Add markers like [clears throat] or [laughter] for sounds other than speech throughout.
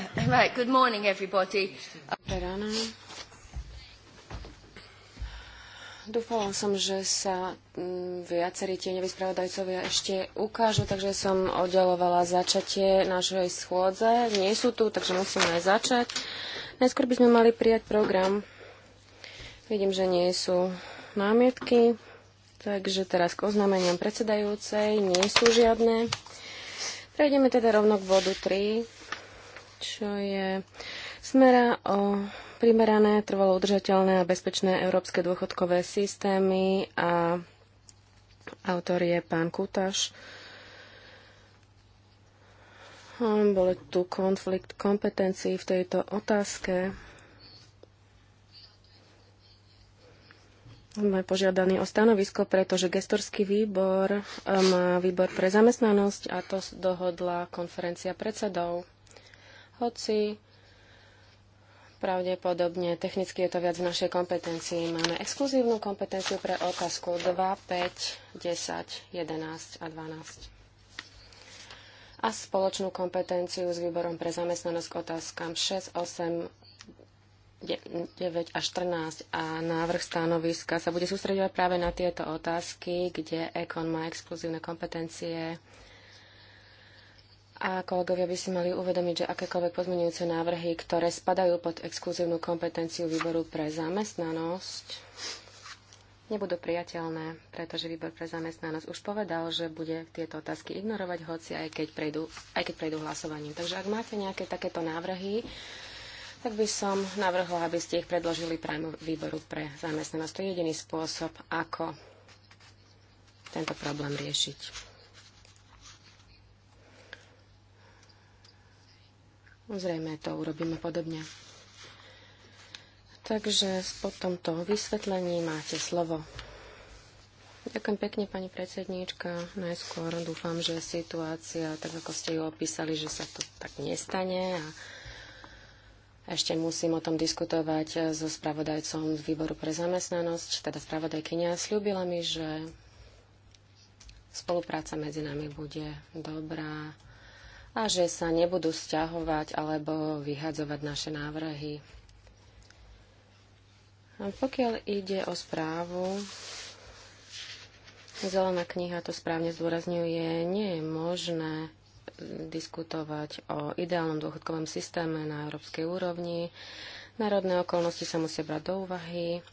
[laughs] Right, good morning everybody. Dúfala som, že sa mm, viacerí tieňoví spravodajcovia ešte ukážu, takže som oddelovala začatie našej schôdze. Nie sú tu, takže musíme aj začať. Najskôr by sme mali prijať program. Vidím, že nie sú námietky, takže teraz k oznámeniam predsedajúcej nie sú žiadne. Prejdeme teda rovno k bodu 3 čo je smera o primerané, trvalo udržateľné a bezpečné európske dôchodkové systémy a autor je pán Kutaš. Hm, Bolo tu konflikt kompetencií v tejto otázke. Sme požiadaní o stanovisko, pretože gestorský výbor eh, má výbor pre zamestnanosť a to dohodla konferencia predsedov hoci pravdepodobne technicky je to viac v našej kompetencii. Máme exkluzívnu kompetenciu pre otázku 2, 5, 10, 11 a 12 a spoločnú kompetenciu s výborom pre zamestnanosť k otázkam 6, 8, 9 až 14 a návrh stanoviska sa bude sústredovať práve na tieto otázky, kde EKON má exkluzívne kompetencie a kolegovia by si mali uvedomiť, že akékoľvek pozmenujúce návrhy, ktoré spadajú pod exkluzívnu kompetenciu výboru pre zamestnanosť, nebudú priateľné, pretože výbor pre zamestnanosť už povedal, že bude tieto otázky ignorovať, hoci aj keď prejdú, aj keď prejdú hlasovaním. Takže ak máte nejaké takéto návrhy, tak by som navrhla, aby ste ich predložili práve výboru pre zamestnanosť. To je jediný spôsob, ako tento problém riešiť. Zrejme to urobíme podobne. Takže po tomto vysvetlení máte slovo. Ďakujem pekne, pani predsedníčka. Najskôr dúfam, že situácia, tak ako ste ju opísali, že sa to tak nestane a ešte musím o tom diskutovať so spravodajcom z výboru pre zamestnanosť, teda spravodajkynia slúbila mi, že spolupráca medzi nami bude dobrá a že sa nebudú stiahovať alebo vyhadzovať naše návrhy. A pokiaľ ide o správu, Zelená kniha to správne zdôrazňuje, nie je možné diskutovať o ideálnom dôchodkovom systéme na európskej úrovni. Národné okolnosti sa musia brať do úvahy,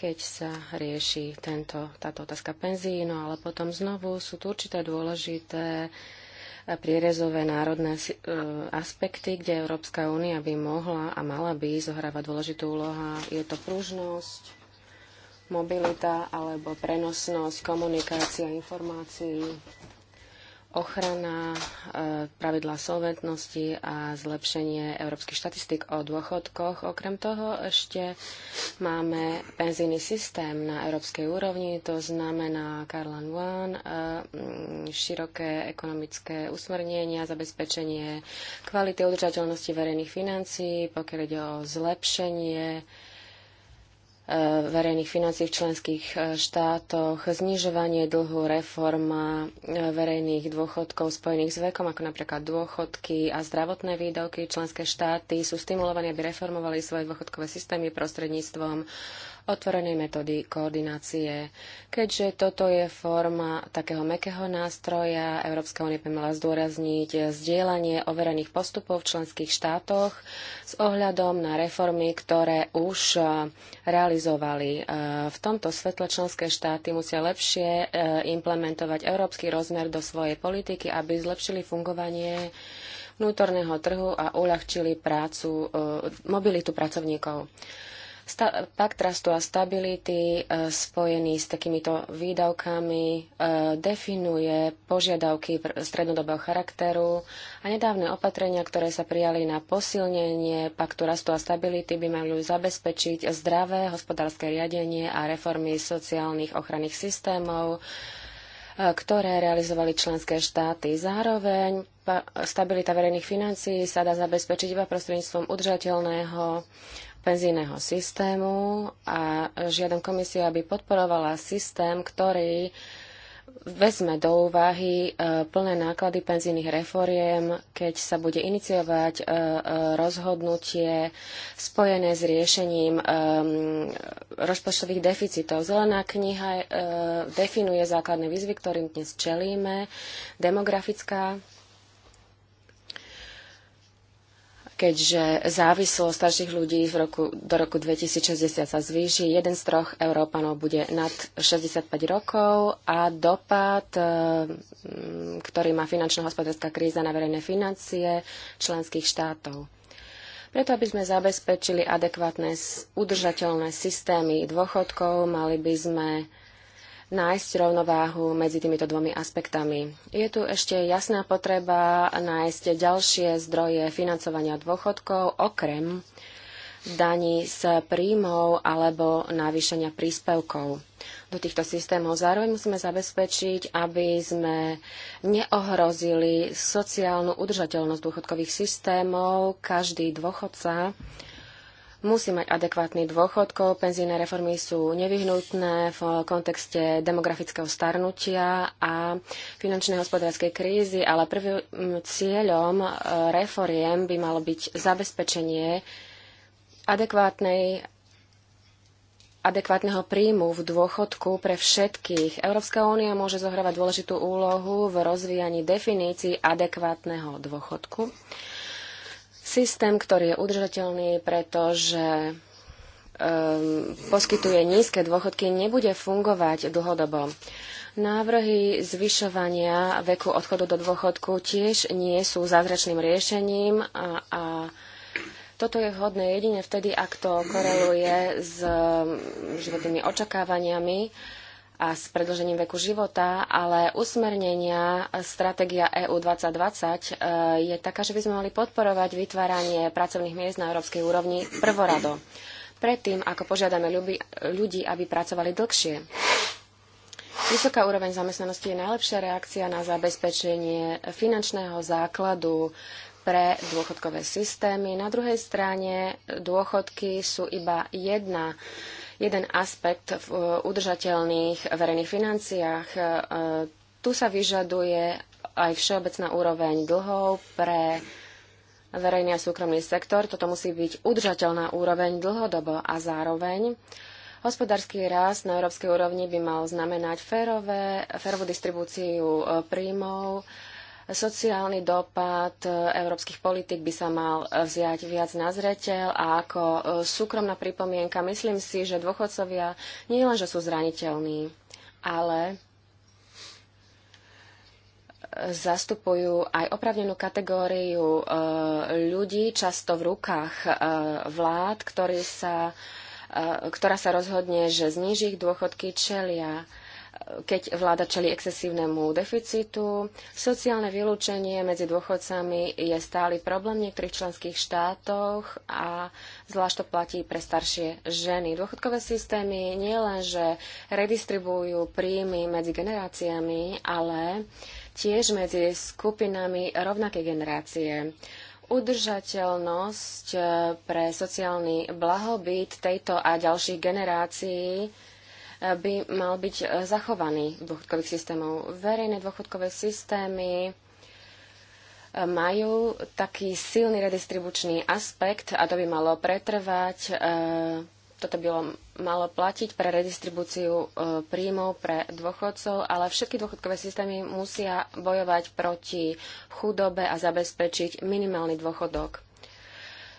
keď sa rieši tento, táto otázka penzí, no ale potom znovu sú tu určité dôležité prierezové národné e, aspekty, kde Európska únia by mohla a mala by zohrávať dôležitú úlohu. Je to pružnosť, mobilita alebo prenosnosť, komunikácia informácií, ochrana, e, pravidla solventnosti a zlepšenie európskych štatistik o dôchodkoch. Okrem toho ešte máme penzijný systém na európskej úrovni, to znamená Carlan One, široké ekonomické usmernenia, zabezpečenie kvality udržateľnosti verejných financií, pokiaľ ide o zlepšenie Eh, verejných financií v členských eh, štátoch, znižovanie dlhu, reforma eh, verejných dôchodkov spojených s vekom, ako napríklad dôchodky a zdravotné výdavky. Členské štáty sú stimulované, aby reformovali svoje dôchodkové systémy prostredníctvom otvorenej metódy koordinácie. Keďže toto je forma takého mekého nástroja, Európska únia by mala zdôrazniť zdieľanie overených postupov v členských štátoch s ohľadom na reformy, ktoré už eh, realizovali. Eh, v tomto svetle členské štáty musia lepšie eh, implementovať európsky rozmer do svojej politiky, aby zlepšili fungovanie vnútorného trhu a uľahčili prácu, mobilitu pracovníkov sta- pakt rastu a stability e, spojený s takýmito výdavkami e, definuje požiadavky strednodobého charakteru a nedávne opatrenia, ktoré sa prijali na posilnenie paktu rastu a stability by mali zabezpečiť zdravé hospodárske riadenie a reformy sociálnych ochranných systémov, e, ktoré realizovali členské štáty. Zároveň stabilita verejných financií sa dá zabezpečiť iba prostredníctvom udržateľného penzijného systému a žiadam komisiu, aby podporovala systém, ktorý vezme do úvahy e, plné náklady penzijných reforiem, keď sa bude iniciovať e, e, rozhodnutie spojené s riešením rozpočtových deficitov. Zelená kniha definuje základné výzvy, ktorým dnes čelíme. Demografická keďže závislosť starších ľudí v roku, do roku 2060 sa zvýši. Jeden z troch Európanov bude nad 65 rokov a dopad, eh, ktorý má finančno-hospodárska kríza na verejné financie členských štátov. Preto, aby sme zabezpečili adekvátne udržateľné systémy dôchodkov, mali by sme nájsť rovnováhu medzi týmito dvomi aspektami. Je tu ešte jasná potreba nájsť ďalšie zdroje financovania dôchodkov okrem daní z príjmov alebo navýšenia príspevkov do týchto systémov. Zároveň musíme zabezpečiť, aby sme neohrozili sociálnu udržateľnosť dôchodkových systémov. Každý dôchodca musí mať adekvátny dôchodkov. Penzíne reformy sú nevyhnutné v kontexte demografického starnutia a finančnej hospodárskej krízy, ale prvým cieľom e, reforiem by malo byť zabezpečenie adekvátnej adekvátneho príjmu v dôchodku pre všetkých. Európska únia môže zohrávať dôležitú úlohu v rozvíjaní definícií adekvátneho dôchodku systém, ktorý je udržateľný, pretože um, poskytuje nízke dôchodky, nebude fungovať dlhodobo. Návrhy zvyšovania veku odchodu do dôchodku tiež nie sú zázračným riešením a, a toto je vhodné jedine vtedy, ak to koreluje s um, životnými očakávaniami. Uh, a s predlžením veku života, ale usmernenia stratégia EU 2020 e, je taká, že by sme mali podporovať vytváranie pracovných miest na európskej úrovni prvorado. Predtým, ako požiadame ľudí, aby pracovali dlhšie. Vysoká úroveň zamestnanosti je najlepšia reakcia na zabezpečenie finančného základu pre dôchodkové systémy. Na druhej strane dôchodky sú iba jedna jeden aspekt v e, udržateľných verejných financiách. E, tu sa vyžaduje aj všeobecná úroveň dlhov pre verejný a súkromný sektor. Toto musí byť udržateľná úroveň dlhodobo a zároveň hospodársky rast na európskej úrovni by mal znamenať férové, férovú distribúciu e, príjmov, Sociálny dopad e, európskych politik by sa mal e, vziať viac na zreteľ a ako e, súkromná pripomienka myslím si, že dôchodcovia nie len, že sú zraniteľní, ale zastupujú aj opravnenú kategóriu ľudí, často v rukách vlád, ktorý sa, ktorá sa rozhodne, že zníži ich dôchodky čelia keď vláda čeli excesívnemu deficitu. Sociálne vylúčenie medzi dôchodcami je stály problém v niektorých členských štátoch a zvlášť to platí pre staršie ženy. Dôchodkové systémy nie len, že redistribujú príjmy medzi generáciami, ale tiež medzi skupinami rovnakej generácie udržateľnosť eh, pre sociálny blahobyt tejto a ďalších generácií by mal byť e, zachovaný v dôchodkových systémov. Verejné dôchodkové systémy e, majú taký silný redistribučný aspekt a to by malo pretrvať. E, toto by malo platiť pre redistribúciu príjmov pre dôchodcov, ale všetky dôchodkové systémy musia bojovať proti chudobe a zabezpečiť minimálny dôchodok.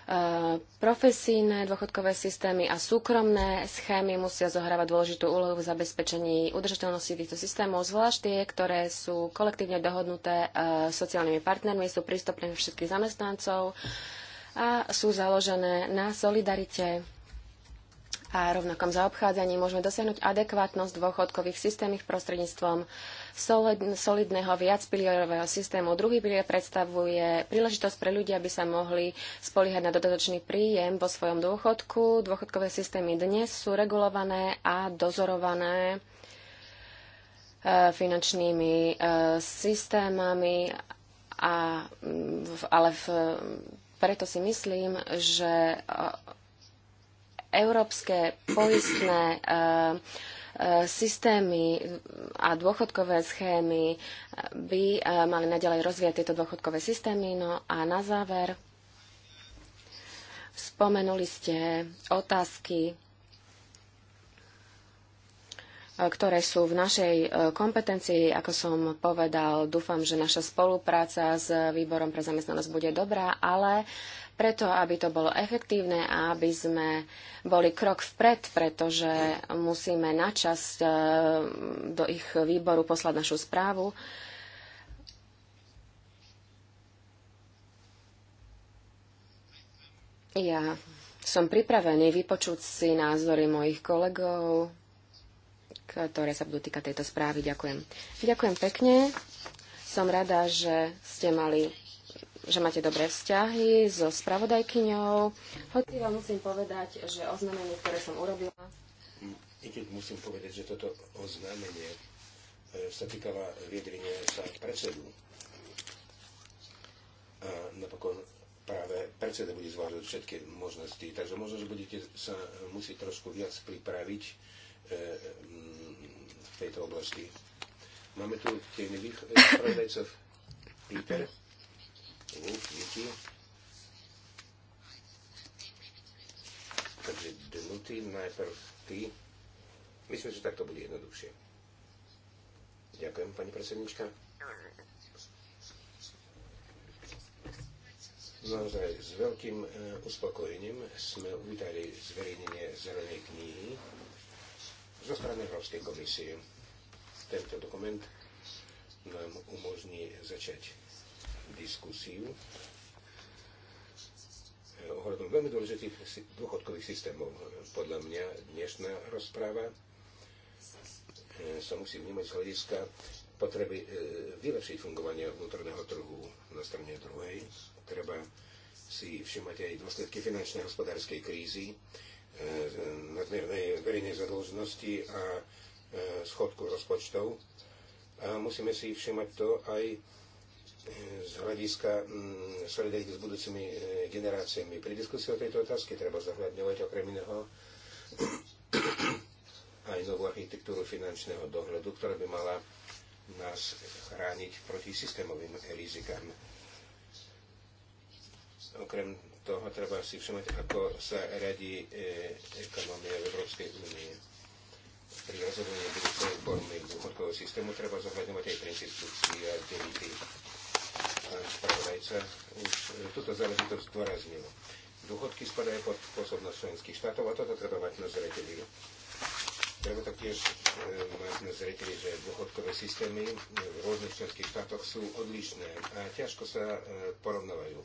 Eh, profesijné dôchodkové systémy a súkromné schémy musia zohrávať dôležitú úlohu v zabezpečení udržateľnosti týchto systémov, zvlášť tie, ktoré sú kolektívne dohodnuté eh, sociálnymi partnermi, sú prístupné všetkých zamestnancov a sú založené na solidarite a rovnakom zaobchádzaní môžeme dosiahnuť adekvátnosť dôchodkových systémov prostredníctvom solidného viacpilierového systému. Druhý pilier predstavuje príležitosť pre ľudia, aby sa mohli spoliehať na dodatočný príjem vo svojom dôchodku. Dôchodkové systémy dnes sú regulované a dozorované e, finančnými e, systémami, a, ale v, preto si myslím, že e, európske poistné systémy a dôchodkové schémy by eh, mali naďalej rozvíjať tieto dôchodkové systémy. No a na záver spomenuli ste otázky, eh, ktoré sú v našej eh, kompetencii. Ako som povedal, dúfam, že naša spolupráca s Výborom pre zamestnanosť bude dobrá, ale uh, preto aby to bolo efektívne a aby sme boli krok vpred, pretože musíme načas e, do ich výboru poslať našu správu. Ja som pripravený vypočuť si názory mojich kolegov, ktoré sa budú týkať tejto správy. Ďakujem. Ďakujem pekne. Som rada, že ste mali že máte dobré vzťahy so spravodajkyňou. Hoci vám musím povedať, že oznámenie, ktoré som urobila... I keď musím povedať, že toto oznámenie e, sa týkala viedrenia sa predsedu. A napokon práve predseda bude zvážať všetky možnosti, takže možno, že budete sa musieť trošku viac pripraviť e, mm, v tejto oblasti. Máme tu tieňových spravodajcov. Peter díky. Takže dnutý najprv ty. Myslím, že takto bude jednoduchšie. Ďakujem, pani predsednička. Naozaj s veľkým e, uspokojením sme uvítali zverejnenie zelenej knihy zo strany Európskej komisie. Tento dokument nám umožní začať diskusiu eh, ohľadom veľmi dôležitých dôchodkových systémov. Podľa mňa dnešná rozpráva eh, sa musí vnímať z hľadiska potreby eh, vylepšiť fungovanie vnútorného trhu na strane druhej. Treba si všimať aj dôsledky finančnej hospodárskej krízy, nadmiernej verejnej zadlženosti a schodku rozpočtov. A musíme si všimať to aj z hľadiska mm, solidarity s budúcimi e, generáciami. Pri diskusii o tejto otázke treba zahľadňovať okrem iného [coughs] aj novú architektúru finančného dohľadu, ktorá by mala nás chrániť proti systémovým rizikám. Okrem toho treba si všimnúť, ako sa radí e, ekonomia v Európskej únie. Pri rozhodovaní budúcej formy dôchodkového systému treba zohľadňovať aj princíp subsidiarity pán spravodajca už e, túto záležitosť dôraznil. Dôchodky spadajú pod pôsobnosť členských štátov a toto treba mať na zreteli. Treba taktiež e, mať na zreteli, že dôchodkové systémy v rôznych členských štátoch sú odlišné a ťažko sa e, porovnávajú.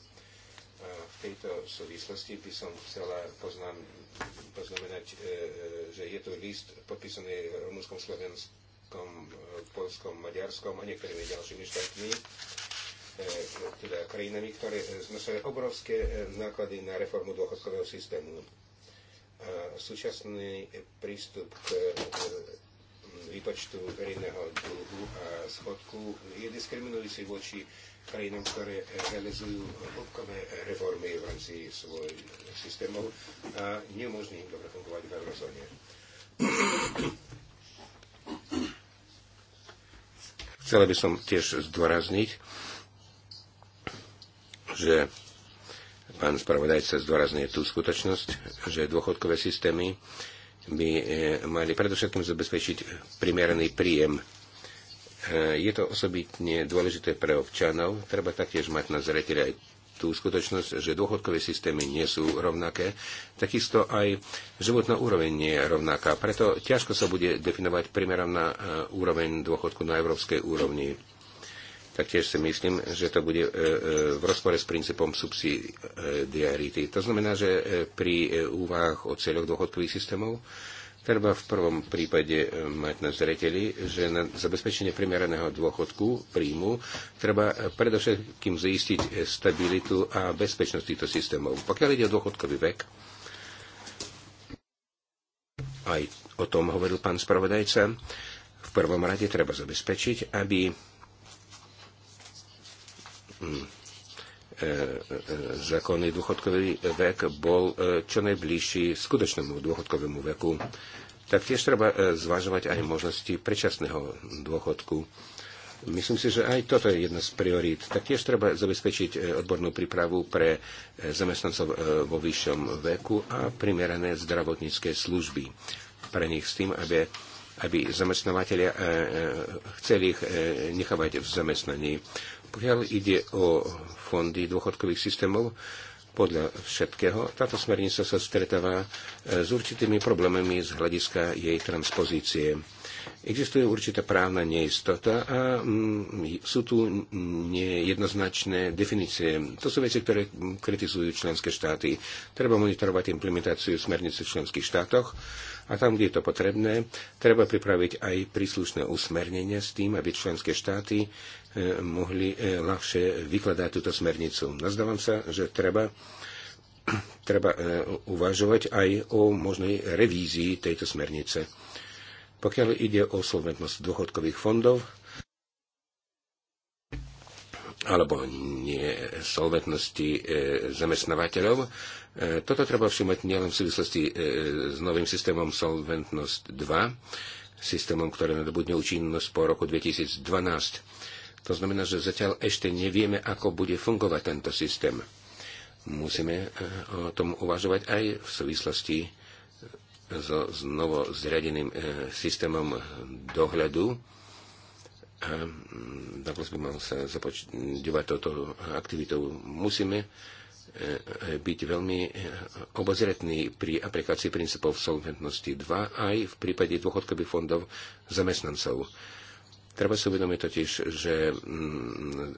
A v tejto súvislosti by som chcela poznám, poznamenať, e, že je to list podpísaný rumunskom, slovenskom, polskom, maďarskom a niektorými ďalšími štátmi E, teda krajinami, ktoré znašajú e, obrovské e, náklady na reformu dôchodkového systému. A súčasný prístup k výpočtu verejného dlhu a schodku je diskriminujúci voči krajinám, ktoré realizujú hĺbkové reformy v rámci svojich systémov a neumožní im dobre fungovať v eurozóne. Chcel by som tiež zdôrazniť, že pán spravodajca zdôrazňuje tú skutočnosť, že dôchodkové systémy by eh, mali predovšetkým zabezpečiť primeraný príjem. Eh, je to osobitne dôležité pre občanov. Treba taktiež mať na zreteli aj tú skutočnosť, že dôchodkové systémy nie sú rovnaké, takisto aj životná úroveň nie je rovnaká. Preto ťažko sa bude definovať primeraná eh, úroveň dôchodku na európskej úrovni Taktiež si myslím, že to bude e, e, v rozpore s princípom subsidiarity. To znamená, že e, pri úvahách o cieľoch dôchodkových systémov treba v prvom prípade mať na zreteli, že na zabezpečenie primeraného dôchodku príjmu treba predovšetkým zistiť stabilitu a bezpečnosť týchto systémov. Pokiaľ ide o dôchodkový vek, aj o tom hovoril pán spravodajca, v prvom rade treba zabezpečiť, aby Mm. E, e, e, zákonný dôchodkový vek bol čo najbližší skutočnému dôchodkovému veku. tak tiež treba zvažovať aj možnosti predčasného dôchodku. Myslím si, že aj toto je jedna z priorít. Taktiež treba zabezpečiť odbornú prípravu pre zamestnancov vo vyššom veku a primerané zdravotnícke služby pre nich s tým, aby, aby zamestnávateľia chceli ich nechávať v zamestnaní. Pokiaľ ide o fondy dôchodkových systémov, podľa všetkého táto smernica sa stretáva e, s určitými problémami z hľadiska jej transpozície. Existuje určitá právna neistota a mm, sú tu nejednoznačné definície. To sú veci, ktoré kritizujú členské štáty. Treba monitorovať implementáciu smernice v členských štátoch a tam, kde je to potrebné, treba pripraviť aj príslušné usmernenie s tým, aby členské štáty E, mohli e, ľahšie vykladať túto smernicu. Nazdávam sa, že treba, [clears throat] treba e, uvažovať aj o možnej revízii tejto smernice. Pokiaľ ide o solventnosť dôchodkových fondov, alebo nie nesolventnosti zamestnávateľov. Toto treba všimať nielen v súvislosti s novým systémom Solventnosť 2, systémom, ktorý nadobudne účinnosť po roku 2012. To znamená, že zatiaľ ešte nevieme, ako bude fungovať tento systém. Musíme eh, o tom uvažovať aj v súvislosti eh, so znovu zriadeným eh, systémom dohľadu. A mm, dokonca by mal sa započívať toto aktivitou. Musíme byť veľmi obozretný pri aplikácii princípov solventnosti 2 aj v prípade dôchodkových fondov zamestnancov. Treba si uvedomiť totiž, že mm,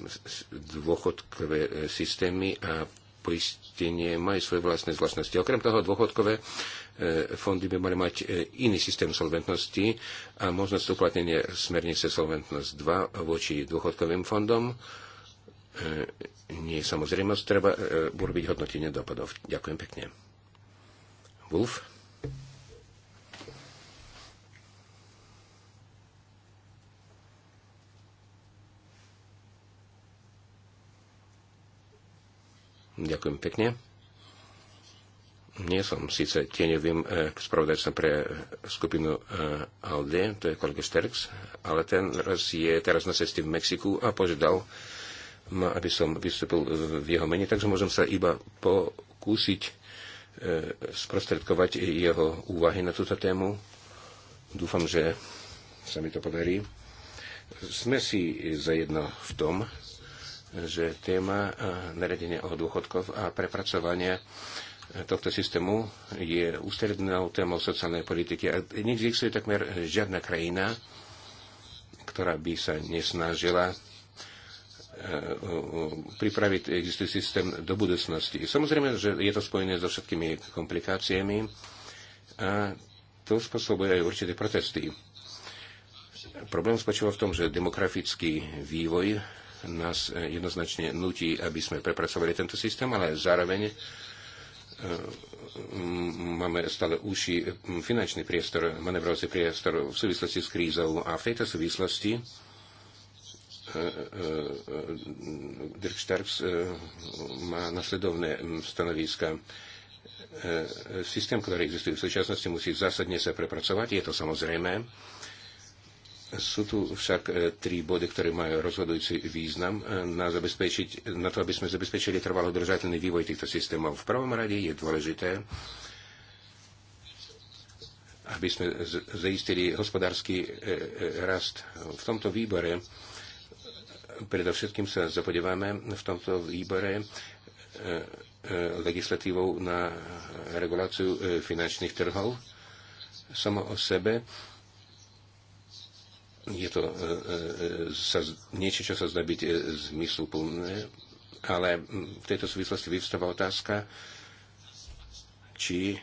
e, dôchodkové e, systémy a poistenie majú svoje vlastné zvláštnosti. Okrem toho dôchodkové e, fondy by mali mať iný systém solventnosti a možnosť uplatnenia smernice Solventnosť 2 voči dôchodkovým fondom nie je samozrejmosť, treba urobiť hodnotenie dopadov. Ďakujem pekne. Wolf? Ďakujem pekne. Nie som síce tieňovým e, spravodajcom pre e, skupinu e, ALDE, to je kolega Sterks, ale ten raz je teraz na ceste v Mexiku a požiadal ma, aby som vystúpil v jeho mene, takže môžem sa iba pokúsiť sprostredkovať jeho úvahy na túto tému. Dúfam, že sa mi to podarí. Sme si zajedno v tom, že téma eh, naredenia o dôchodkov a prepracovania eh, tohto systému je ústrednou témou sociálnej politiky a neexistuje takmer žiadna krajina, ktorá by sa nesnažila eh, pripraviť existujúci systém do budúcnosti. Samozrejme, že je to spojené so všetkými komplikáciami a to spôsobuje aj určité protesty. Problém spočíva v tom, že demografický vývoj nás e, jednoznačne nutí, aby sme prepracovali tento systém, ale zároveň e, máme stále uši e, finančný priestor, manevrovací priestor v súvislosti s krízou a v tejto súvislosti Dirk Starks má nasledovné stanoviska. Systém, ktorý existuje v súčasnosti, musí zásadne sa prepracovať, je to samozrejme. Sú tu však e, tri body, ktoré majú rozhodujúci význam e, na, zabezpečiť, na to, aby sme zabezpečili trvalo držateľný vývoj týchto systémov. V prvom rade je dôležité, aby sme zaistili hospodársky e, rast. V tomto výbore predovšetkým sa zapodívame v tomto výbore legislatívou na reguláciu finančných trhov. Samo o sebe je to e, e, e, sa, niečo, čo sa zdá byť zmysluplné, ale v tejto súvislosti vyvstáva otázka, či,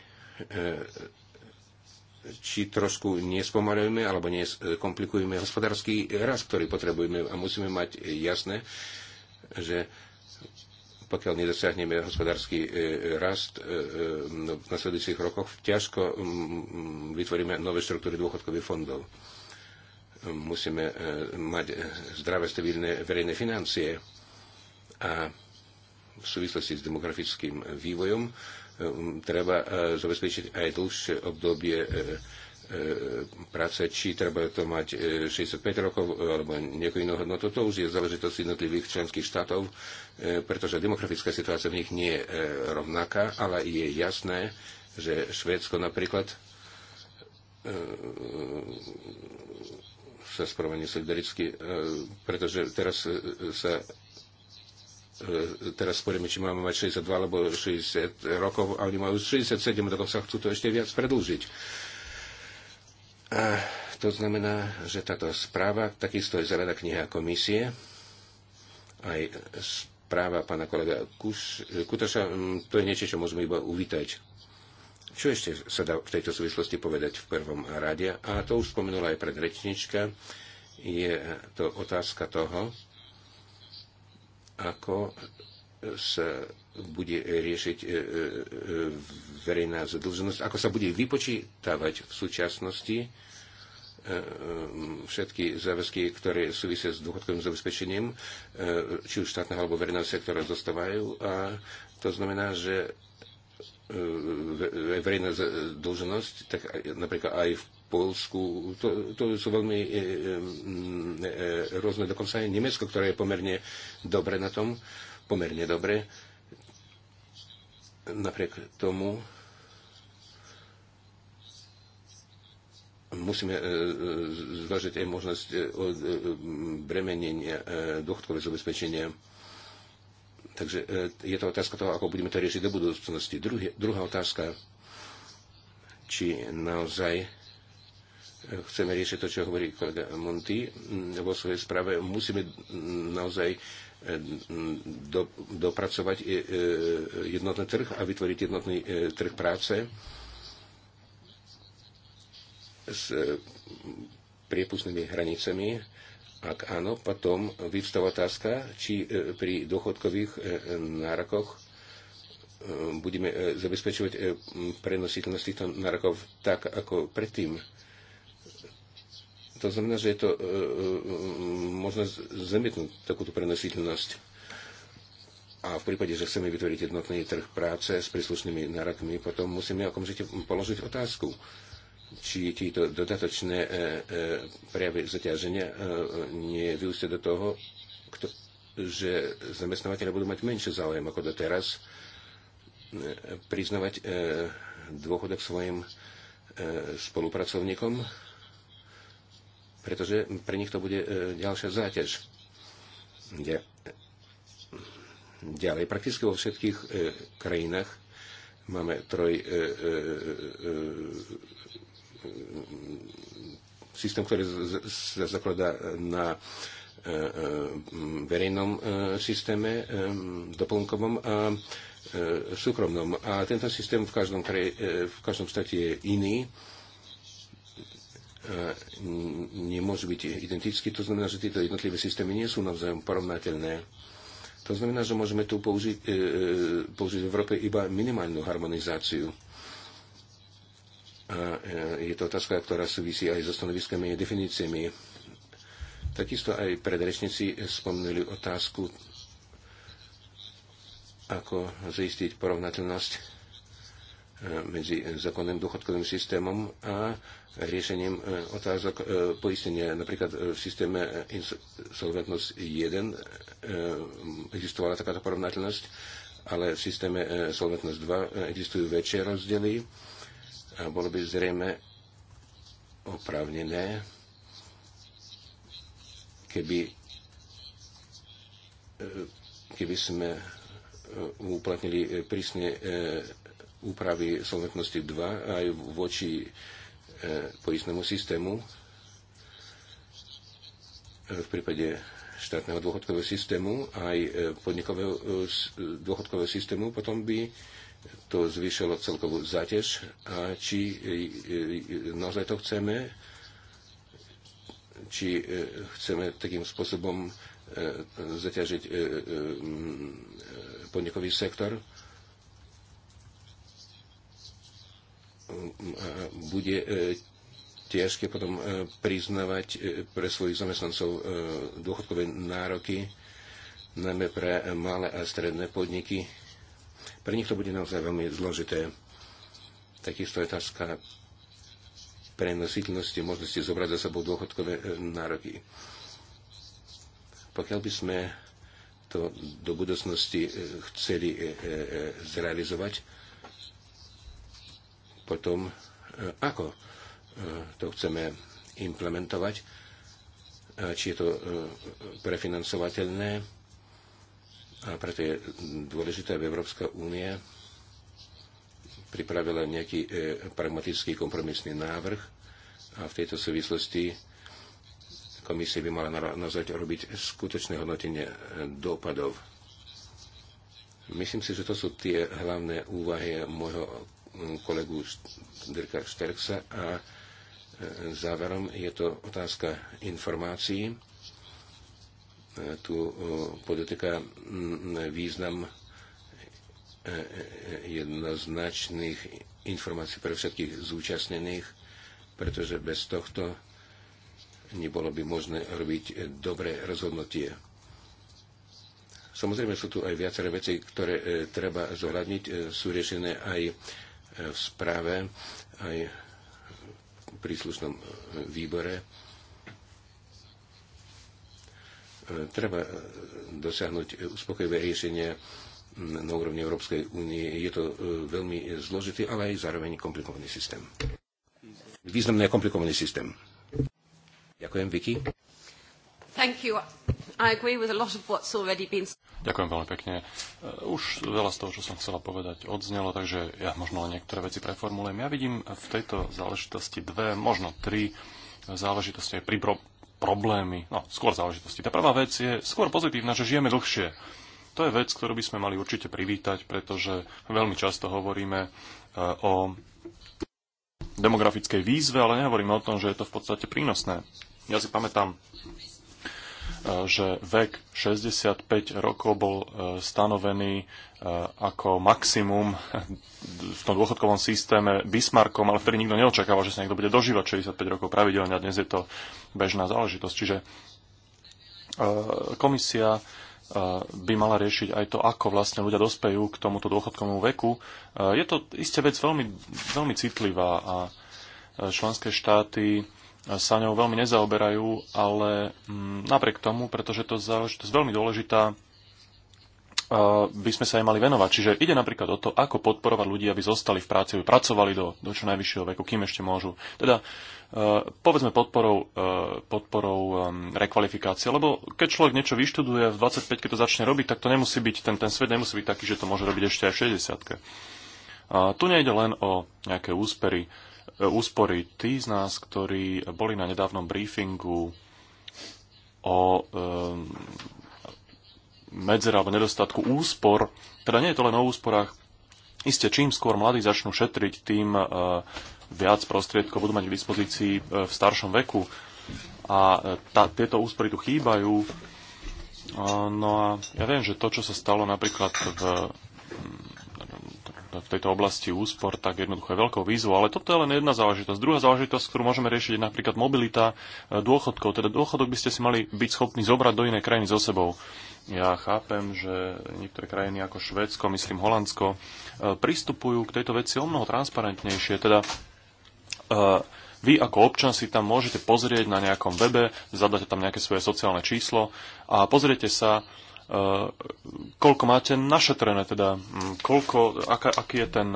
či trošku nespomalujeme alebo neskomplikujeme hospodársky rast, ktorý potrebujeme a musíme mať jasné, že pokiaľ nedosiahneme hospodársky rast no, v nasledujúcich rokoch, ťažko vytvoríme nové štruktúry dôchodkových fondov musíme e, mať e, zdravé, stabilné verejné financie a v súvislosti s demografickým vývojom e, treba zabezpečiť aj dlhšie obdobie práce, či treba to mať 65 rokov alebo nejakú inú hodnotu. To už je záležitosť jednotlivých členských štátov, pretože demografická situácia v nich nie je rovnaká, ale je jasné, že Švédsko napríklad sa správanie solidaricky, e, pretože teraz e, sa e, teraz sporíme, či máme mať 62 alebo 60 rokov a oni majú 67, dokonca chcú to ešte viac predlžiť. A to znamená, že táto správa, takisto je zrada kniha komisie, aj správa pána kolega Kutaša, to je niečo, čo môžeme iba uvítať. Čo ešte sa dá v tejto súvislosti povedať v prvom rade? A to už spomenula aj rečnička, Je to otázka toho, ako sa bude riešiť e, e, e, verejná zadlženosť, ako sa bude vypočítavať v súčasnosti všetky záväzky, ktoré súvisia s dôchodkovým zabezpečením, či už štátneho alebo verejného sektora, zostávajú. A to znamená, že E, e, verejná dlžnosť, tak napríklad aj v Polsku, to, to sú veľmi e, e, e, rôzne, dokonca aj Nemecko, ktoré je pomerne dobre na tom, pomerne dobre. Napriek tomu musíme e, zvažiť aj možnosť e, e, bremenenia e, dôchodkového zabezpečenia Takže e, je to otázka toho, ako budeme to riešiť do budúcnosti. Druhý, druhá otázka, či naozaj e, chceme riešiť to, čo hovorí kolega Monty vo svojej správe. Musíme naozaj e, do, dopracovať jednotný trh a vytvoriť jednotný trh práce s priepustnými hranicami ak áno, potom vyvstáva otázka, či e, pri dôchodkových e, nárokoch e, budeme zabezpečovať prenositeľnosť týchto nárokov tak, ako predtým. To znamená, že je to možno zamietnúť takúto prenositeľnosť. A v prípade, že chceme vytvoriť jednotný trh práce s príslušnými nárokmi, potom musíme okamžite položiť otázku či tieto dodatočné e, e, prejavy zaťaženia e, nevyústia do toho, kto, že zamestnávateľe budú mať menšie záujem ako doteraz priznavať dôchodok svojim spolupracovníkom, pretože pre nich to bude ďalšia záťaž. Ďalej, prakticky vo všetkých krajinách máme troj systém, ktorý sa zakladá na e, e, verejnom e, systéme, doplnkovom a súkromnom. A tento systém v každom, kraji, v každom štáte je iný. Nemôže byť identický. To znamená, že tieto jednotlivé systémy nie sú navzájom porovnateľné. To znamená, že môžeme tu použiť, použiť v Európe iba minimálnu harmonizáciu a e, je to otázka, ktorá súvisí aj so stanoviskami a definíciami. Takisto aj predrečníci spomínali otázku, ako zaistiť porovnateľnosť e, medzi zákonným dôchodkovým systémom a riešením e, otázok poistenia. Napríklad v systéme Insolventnosť 1 existovala takáto porovnateľnosť, ale v systéme Solventnosť 2 existujú väčšie rozdiely a bolo by zrejme opravnené, keby, e, keby sme e, uplatnili e, prísne úpravy solventnosti 2 aj voči poistnému systému v prípade štátneho dôchodkového systému aj podnikového dôchodkového systému, potom by to zvýšilo celkovú záťaž a či e, e, naozaj to chceme, či e, chceme takým spôsobom zaťažiť podnikový sektor. Bude ťažké potom priznavať pre svojich zamestnancov dôchodkové nároky, najmä pre malé a stredné podniky pre nich to bude naozaj veľmi zložité. Takisto je otázka prenositeľnosti možnosti zobrať za sebou dôchodkové e, nároky. Pokiaľ by sme to do budúcnosti e, chceli e, zrealizovať, potom ako to chceme implementovať, či je to prefinancovateľné, a preto je dôležité, aby Európska únia pripravila nejaký e, pragmatický kompromisný návrh a v tejto súvislosti Komisie by mala naozaj robiť skutočné hodnotenie e, dopadov. Myslím si, že to sú tie hlavné úvahy môjho kolegu Dirka Šterksa a e, záverom je to otázka informácií tu podotýka význam e, e, jednoznačných informácií pre všetkých zúčastnených, pretože bez tohto nebolo by možné robiť dobré rozhodnutie. Samozrejme sú tu aj viaceré veci, ktoré e, treba zohľadniť. Sú riešené aj v správe, aj v príslušnom výbore treba dosiahnuť uspokojivé riešenie na úrovni Európskej únie. Je to e, veľmi zložitý, ale aj zároveň komplikovaný systém. Významný a komplikovaný systém. Ďakujem, Vicky. Been... Ďakujem veľmi pekne. E, už veľa z toho, čo som chcela povedať, odznelo, takže ja možno niektoré veci preformulujem. Ja vidím v tejto záležitosti dve, možno tri záležitosti aj problémy, no skôr záležitosti. Tá prvá vec je skôr pozitívna, že žijeme dlhšie. To je vec, ktorú by sme mali určite privítať, pretože veľmi často hovoríme e, o demografickej výzve, ale nehovoríme o tom, že je to v podstate prínosné. Ja si pamätám E, že vek 65 rokov bol e, stanovený e, ako maximum [laughs] v tom dôchodkovom systéme Bismarckom, ale vtedy nikto neočakával, že sa niekto bude dožívať 65 rokov pravidelne a dnes je to bežná záležitosť. Čiže komisia by mala riešiť aj to, ako vlastne ľudia dospejú k tomuto dôchodkovému veku. Je to isté vec veľmi, veľmi citlivá a členské štáty sa ňou veľmi nezaoberajú, ale mm, napriek tomu, pretože to záležitosť veľmi dôležitá, by sme sa aj mali venovať. Čiže ide napríklad o to, ako podporovať ľudí, aby zostali v práci, aby pracovali do, do čo najvyššieho veku, kým ešte môžu. Teda e, povedzme podporou, e, podporou e, rekvalifikácie, lebo keď človek niečo vyštuduje v 25, keď to začne robiť, tak to nemusí byť, ten, ten svet nemusí byť taký, že to môže robiť ešte aj v 60. -ke. A tu nejde len o nejaké úspery úspory. Tí z nás, ktorí boli na nedávnom briefingu o medzera alebo nedostatku úspor, teda nie je to len o úsporách, iste čím skôr mladí začnú šetriť, tým eh, viac prostriedkov budú mať k dispozícii eh, v staršom veku. A eh, tá, tieto úspory tu chýbajú. No a ja viem, že to, čo sa stalo napríklad v v tejto oblasti úspor, tak jednoducho je veľkou výzvou. Ale toto je len jedna záležitosť. Druhá záležitosť, ktorú môžeme riešiť, je napríklad mobilita e, dôchodkov. Teda dôchodok by ste si mali byť schopní zobrať do inej krajiny so sebou. Ja chápem, že niektoré krajiny ako Švédsko, myslím Holandsko, e, pristupujú k tejto veci o mnoho transparentnejšie. Teda e, vy ako občan si tam môžete pozrieť na nejakom webe, zadáte tam nejaké svoje sociálne číslo a pozriete sa, Eh, koľko máte našetrené, teda mm, koľko, aká, aký je ten,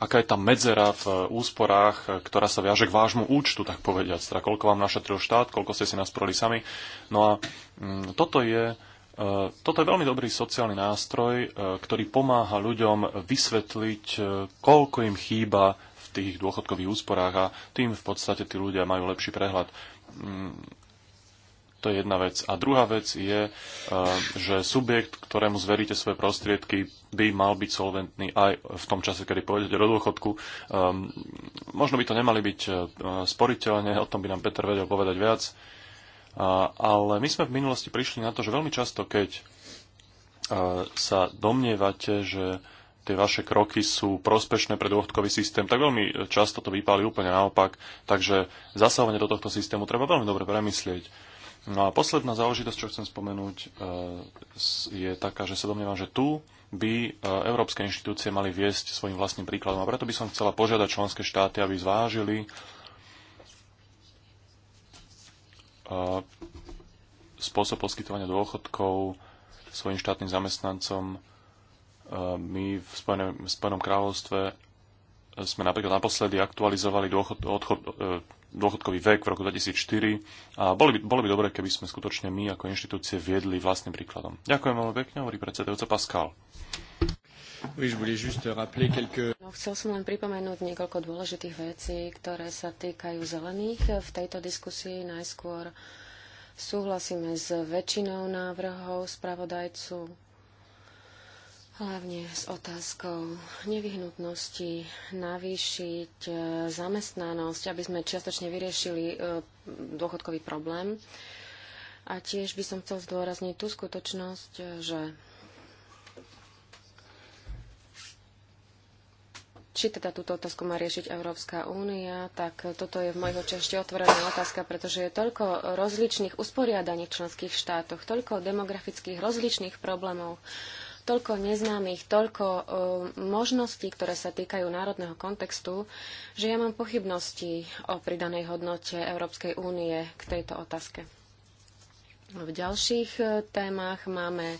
aká je tá medzera v úsporách, ktorá sa viaže k vášmu účtu, tak povediať. Teda koľko vám našetril štát, koľko ste si nasproli sami. No a mm, toto je, eh, toto je veľmi dobrý sociálny nástroj, eh, ktorý pomáha ľuďom vysvetliť, koľko im chýba v tých dôchodkových úsporách a tým v podstate tí ľudia majú lepší prehľad mm, to je jedna vec. A druhá vec je, e, že subjekt, ktorému zveríte svoje prostriedky, by mal byť solventný aj v tom čase, kedy pôjdete do dôchodku. Ehm, možno by to nemali byť e, sporiteľne, o tom by nám Peter vedel povedať viac. E, ale my sme v minulosti prišli na to, že veľmi často, keď sa domnievate, že tie vaše kroky sú prospešné pre dôchodkový systém, tak veľmi často to vypáli úplne naopak. Takže zasahovanie do tohto systému treba veľmi dobre premyslieť No a posledná záležitosť, čo chcem spomenúť, e, je taká, že sa domnievam, že tu by e, európske inštitúcie mali viesť svojim vlastným príkladom. A preto by som chcela požiadať členské štáty, aby zvážili e, spôsob poskytovania dôchodkov svojim štátnym zamestnancom. My v Spojenom, kráľovstve sme napríklad naposledy aktualizovali dôchod, odchod, dôchodkový vek v roku 2004 a boli by, boli by dobre, keby sme skutočne my ako inštitúcie viedli vlastným príkladom. Ďakujem veľmi pekne, hovorí predsedajúca Pascal. No, chcel som len pripomenúť niekoľko dôležitých vecí, ktoré sa týkajú zelených. V tejto diskusii najskôr súhlasíme s väčšinou návrhov spravodajcu hlavne s otázkou nevyhnutnosti navýšiť e, zamestnanosť, aby sme čiastočne vyriešili e, dôchodkový problém. A tiež by som chcel zdôrazniť tú skutočnosť, e, že či teda túto otázku má riešiť Európska únia, tak toto je v mojich očiach ešte otvorená otázka, pretože je toľko rozličných usporiadaní v členských štátoch, toľko demografických rozličných problémov, toľko neznámych, toľko e, možností, ktoré sa týkajú národného kontextu, že ja mám pochybnosti o pridanej hodnote Európskej únie k tejto otázke. V ďalších e, témach máme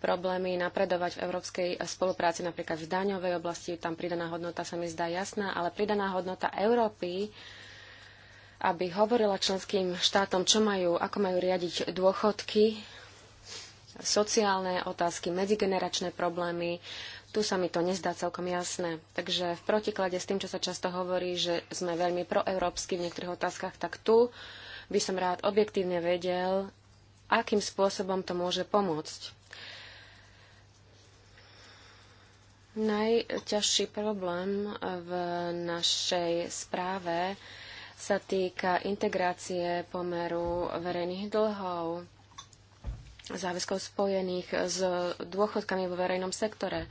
problémy napredovať v európskej spolupráci, napríklad v daňovej oblasti. Tam pridaná hodnota sa mi zdá jasná, ale pridaná hodnota Európy aby hovorila členským štátom, čo majú, ako majú riadiť dôchodky, sociálne otázky, medzigeneračné problémy. Tu sa mi to nezdá celkom jasné. Takže v protiklade s tým, čo sa často hovorí, že sme veľmi proeurópsky v niektorých otázkach, tak tu by som rád objektívne vedel, akým spôsobom to môže pomôcť. Najťažší problém v našej správe sa týka integrácie pomeru verejných dlhov záväzkov spojených s dôchodkami vo verejnom sektore.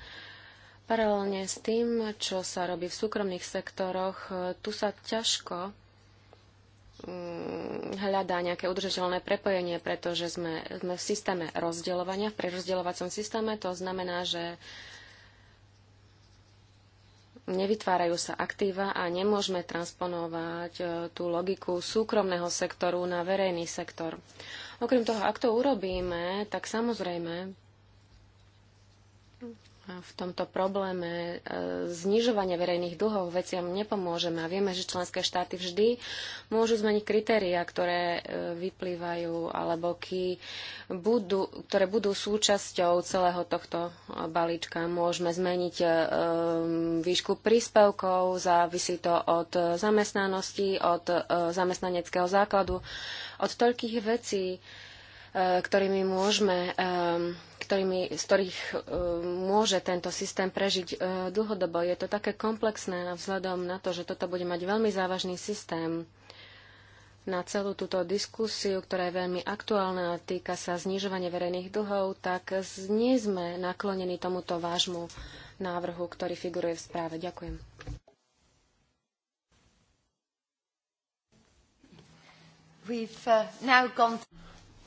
Paralelne s tým, čo sa robí v súkromných sektoroch, tu sa ťažko mm, hľadá nejaké udržateľné prepojenie, pretože sme, sme v systéme rozdeľovania, v prerozdeľovacom systéme. To znamená, že nevytvárajú sa aktíva a nemôžeme transponovať e, tú logiku súkromného sektoru na verejný sektor. Okrem toho, ak to urobíme, tak samozrejme v tomto probléme e, znižovania verejných dlhov veciam nepomôžeme. A vieme, že členské štáty vždy môžu zmeniť kritériá, ktoré e, vyplývajú alebo ký budú, ktoré budú súčasťou celého tohto balíčka. Môžeme zmeniť e, výšku príspevkov, závisí to od zamestnanosti, od zamestnaneckého základu, od toľkých vecí, ktorými môžeme ktorými, z ktorých e, môže tento systém prežiť e, dlhodobo. Je to také komplexné vzhľadom na to, že toto bude mať veľmi závažný systém na celú túto diskusiu, ktorá je veľmi aktuálna a týka sa znižovania verejných dlhov, tak nie sme naklonení tomuto vášmu návrhu, ktorý figuruje v správe. Ďakujem. Uh, gone...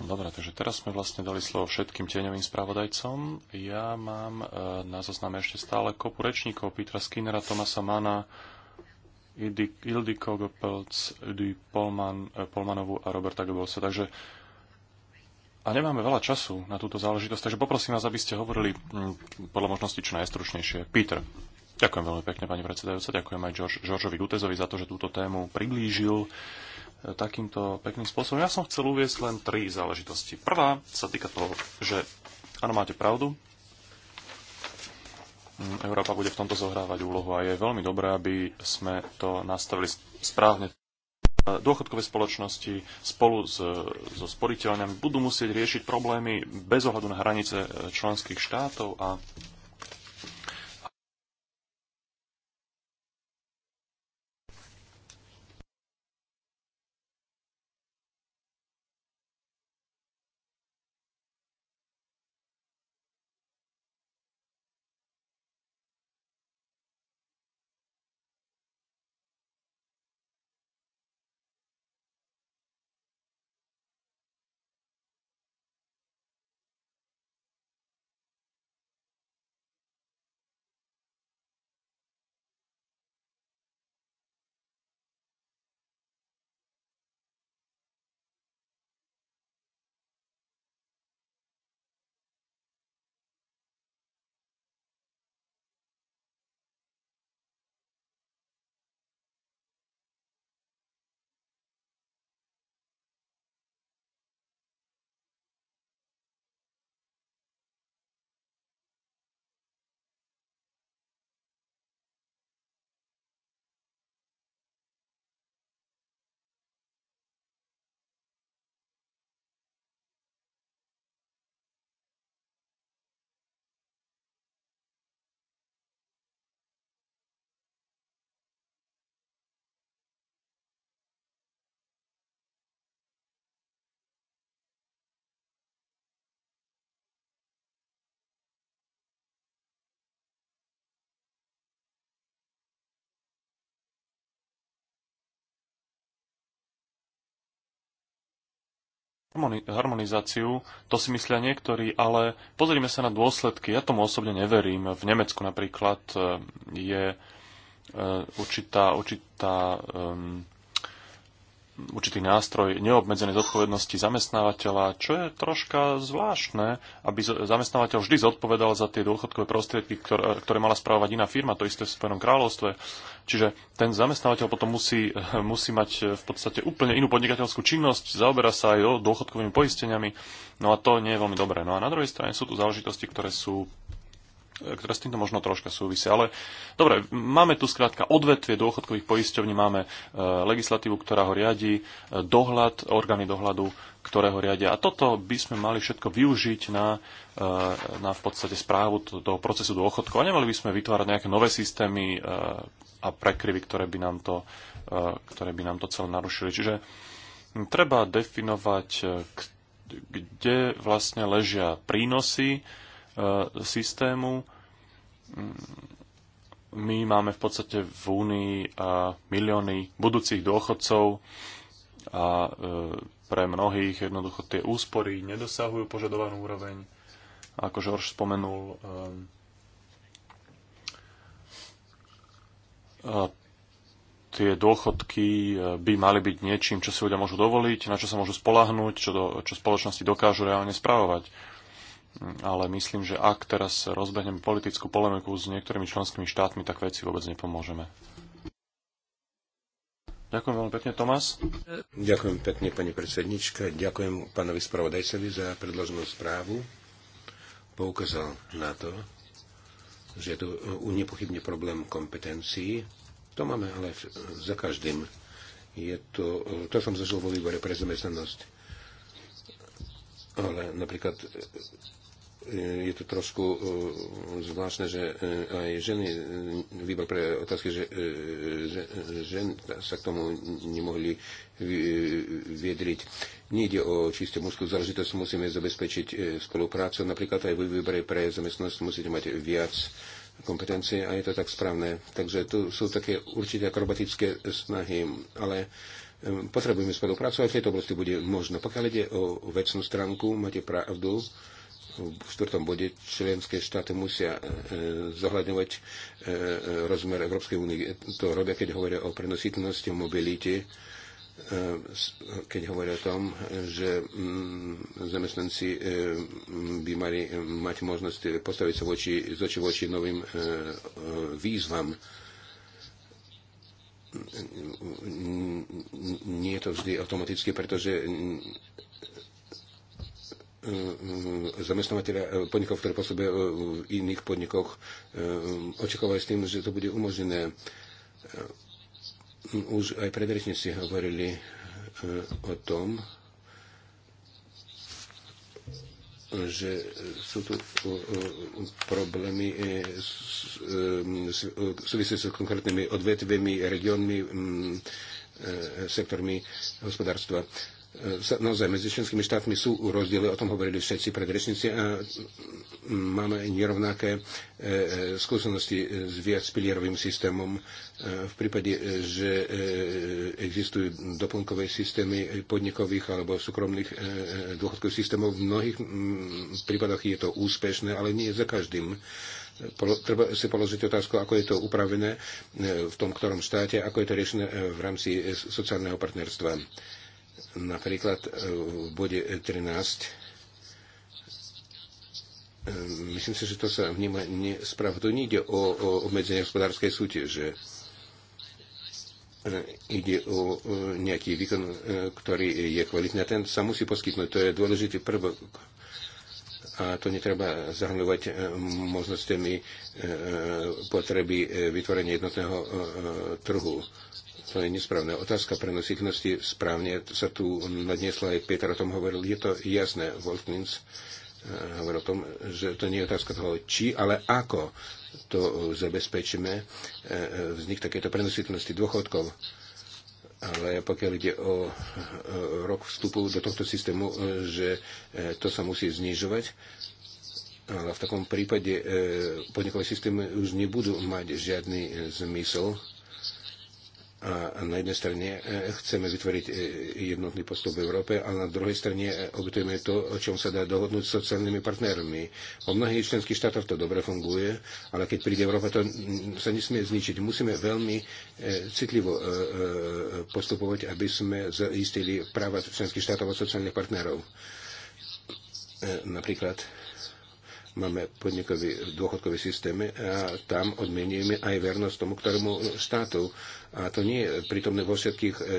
No Dobre, takže teraz sme vlastne dali slovo všetkým tieňovým spravodajcom. Ja mám e, na zozname ešte stále kopu rečníkov Petra Skinnera, Tomasa Mana, Ildy Kogopelc, Udy Polman, e, Polmanovu a Roberta Goebbelsa. Takže a nemáme veľa času na túto záležitosť, takže poprosím vás, aby ste hovorili m, podľa možnosti čo najstručnejšie. Peter, ďakujem veľmi pekne, pani predsedajúca, ďakujem aj George, Georgeovi Gutezovi za to, že túto tému priblížil takýmto pekným spôsobom. Ja som chcel uviesť len tri záležitosti. Prvá sa týka toho, že áno, máte pravdu, mm, Európa bude v tomto zohrávať úlohu a je veľmi dobré, aby sme to nastavili správne. Dôchodkové spoločnosti spolu s, so sporiteľňami budú musieť riešiť problémy bez ohľadu na hranice členských štátov a harmonizáciu, to si myslia niektorí, ale pozrime sa na dôsledky. Ja tomu osobne neverím. V Nemecku napríklad eh, je eh, určitá, určitá um, určitý nástroj neobmedzenej zodpovednosti zamestnávateľa, čo je troška zvláštne, aby zamestnávateľ vždy zodpovedal za tie dôchodkové prostriedky, ktoré, ktoré mala správovať iná firma, to isté v Spojenom kráľovstve. Čiže ten zamestnávateľ potom musí, [laughs] musí mať v podstate úplne inú podnikateľskú činnosť, zaoberá sa aj o dôchodkovými poisteniami, no a to nie je veľmi dobré. No a na druhej strane sú tu záležitosti, ktoré sú ktorá s týmto možno troška súvisia. Ale dobre, máme tu skrátka odvetvie dôchodkových poisťovní, máme e, legislatívu, ktorá ho riadi, e, dohľad, orgány dohľadu, ktoré ho riadia. A toto by sme mali všetko využiť na, e, na v podstate správu toho procesu dôchodkov. A nemali by sme vytvárať nejaké nové systémy e, a prekryvy, ktoré by nám to, e, ktoré by nám to celé narušili. Čiže treba definovať, e, kde vlastne ležia prínosy, E, systému. My máme v podstate v Únii e, milióny budúcich dôchodcov a e, pre mnohých jednoducho tie úspory nedosahujú požadovanú úroveň. Ako Žorž spomenul, tie dôchodky by mali byť niečím, čo si ľudia môžu dovoliť, na čo sa môžu spolahnúť, čo, do, čo spoločnosti dokážu reálne spravovať ale myslím, že ak teraz rozbehneme politickú polemiku s niektorými členskými štátmi, tak veci vôbec nepomôžeme. Ďakujem veľmi pekne, Tomás. Ďakujem pekne, pani predsednička. Ďakujem pánovi spravodajcovi za predloženú správu. Poukázal na to, že je tu e, nepochybne problém kompetencií. To máme ale za každým. Je to, e, to som zažil vo výbore pre zamestnanosť. Ale napríklad e, je to trošku e, zvláštne, že e, aj ženy, e, výbor pre otázky že, že, žen sa k tomu nemohli viedriť. Nejde o čistú mužskú záležitosť, musíme zabezpečiť spoluprácu. Napríklad aj vy výbore pre zamestnosť musíte mať viac kompetencie a je to tak správne. Takže tu sú také určité akrobatické snahy, ale potrebujeme spoluprácu a v tejto oblasti bude možno. Pokiaľ ide o vecnú stránku, máte pravdu, v štvrtom bode členské štáty musia e, zohľadňovať e, e, rozmer Európskej únie. To robia, keď hovoria o prenositeľnosti, o mobilite, keď hovoria o tom, že mm, zamestnanci mm, by mali mať možnosť postaviť sa voči, zoči voči novým výzvam. Nie je to vždy automaticky, pretože E, e, zamestnávateľa e, podnikov, ktoré pôsobia v iných podnikoch, očakávajú s tým, že to bude umožnené. Už aj predrečníci hovorili o tom, že sú tu problémy súvisí s konkrétnymi odvetvými, regiónmi, sektormi hospodárstva. E, naozaj medzi členskými štátmi sú rozdiely, o tom hovorili všetci predrečníci a máme nerovnaké e, e, skúsenosti s viac pilierovým systémom. V prípade, že existujú doplnkové systémy podnikových alebo súkromných dôchodkových systémov, v mnohých prípadoch je to úspešné, ale nie za každým treba si položiť otázku, ako je to upravené v tom ktorom štáte, ako je to riešené v rámci sociálneho partnerstva. Napríklad e, v bode 13 e, myslím si, že to sa vníma nesprav. To nejde o, o obmedzenie hospodárskej súťaže. E, ide o nejaký výkon, ktorý je kvalitný a ten sa musí poskytnúť. To je dôležitý prvok a to netreba zahľovať možnosťami potreby vytvorenia jednotného trhu to je nesprávne. Otázka prenositeľnosti správne sa tu nadnesla aj Peter o tom hovoril. Je to jasné, Volknins eh, hovoril o tom, že to nie je otázka toho či, ale ako to zabezpečíme eh, eh, vznik takéto prenositeľnosti dôchodkov. Ale pokiaľ ide o rok vstupu do tohto systému, že to sa musí znižovať, ale v takom prípade podnikové systémy už nebudú mať žiadny zmysel a na jednej strane e, chceme vytvoriť e, jednotný postup v Európe a na druhej strane e, obetujeme to, o čom sa dá dohodnúť s sociálnymi partnermi. O mnohých členských štátoch to dobre funguje, ale keď príde Európa, to sa nesmie zničiť. Musíme veľmi citlivo postupovať, aby sme zaistili práva členských štátov a sociálnych partnerov. Napríklad máme podnikový dôchodkový systém a tam odmenujeme aj vernosť tomu, ktorému štátu a to nie je prítomné vo všetkých e, e, e,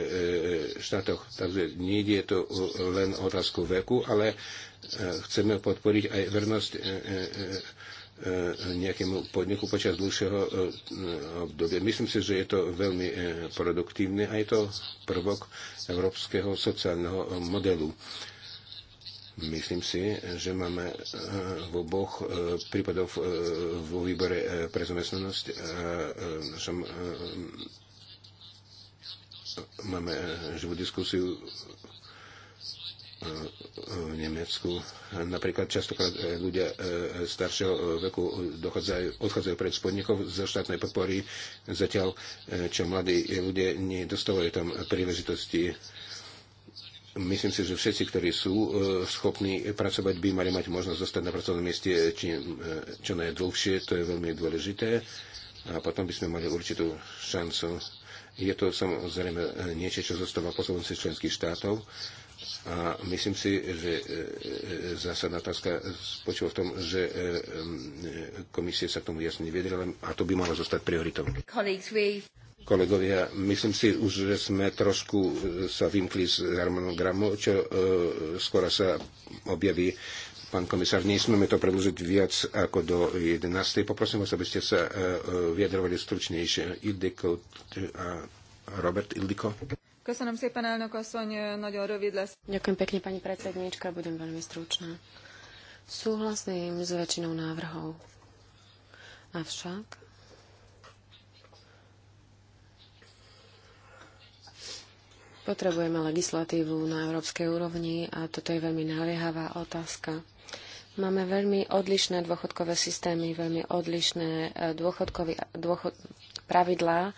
štátoch. Takže nie je to len otázku veku, ale chceme podporiť aj vernosť nejakému podniku počas dlhšieho obdobia. Myslím si, že je to veľmi produktívne a je to prvok európskeho sociálneho modelu. Myslím si, že máme v oboch prípadoch vo výbore pre zamestnanosť a našom máme eh, živú diskusiu eh, v Nemecku. Napríklad častokrát eh, ľudia staršieho veku dochádzajú, odchádzajú pred spodnikov zo štátnej podpory, zatiaľ čo mladí ľudia nedostávajú tam príležitosti. Myslím si, že všetci, ktorí sú schopní pracovať, by mali mať možnosť zostať na pracovnom mieste čím, čo najdlhšie, to je veľmi dôležité. A potom by sme mali určitú šancu je to samozrejme e, niečo, čo zostáva poslanci členských štátov. A myslím si, že e, e, zásadná otázka spočíva v tom, že komisie sa k tomu jasne nevedela a to by malo zostať prioritou. Kolegovia, myslím si už, že sme trošku sa vymkli z harmonogramu, čo skoro sa objaví Pán komisár, nesmieme to predlžiť viac ako do 11. Poprosím vás, aby ste sa e, e, vyjadrovali stručnejšie. Ildiko a Robert Ildiko. Köszönöm szépen, elnök asszony, nagyon rövid lesz. Ďakujem pekne, pani predsedníčka, budem veľmi stručná. Súhlasím s väčšinou návrhov. Avšak Potrebujeme legislatívu na európskej úrovni a toto je veľmi naliehavá otázka. Máme veľmi odlišné dôchodkové systémy, veľmi odlišné e, dôchodkové e, dôchod, pravidlá e,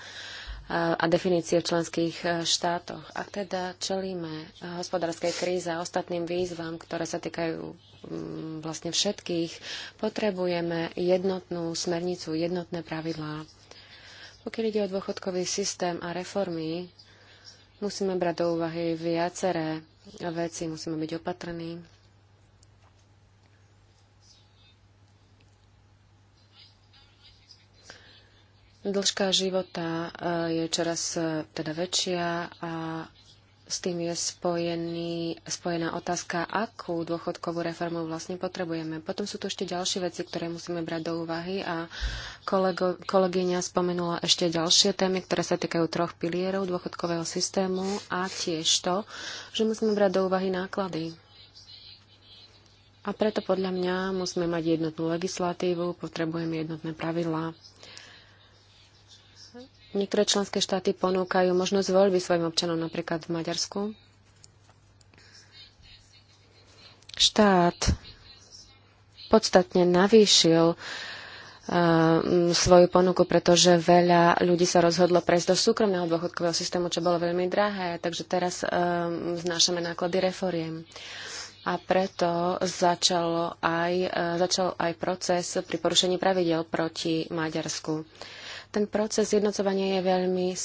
a definície v členských štátoch. A teda čelíme hospodárskej kríze a ostatným výzvam, ktoré sa týkajú mm, vlastne všetkých, potrebujeme jednotnú smernicu, jednotné pravidlá. Pokiaľ ide o dôchodkový systém a reformy, musíme brať do úvahy viaceré veci, musíme byť opatrní. Dĺžka života e, je čoraz e, teda väčšia a s tým je spojený, spojená otázka, akú dôchodkovú reformu vlastne potrebujeme. Potom sú tu ešte ďalšie veci, ktoré musíme brať do úvahy a kolego, kolegyňa spomenula ešte ďalšie témy, ktoré sa týkajú troch pilierov dôchodkového systému a tiež to, že musíme brať do úvahy náklady. A preto podľa mňa musíme mať jednotnú legislatívu, potrebujeme jednotné pravidlá Niektoré členské štáty ponúkajú možnosť voľby svojim občanom, napríklad v Maďarsku. Štát podstatne navýšil ehm, svoju ponuku, pretože veľa ľudí sa rozhodlo prejsť do súkromného dôchodkového systému, čo bolo veľmi drahé, takže teraz um, znášame náklady reforiem. A preto začalo aj, e, začal aj proces pri porušení pravidel proti Maďarsku. Uh, ten proces jednocovania je veľmi e,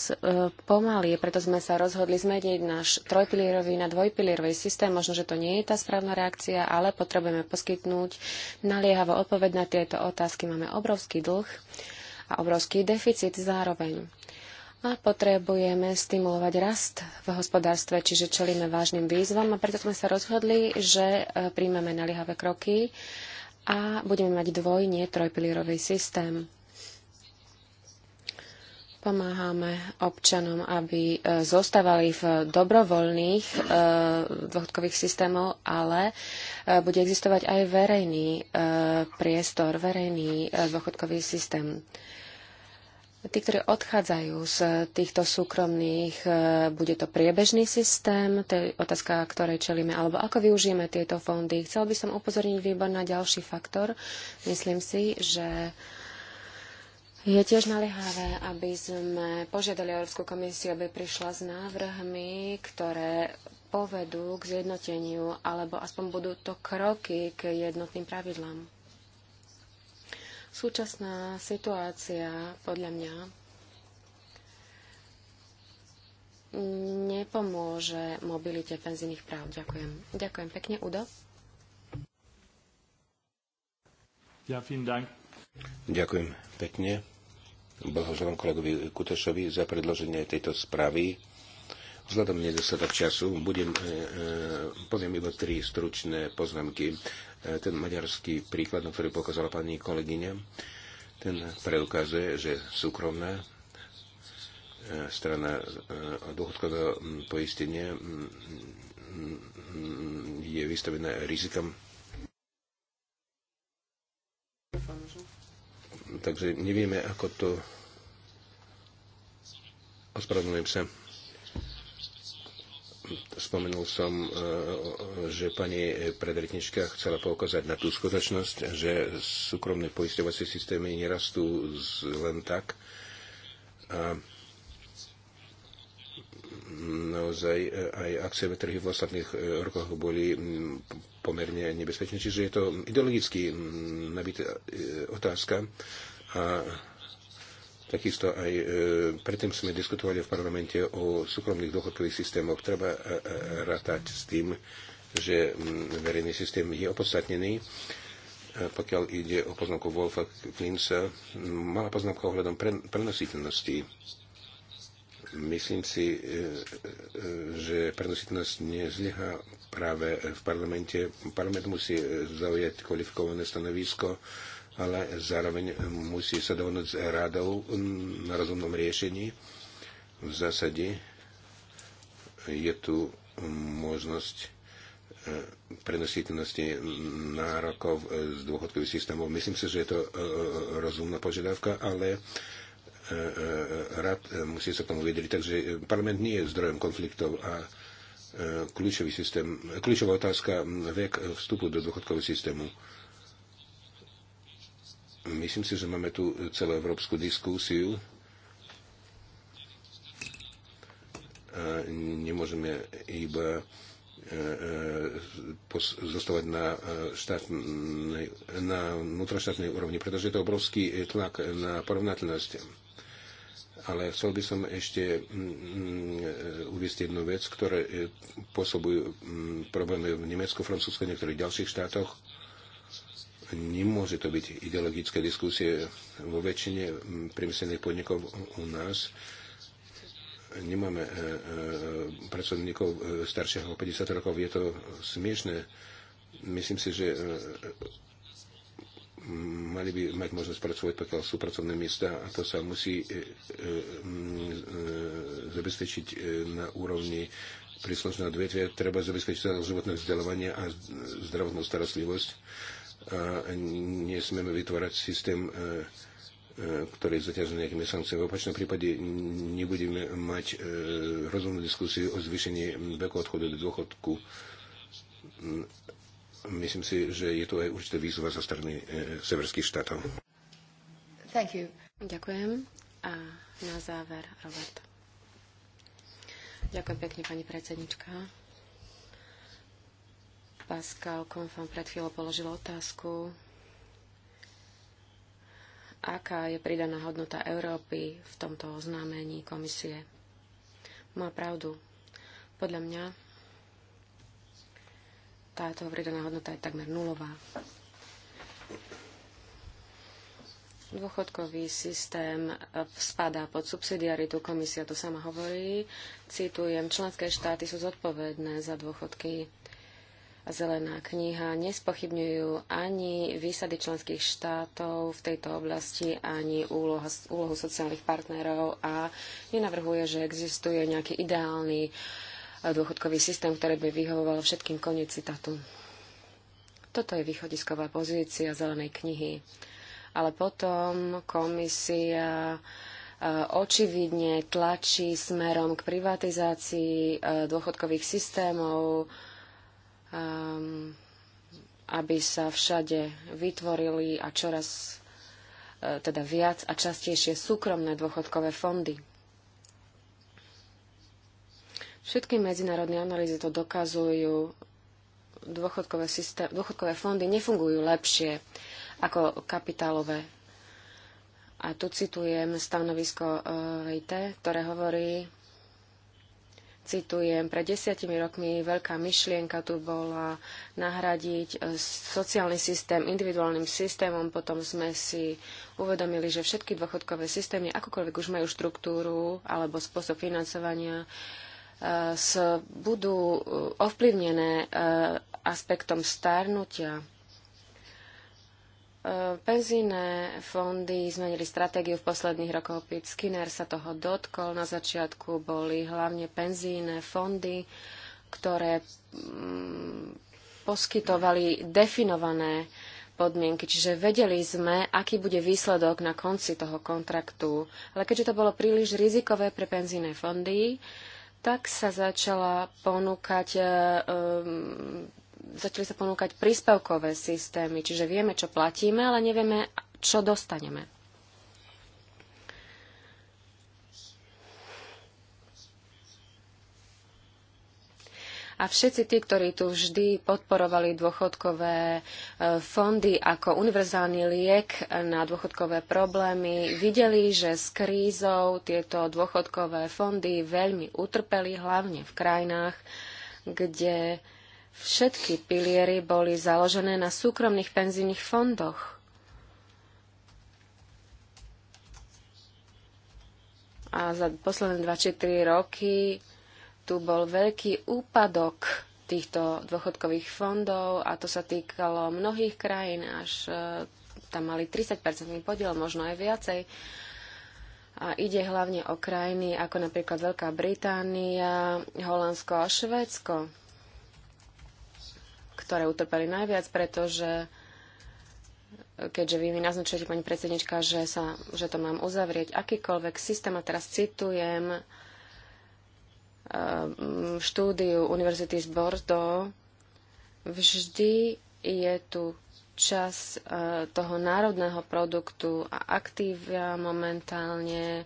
pomalý, preto sme sa rozhodli zmeniť náš trojpilierový na dvojpilierový systém. Možno, že to nie je tá správna reakcia, ale potrebujeme poskytnúť naliehavo odpoveď na tieto otázky. Máme obrovský dlh a obrovský deficit zároveň. A potrebujeme stimulovať rast v hospodárstve, čiže čelíme vážnym výzvam a preto sme sa rozhodli, že e, príjmeme naliehavé kroky a budeme mať dvojne trojpilierový systém. Pomáhame občanom, aby e, zostávali v dobrovoľných e, dôchodkových systémov, ale e, bude existovať aj verejný priestor, verejný dôchodkový systém. Tí, ktorí odchádzajú z týchto súkromných, bude to priebežný systém, to je otázka, ktorej čelíme, alebo ako využijeme tieto fondy. Chcel by som upozorniť výbor na ďalší faktor. Myslím si, že je tiež naliehavé, aby sme požiadali Európsku komisiu, aby prišla s návrhmi, ktoré povedú k zjednoteniu, alebo aspoň budú to kroky k jednotným pravidlám. Súčasná situácia podľa mňa nepomôže mobilite penzijných práv. Ďakujem. Ďakujem pekne. Udo? Ja, vielen Dank. Ďakujem pekne. Blahoželám kolegovi Kutešovi za predloženie tejto správy. Vzhľadom nedostatok času budem, poviem iba tri stručné poznámky. Ten maďarský príklad, ktorý pokazala pani kolegyňa, ten preukazuje, že súkromná strana dôchodkového poistenia je vystavená rizikom takže nevieme, ako to... Ospravedlňujem sa. Spomenul som, e, že pani predretnička chcela poukázať na tú skutočnosť, že súkromné poisťovacie systémy nerastú len tak. A naozaj e, aj akciové trhy v ostatných e, rokoch boli pomerne nebezpečné. Čiže je to ideologicky nabitá e, otázka. A takisto aj predtým sme diskutovali v parlamente o súkromných dôchodkových systémoch. Treba rátať s tým, že verejný systém je opodstatnený pokiaľ ide o poznámku Wolfa Klinsa, malá poznámka ohľadom prenositeľnosti myslím si, e, e, že prenositnosť nezlyha práve v parlamente. Parlament musí e, zaujať kvalifikované stanovisko, ale zároveň musí sa dohodnúť s radou na rozumnom riešení. V zásade je tu možnosť prenositeľnosti nárokov z dôchodkových systémov. Myslím si, že je to rozumná požiadavka, ale E, e, rad e, musí sa tomu vyjadriť. Takže parlament nie je zdrojom konfliktov a kľúčový systém, kľúčová otázka vek vstupu do dôchodkového systému. Myslím si, že máme tu celú európsku diskusiu. A nemôžeme iba zostávať na, štátnej, na vnútroštátnej úrovni, pretože je to obrovský tlak na porovnateľnosť ale chcel by som ešte mm, mm, uviesť jednu vec, ktoré e, pôsobujú mm, problémy v Nemecku, Francúzsku a niektorých ďalších štátoch. Nemôže to byť ideologické diskusie vo väčšine priemyselných podnikov u nás. Nemáme e, e, pracovníkov staršieho 50 rokov. Je to smiešné. Myslím si, že mali by mať možnosť pracovať, pokiaľ sú pracovné miesta a to sa musí e, e, e, zabezpečiť na úrovni príslušného odvetvia. Treba zabezpečiť teda životné vzdelávanie a zdravotnú starostlivosť. A nesmieme vytvárať systém, ktorý je zaťažený nejakými sankciami. V opačnom prípade nebudeme mať rozumnú diskusiu o zvýšení veku odchodu do dôchodku Myslím si, že je to aj určité výzva zo strany e, severských štátov. Thank you. Ďakujem. A na záver, Robert. Ďakujem pekne, pani predsednička. Pascal konfam pred chvíľou položil otázku, aká je pridaná hodnota Európy v tomto oznámení komisie. Má pravdu. Podľa mňa táto pridaná hodnota je takmer nulová. Dôchodkový systém e, spadá pod subsidiaritu, komisia to sama hovorí. Citujem, členské štáty sú zodpovedné za dôchodky. Zelená kniha nespochybňujú ani výsady členských štátov v tejto oblasti, ani úloha, úlohu sociálnych partnerov a nenavrhuje, že existuje nejaký ideálny uh, dôchodkový systém, ktorý by vyhovoval všetkým koniec citátu. Toto je východisková pozícia zelenej knihy. Ale potom komisia e, očividne tlačí smerom k privatizácii e, dôchodkových systémov, ehm, aby sa všade vytvorili a čoraz e, teda viac a častejšie súkromné dôchodkové fondy. Všetky medzinárodné analýzy to dokazujú. Dôchodkové, systém, dôchodkové fondy nefungujú lepšie ako kapitálové. A tu citujem stanovisko eh, VIT, ktoré hovorí, citujem, pred desiatimi rokmi veľká myšlienka tu bola nahradiť eh, sociálny systém individuálnym systémom, potom sme si uvedomili, že všetky dôchodkové systémy, akokoľvek už majú štruktúru alebo spôsob financovania, budú eh, ovplyvnené eh, aspektom starnutia. Eh, penzíne fondy zmenili stratégiu v posledných rokoch. Pete Skinner sa toho dotkol. Na začiatku boli hlavne penzíne fondy, ktoré mm, poskytovali definované podmienky, čiže vedeli sme, aký bude výsledok na konci toho kontraktu. Ale keďže to bolo príliš rizikové pre penzíne fondy, uh, tak sa začala ponúkať um, začali sa ponúkať príspevkové systémy, čiže vieme, čo platíme, ale nevieme, čo dostaneme. A všetci tí, ktorí tu vždy podporovali dôchodkové e, fondy ako univerzálny liek na dôchodkové problémy, videli, že s krízou tieto dôchodkové fondy veľmi utrpeli, hlavne v krajinách, kde všetky piliery boli založené na súkromných penzijných fondoch. a za posledné 2 3 roky tu bol veľký úpadok týchto dôchodkových fondov a to sa týkalo mnohých krajín, až e, tam mali 30-percentný podiel, možno aj viacej. A ide hlavne o krajiny ako napríklad Veľká Británia, Holandsko a Švédsko, ktoré utrpeli najviac, pretože e, keďže vy mi naznačujete, pani predsednička, že, sa, že to mám uzavrieť, akýkoľvek systém, a teraz citujem, štúdiu Univerzity z Bordeaux, vždy je tu čas e, toho národného produktu a aktívia momentálne e,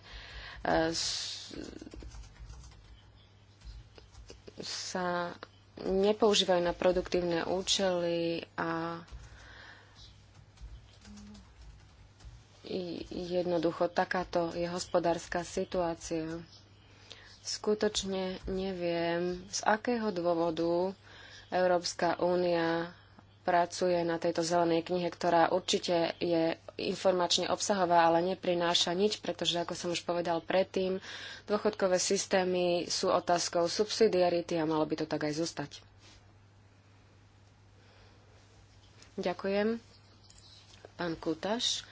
sa nepoužívajú na produktívne účely a jednoducho takáto je hospodárska situácia. Skutočne neviem, z akého dôvodu Európska únia pracuje na tejto zelenej knihe, ktorá určite je informačne obsahová, ale neprináša nič, pretože, ako som už povedal predtým, dôchodkové systémy sú otázkou subsidiarity a malo by to tak aj zostať. Ďakujem. Pán Kutaš.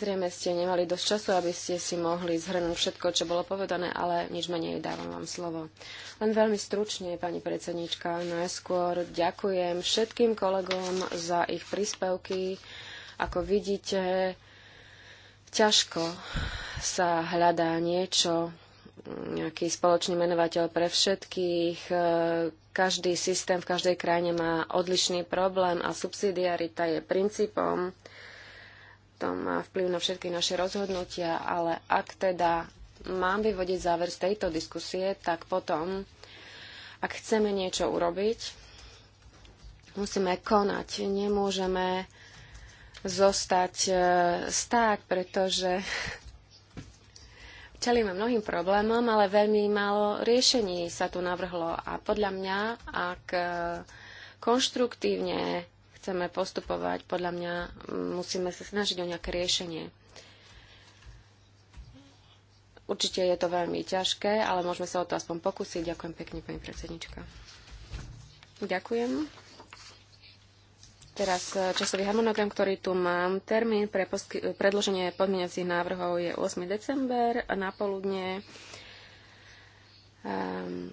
Zrejme ste nemali dosť času, aby ste si mohli zhrnúť všetko, čo bolo povedané, ale nič menej dávam vám slovo. Len veľmi stručne, pani predsednička, najskôr no ďakujem všetkým kolegom za ich príspevky. Ako vidíte, ťažko sa hľadá niečo, nejaký spoločný menovateľ pre všetkých. Každý systém v každej krajine má odlišný problém a subsidiarita je princípom, to má vplyv na všetky naše rozhodnutia, ale ak teda mám vyvodiť záver z tejto diskusie, tak potom, ak chceme niečo urobiť, musíme konať. Nemôžeme zostať e, stáť, pretože [laughs] čelíme mnohým problémom, ale veľmi málo riešení sa tu navrhlo. A podľa mňa, ak e, konštruktívne chceme postupovať, podľa mňa musíme sa snažiť o nejaké riešenie. Určite je to veľmi ťažké, ale môžeme sa o to aspoň pokúsiť. Ďakujem pekne, pani predsednička. Ďakujem. Teraz e, časový harmonogram, ktorý tu mám. Termín pre predloženie podmienacích návrhov je 8. december na poludne. Um,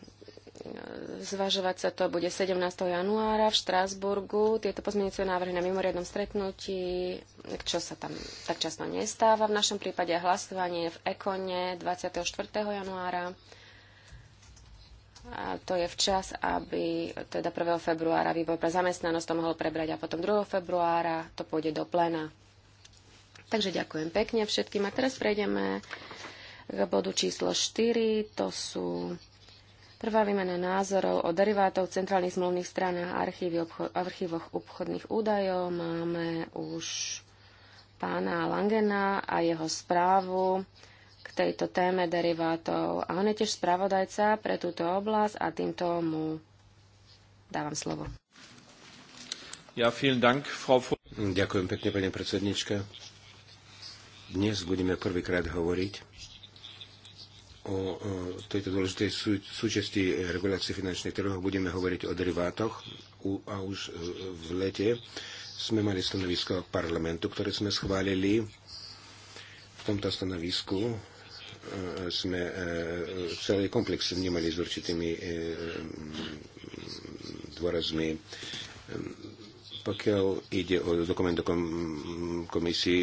Zvažovať sa to bude 17. januára v Štrásburgu. Tieto pozmeňujúce návrhy na mimoriadnom stretnutí, čo sa tam tak často nestáva. V našom prípade hlasovanie v Ekone 24. januára. A to je včas, aby teda 1. februára výbor pre zamestnanosť to mohol prebrať a potom 2. februára to pôjde do plena. Takže ďakujem pekne všetkým a teraz prejdeme k bodu číslo 4. To sú Prvá výmena názorov o derivátov, centrálnych zmluvných stranách a archívoch obchodných údajov. Máme už pána Langena a jeho správu k tejto téme derivátov. A on je tiež spravodajca pre túto oblasť a týmto mu dávam slovo. Ja, vielen Dank, Frau Ďakujem pekne, pani predsednička. Dnes budeme prvýkrát hovoriť o tejto dôležitej súčasti regulácie finančných trhov budeme hovoriť o derivátoch a už e, v lete sme mali stanovisko parlamentu, ktoré sme schválili. V tomto stanovisku e, sme e, celý komplex vnímali s určitými dôrazmi. Pokiaľ ide o dokument do komisii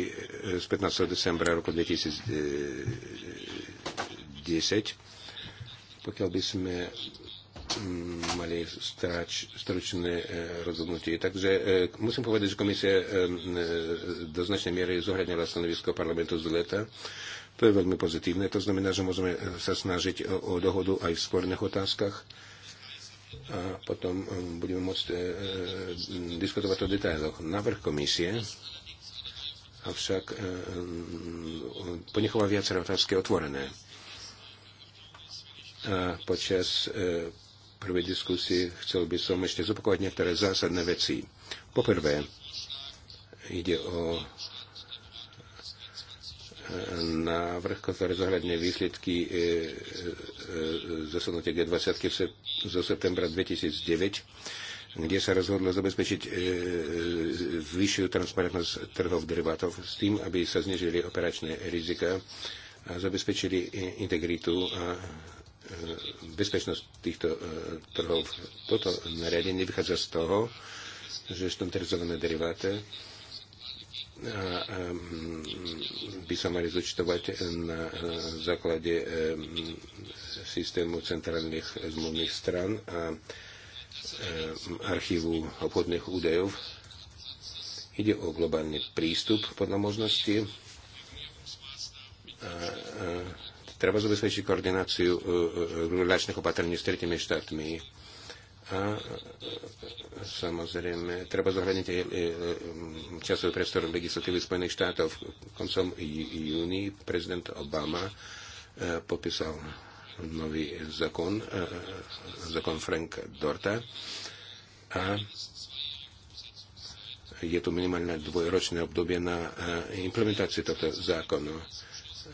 z 15. decembra roku 2000, 10. Pokiaľ by sme mm, mali strač, stručné e, rozhodnutie. Takže e, musím povedať, že komisia e, do značnej miery zohľadnila stanovisko parlamentu z leta. To je veľmi pozitívne. To znamená, že môžeme sa snažiť o, o dohodu aj v sporných otázkach a potom budeme môcť e, diskutovať o detailoch. Návrh komisie avšak e, ponecháva viaceré otázky otvorené. A počas e, prvej diskusie chcel by som ešte zopakovať niektoré zásadné veci. Poprvé, ide o e, návrh, ktorý zohľadne výsledky e, zasadnutia G20 zo septembra 2009, kde sa rozhodlo zabezpečiť vyššiu transparentnosť trhov derivátov s tým, aby sa znižili operačné rizika a zabezpečili integritu a E, bezpečnosť týchto e, trhov. Toto nariadenie vychádza z toho, že štandardizované deriváty e, by sa mali zúčtovať na základe systému centrálnych zmluvných stran a archívu obchodných údajov. Ide o globálny prístup podľa možnosti. A Treba zabezpečiť koordináciu e, e, regulačných opatrení s tretimi štátmi. A e, samozrejme, treba zohľadniť aj časový priestor legislatívy Spojených štátov. Koncom júni prezident Obama popísal nový zákon, zákon Frank Dorta. A je tu minimálne dvojročné obdobie na implementáciu tohto zákona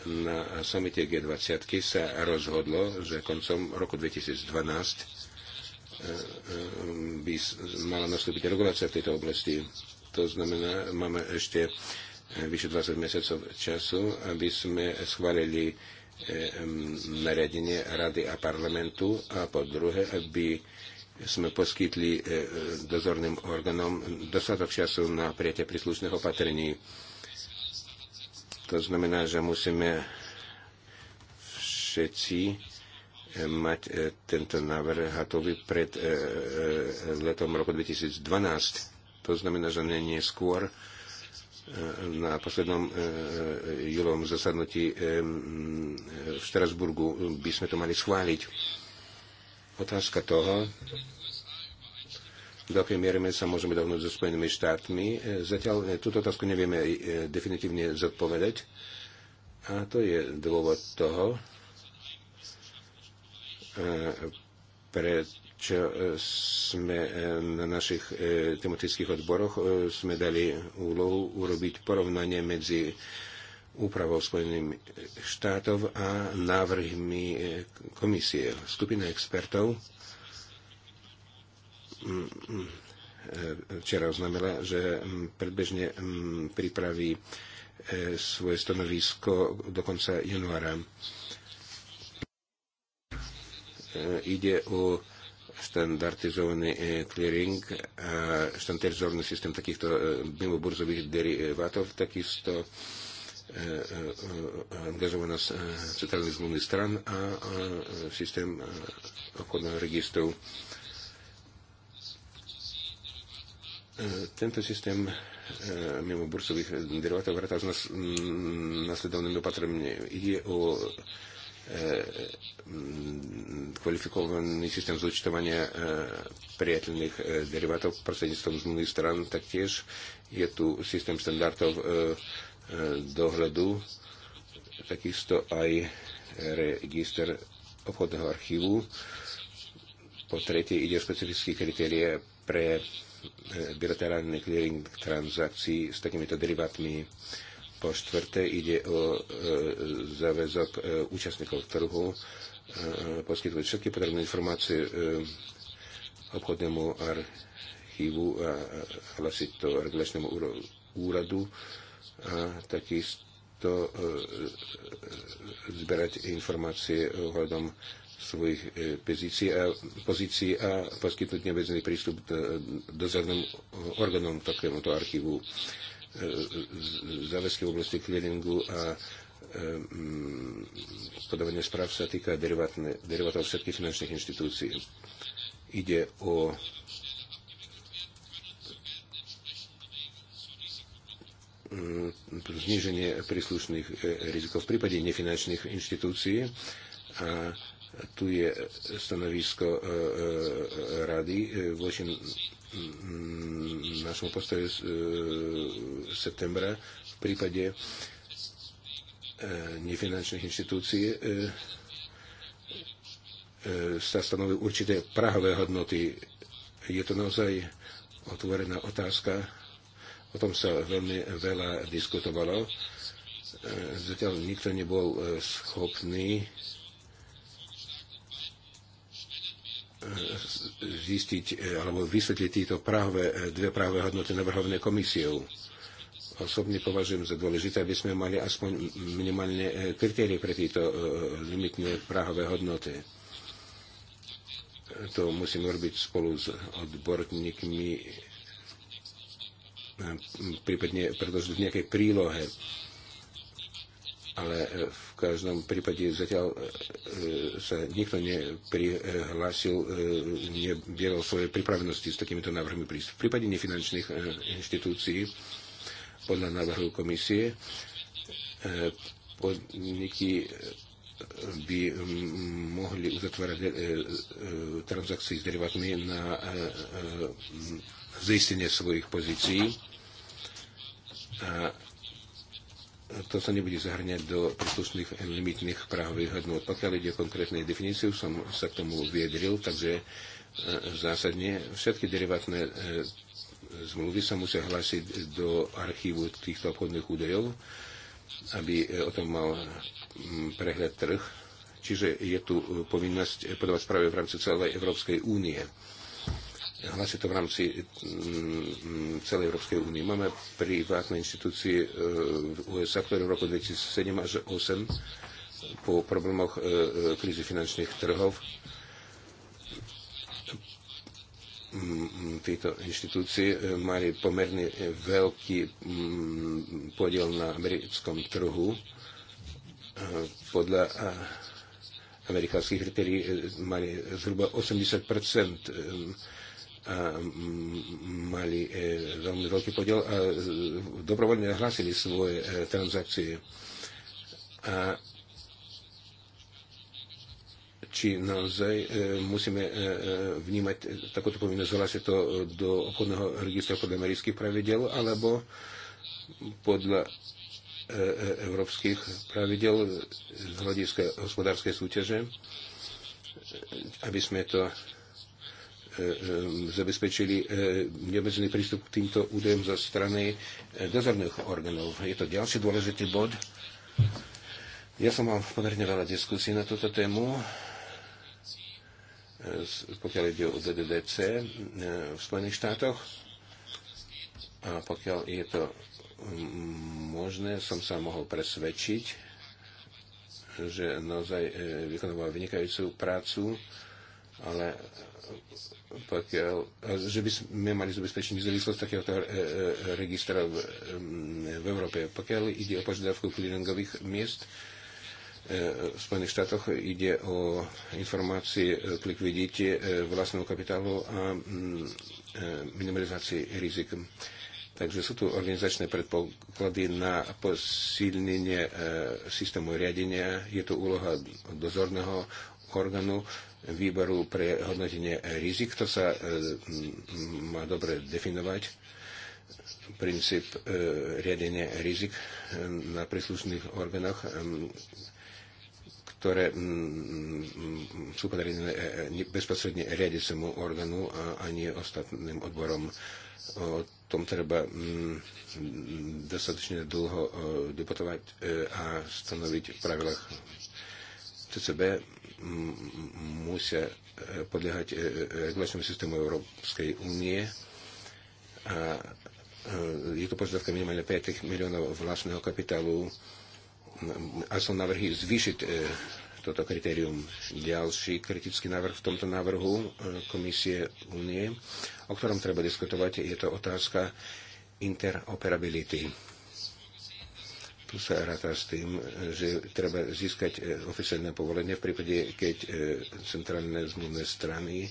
na samite G20 sa rozhodlo, že koncom roku 2012 e, e, by mala nastúpiť regulácia v tejto oblasti. To znamená, máme ešte e, vyše 20 mesiacov času, aby sme schválili nariadenie Rady a parlamentu a po druhé, aby sme poskytli dozorným orgánom dostatok času na prijatie príslušných opatrení to znamená, že musíme všetci eh, mať eh, tento návrh hotový pred eh, letom roku 2012. To znamená, že nie neskôr na poslednom júlovom zasadnutí mm, v Štrasburgu by sme to mali schváliť. Otázka toho, do akej miery sa môžeme dohnúť so Spojenými štátmi. E, zatiaľ e, túto otázku nevieme e, definitívne zodpovedať. A to je dôvod toho, prečo sme na našich tematických odboroch sme dali úlohu urobiť porovnanie medzi úpravou Spojených štátov a návrhmi komisie. Skupina expertov včera oznámila, že mm, predbežne mm, pripraví e, svoje stanovisko do konca januára. E, ide o štandardizovaný e, clearing, a štandardizovaný systém takýchto mimoburzových derivátov, takisto angažovanosť centrálnych zmluvných stran a systém obchodného registru. E, tento systém e, mimo bursových e, derivátov vrata s nasledovnými opatreniami ide o kvalifikovaný systém zúčtovania priateľných derivátov prostredníctvom zmluvných stran, taktiež je tu systém štandardov dohľadu, takisto aj register obchodného archívu. Po tretie ide o špecifické kritérie pre bilaterálny clearing transakcií s takýmito derivátmi. Po štvrté ide o e, záväzok e, účastníkov trhu e, poskytovať všetky potrebné informácie obchodnému archívu a hlasiť to regulačnému úradu a takisto zberať informácie ohľadom svojich e, pozícií a, poskytnúť nevedzený prístup dozorným e, orgánom takémuto archívu e, záväzky v oblasti clearingu a mm, podávanie správ sa týka derivátov všetkých finančných inštitúcií. Ide o mm, zníženie príslušných rizikov v prípade nefinančných inštitúcií a tu je stanovisko e, e, rady e, voči našemu postoju z septembra v prípade nefinančných inštitúcií sa stanovujú určité prahové hodnoty. Je to naozaj otvorená otázka. O tom sa veľmi veľa diskutovalo. Zatiaľ nikto nebol schopný zistiť e, alebo vysvetliť tieto práve, dve práve hodnoty na Vrhovné Komisiu. Osobne považujem za dôležité, aby sme mali aspoň minimálne e, kritérie pre tieto e, limitné práhové hodnoty. To musíme robiť spolu s odborníkmi, prípadne predložiť v nejakej prílohe ale e, v každom prípade zatiaľ e, sa nikto neprihlásil, e, nebielal svoje pripravenosti s takýmito návrhmi prísť. V prípade nefinančných inštitúcií podľa návrhu komisie podniky by mohli uzatvárať transakcie s derivátmi na zistenie svojich pozícií a to sa nebude zahrňať do príslušných limitných právových hodnot. Pokiaľ ide o konkrétne definíciu, som sa k tomu viedril, takže e, zásadne všetky derivátne zmluvy sa musia hlásiť do archívu týchto obchodných údajov, aby e, o tom mal prehľad trh. Čiže je tu e, povinnosť podávať správy v rámci celej Európskej únie hlási to v rámci mm, mm, celej Európskej únie. Máme privátne inštitúcie e, v USA, ktoré v roku 2007 až 2008 po problémoch e, e, krízy finančných trhov mm, tieto inštitúcie mali pomerne veľký podiel na americkom trhu. Podľa amerických kritérií mali zhruba 80 mali e, veľmi veľký podiel a e, dobrovoľne hlásili svoje e, transakcie. A či naozaj musíme vnímať takúto povinnosť hlásiť to do obchodného registra podľa amerických pravidel, alebo podľa európskych pravidel z hľadiska hospodárskej súťaže, aby sme to E, e, zabezpečili e, neobmedzený prístup k týmto údajom zo strany dozorných orgánov. Je to ďalší dôležitý bod. Ja som mal pomerne veľa diskusí na túto tému, pokiaľ ide o DDDC v Spojených štátoch. A pokiaľ je to mm, možné, som sa mohol presvedčiť, že naozaj vykonoval vynikajúcu prácu, ale pokiaľ, že by sme mali zabezpečiť nezávislosť takéhoto e, e, registra v, v Európe. Pokiaľ ide o požiadavku clearingových miest, e, v Spojených štátoch ide o informácie k likvidite vlastného kapitálu a minimalizácii rizik. Takže sú tu organizačné predpoklady na posilnenie systému riadenia. Je to úloha dozorného orgánu výboru pre hodnotenie rizik, to sa e, má dobre definovať princíp e, riadenia rizik e, na príslušných orgánoch, ktoré sú podarené bezprostredne riadiacemu orgánu a nie ostatným odborom. O tom treba dostatočne dlho debatovať a stanoviť v pravilách CCB musia eh, podliehať eh, eh, regulačnému systému Európskej únie a je to požiadavka minimálne 5 miliónov vlastného kapitálu a sú navrhy zvýšiť toto kritérium. Ďalší kritický návrh v tomto návrhu Komisie Unie, o ktorom treba diskutovať, je to otázka interoperability tu sa ráta s tým, že treba získať e, oficiálne povolenie v prípade, keď e, centrálne zmluvné strany e,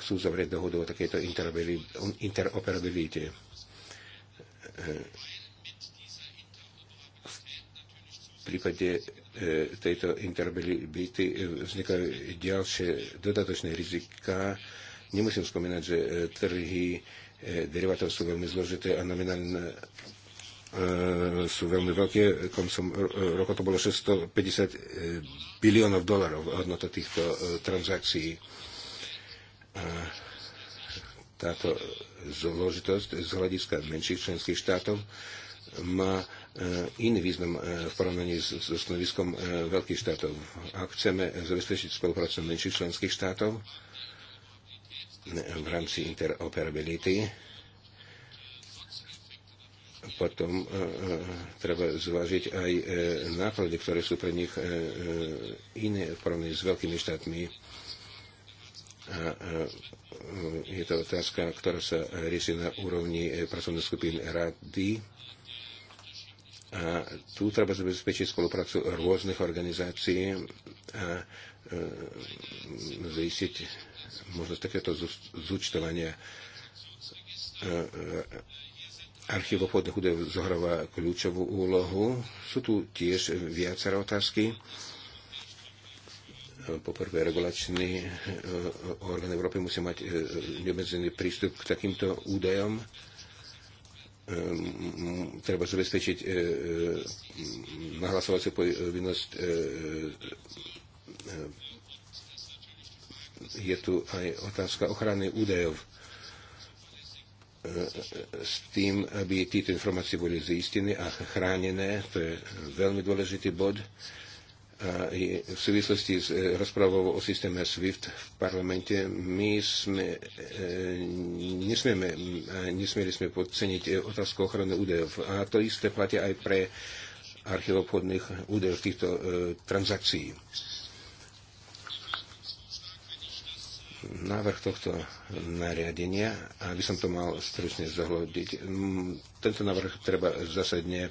chcú zavrieť dohodu o takejto interoperabilite. V prípade tejto interoperability vznikajú ďalšie dodatočné rizika. Nemusím spomínať, že trhy derivátov sú veľmi zložité a nominálne e, sú veľmi veľké. Koncom e, roka to bolo 650 biliónov dolarov hodnota týchto e, transakcií. E, táto zložitosť z hľadiska menších členských štátov má e, iný význam e, v porovnaní so stanoviskom veľkých štátov. Ak chceme zabezpečiť spoluprácu menších členských štátov v rámci interoperability, potom e, e, treba zvážiť aj e, náklady, ktoré sú pre nich e, e iné v porovnaní s veľkými štátmi. A a e, je to otázka, ktorá sa rieši na úrovni pracovnej skupiny rady. A tu treba zabezpečiť spoluprácu rôznych organizácií a e, zistiť možnosť takéto zúčtovania Archív obchodných údajov zohráva kľúčovú úlohu. Sú tu tiež viaceré otázky. Poprvé, regulačný e, orgán Európy musí mať e, neobmedzený prístup k takýmto údajom e, treba zabezpečiť nahlasovaciu povinnosť. Je tu aj otázka ochrany údajov s tým, aby tieto informácie boli zistené a chránené. To je veľmi dôležitý bod. A v súvislosti s e, rozprávou o systéme SWIFT v parlamente my sme, e, nesmieme, nesmieli sme podceniť e, otázku ochrany údajov. A to isté platí aj pre archivobchodných údajov týchto transakcií. návrh tohto nariadenia, aby som to mal stručne zohľadiť. Mm, tento návrh treba zásadne e,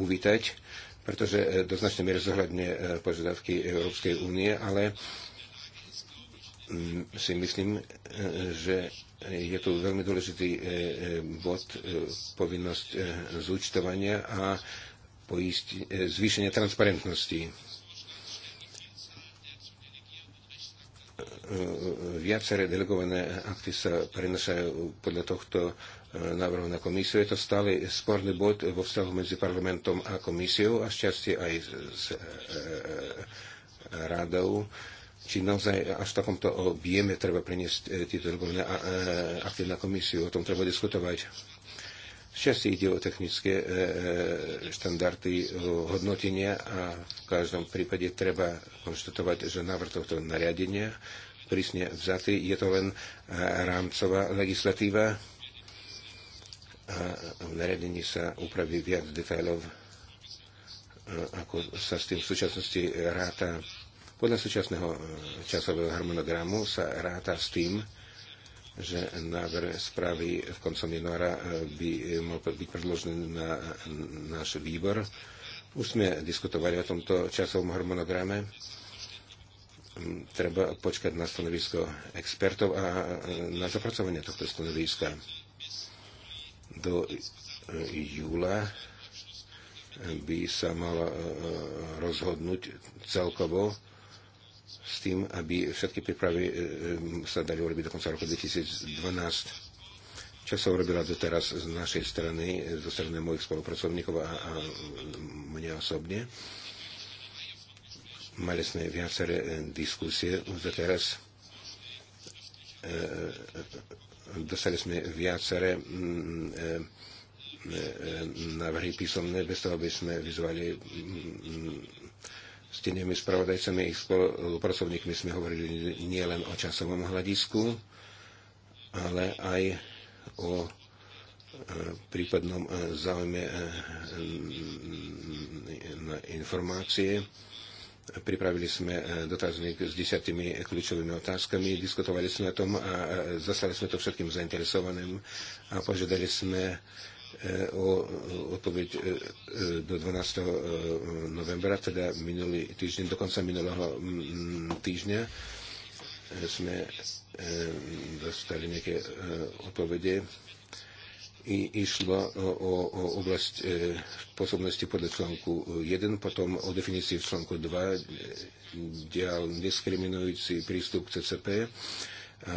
uvítať, pretože e, do značnej miery zohľadne e, požiadavky Európskej únie, ale mm, si myslím, že je tu veľmi dôležitý bod, povinnosť zúčtovania a poist, zvýšenia transparentnosti E, viaceré delegované akty sa prenašajú podľa tohto e, návrhu na komisiu. Je to stále sporný bod vo vzťahu medzi parlamentom a komisiou a šťastie aj s e, rádou. či naozaj až v takomto objeme treba priniesť tieto delegované akty na komisiu. O tom treba diskutovať. Šťastie ide o technické štandardy hodnotenia a v každom prípade treba konštatovať, že návrh tohto nariadenia prísne vzaty. Je to len eh, rámcová legislatíva. A eh, v nariadení sa upraví viac detailov, eh, ako sa s tým v súčasnosti ráta. Podľa súčasného časového harmonogramu sa ráta s tým, že návrh správy v koncom januára by mal byť predložený na náš výbor. Už sme diskutovali o tomto časovom harmonograme treba počkať na stanovisko expertov a na zapracovanie tohto stanoviska. Do e, júla by sa mala e, e, rozhodnúť celkovo s tým, aby všetky prípravy sa dali urobiť do konca roku 2012. Čo sa urobila doteraz z našej strany, zo strany mojich spolupracovníkov a, a mňa osobne? Mali sme viaceré e, diskusie za teraz. E, e, dostali sme viaceré návrhy písomné, bez toho by sme vyzvali s tými spravodajcami a ich spolupracovníkmi sme hovorili nielen o časovom hľadisku, ale aj o prípadnom záujme na informácie Pripravili sme e, dotazník s desiatimi kľúčovými otázkami, diskutovali sme o tom a e, zastali sme to všetkým zainteresovaným a požiadali sme e, o odpoveď do 12. novembra, teda minulý týždeň, do konca minulého týždňa sme dostali nejaké odpovede i išlo o, o, o oblasť e, pôsobnosti podľa článku 1, e, potom o definícii v článku 2, ďal e, diskriminujúci prístup k CCP a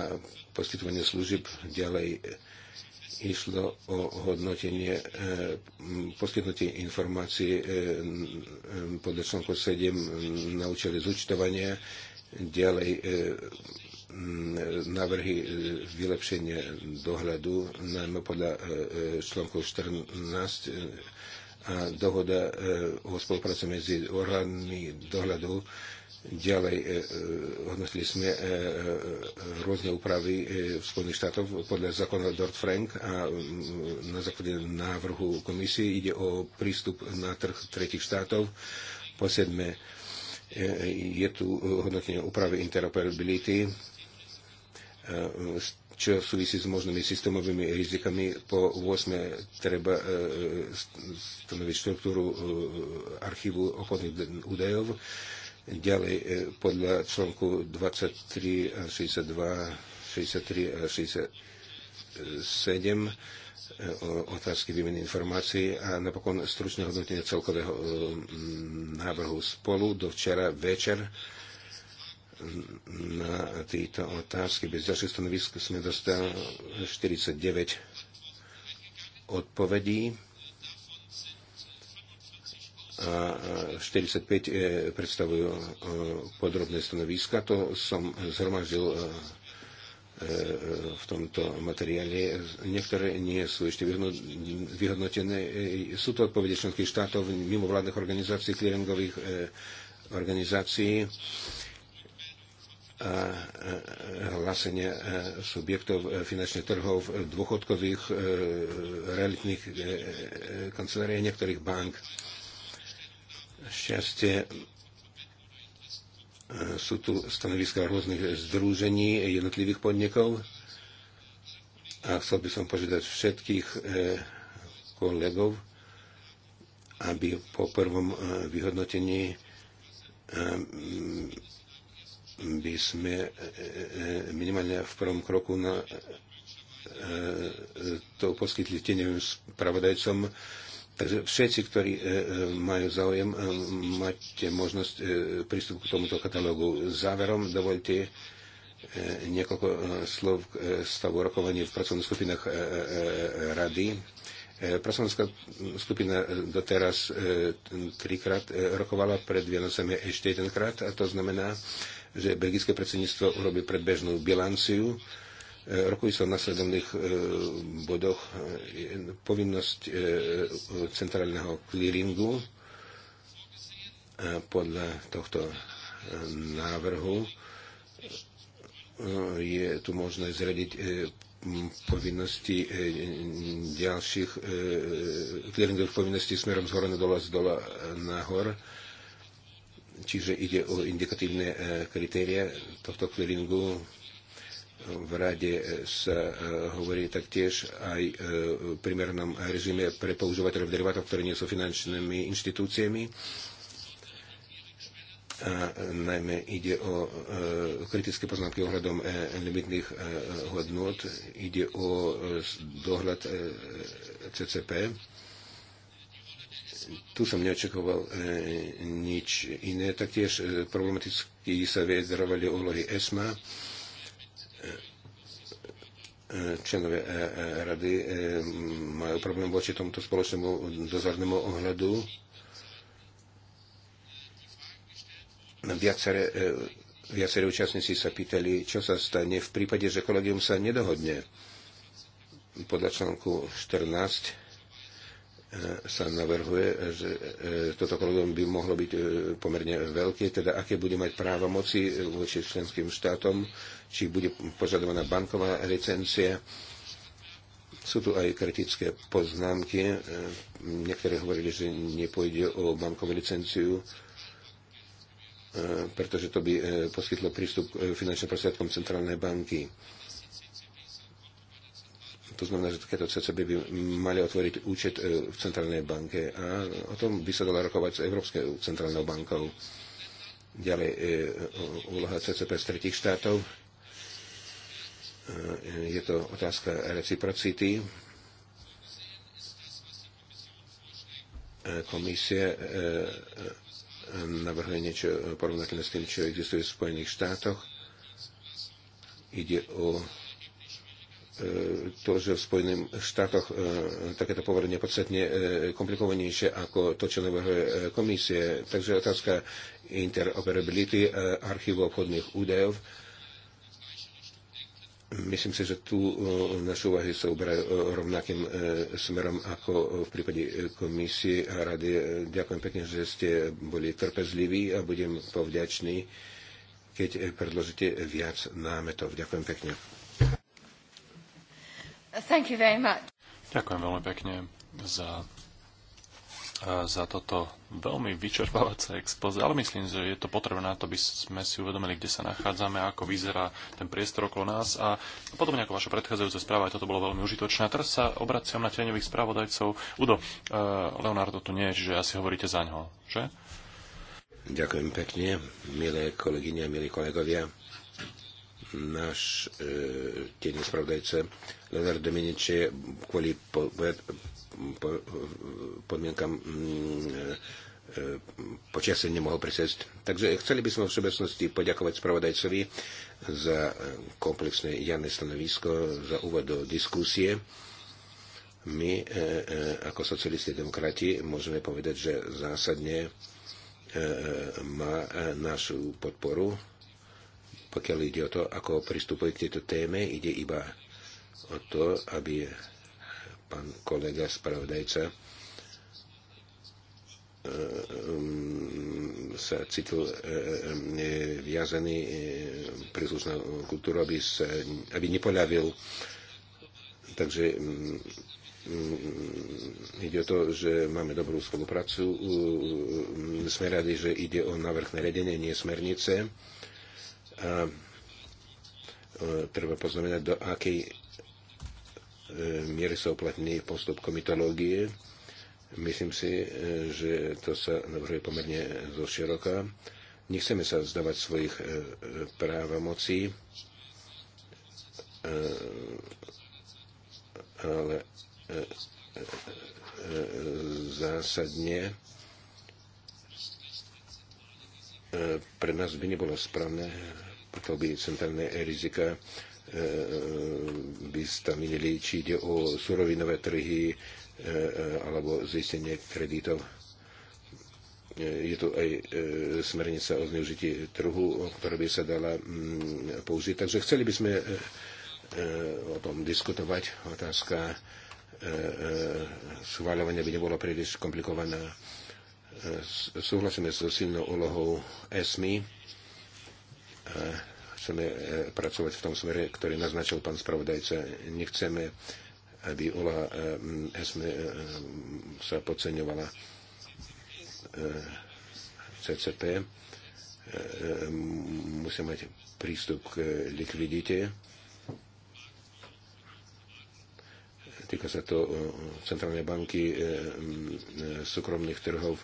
poskytovanie služieb ďalej e, išlo o hodnotenie e, poskytnutie informácií e, podľa článku 7 na účely zúčtovania, ďalej e, Mm, návrhy e, vylepšenia dohľadu, najmä podľa e, e, článku 14 a dohoda o spolupráci medzi orgánmi dohľadu. Ďalej hodnotili sme rôzne úpravy v Spojených štátov podľa zákona Dodd-Frank a na základe návrhu komisie ide o prístup na trh tretich štátov. Po sedme je tu hodnotenie úpravy interoperability čo súvisí s možnými systémovými rizikami. Po 8. treba e, stanoviť štruktúru e, archívu obchodných údajov. Ďalej e, podľa článku 23 a 62, 63 a 67 otázky výmeny informácií a napokon stručné hodnotenie celkového návrhu spolu do včera večer na tieto otázky bez ďalších stanovisk sme dostali 49 odpovedí a 45 e, predstavujú e, podrobné stanoviska. To som zhromaždil e, v tomto materiáli. Niektoré nie sú ešte vyhodnotené. Sú to odpovede členských štátov, mimovládnych organizácií, clearingových organizácií hlásenie e, subjektov e, finančných trhov, e, dôchodkových realitných kancelárií niektorých bank. Šťastie sú tu stanoviska rôznych združení jednotlivých podnikov a chcel by som požiadať všetkých kolegov, aby po prvom vyhodnotení by sme e, e, e, minimálne v prvom kroku na to poskytli tieňovým spravodajcom. Takže všetci, ktorí majú záujem, máte možnosť prístup k tomuto katalógu. Záverom dovolte niekoľko slov k stavu rokovania v pracovných skupinách rady. Pracovná skupina doteraz trikrát rokovala pred Vianocami ešte jedenkrát a to znamená, že belgické predsedníctvo urobí predbežnú bilanciu. E, Rokuje sa v nasledovných e, bodoch e, povinnosť centrálneho clearingu podľa tohto návrhu je tu možné zradiť povinnosti ďalších clearingových povinností smerom z hora na dola, z dola nahor. hor Čiže ide o indikatívne e, kritéria tohto clearingu. V rade e, sa e, hovorí taktiež aj o primernom režime pre používateľov derivátov, ktoré nie sú finančnými inštitúciami. A najmä ide o kritické poznámky ohľadom limitných hodnot, ide o dohľad CCP tu som neočakoval e, nič iné. Taktiež e, problematicky sa vyjadrovali úlohy ESMA, e, členové rady majú problém voči tomuto spoločnému dozornému ohľadu. Viacere, viacere účastníci sa pýtali, čo sa stane v prípade, že kolegium sa nedohodne podľa článku 14 sa navrhuje, že e, toto kolegium by mohlo byť e, pomerne veľké, teda aké bude mať práva moci e, voči členským štátom, či bude požadovaná banková licencia. Sú tu aj kritické poznámky. Niektorí hovorili, že nepôjde o bankovú licenciu, pretože to by poskytlo prístup k finančným prostriedkom centrálnej banky to znamená, že takéto CCB by mali otvoriť účet e, v centrálnej banke a o tom by sa dalo rokovať s Európskej centrálnou bankou. Ďalej e, úloha CCP z tretich štátov. E, je to otázka reciprocity. Komisie navrhuje niečo porovnateľné s tým, čo existuje v Spojených štátoch. Ide o to, že v Spojených štátoch e, takéto povolenie je podstatne e, komplikovanejšie ako to, čo e, komisie. Takže otázka interoperability archívu obchodných údajov. Myslím si, že tu naše úvahy sa uberajú rovnakým smerom ako v prípade komisie a rady. Ďakujem pekne, že ste boli trpezliví a budem povďačný, keď predložíte viac námetov. Ďakujem pekne. Thank you very much. Ďakujem veľmi pekne za, za toto veľmi vyčerpávace expoze, ale myslím, že je to potrebné na to, aby sme si uvedomili, kde sa nachádzame, ako vyzerá ten priestor okolo nás a podobne ako vaša predchádzajúca správa, aj toto bolo veľmi užitočné. A teraz sa obraciam na tieňových správodajcov. Udo, e, Leonardo tu nie je, čiže asi hovoríte za ňo, že? Ďakujem pekne, milé kolegyne, milí kolegovia náš e, tenný spravodajca Leonard Dominiče kvôli po, po, po, podmienkam mm, e, e, počasie nemohol prisieť. Takže chceli by sme v všeobecnosti poďakovať spravodajcovi za e, komplexné javné stanovisko, za úvod do diskusie. My, e, e, ako socialisti demokrati, môžeme povedať, že zásadne e, má našu podporu pokiaľ ide o to, ako pristupuje k tejto téme, ide iba o to, aby pán kolega spravodajca ehm, sa cítil ehm, viazaný ehm, príslušnou kultúru, aby, sa, aby nepoľavil. Takže ide o to, že máme dobrú spoluprácu. Sme radi, že ide o návrh naredenie, nie smernice. Ehm, e, treba poznamenať, do akej e, miery sa uplatní postup komitológie. Myslím si, e, že to sa navrhuje pomerne zo široka. Nechceme sa vzdávať svojich právomocí, ale zásadne pre nás by nebolo správne pokiaľ by centrálne rizika e, e, by stanovili, či ide o surovinové trhy e, alebo zistenie kreditov. Je tu aj smernica o zneužití trhu, ktorá by sa dala mm, použiť. Takže chceli by sme o tom diskutovať. Otázka schváľovania by nebola príliš komplikovaná. Súhlasíme so silnou úlohou ESMI chceme e, pracovať v tom smere, ktorý naznačil pán spravodajca. Nechceme, aby úloha ESME e, sa podceňovala e, CCP. Musíme mať prístup k likvidite. Týka sa to centrálnej banky, súkromných trhov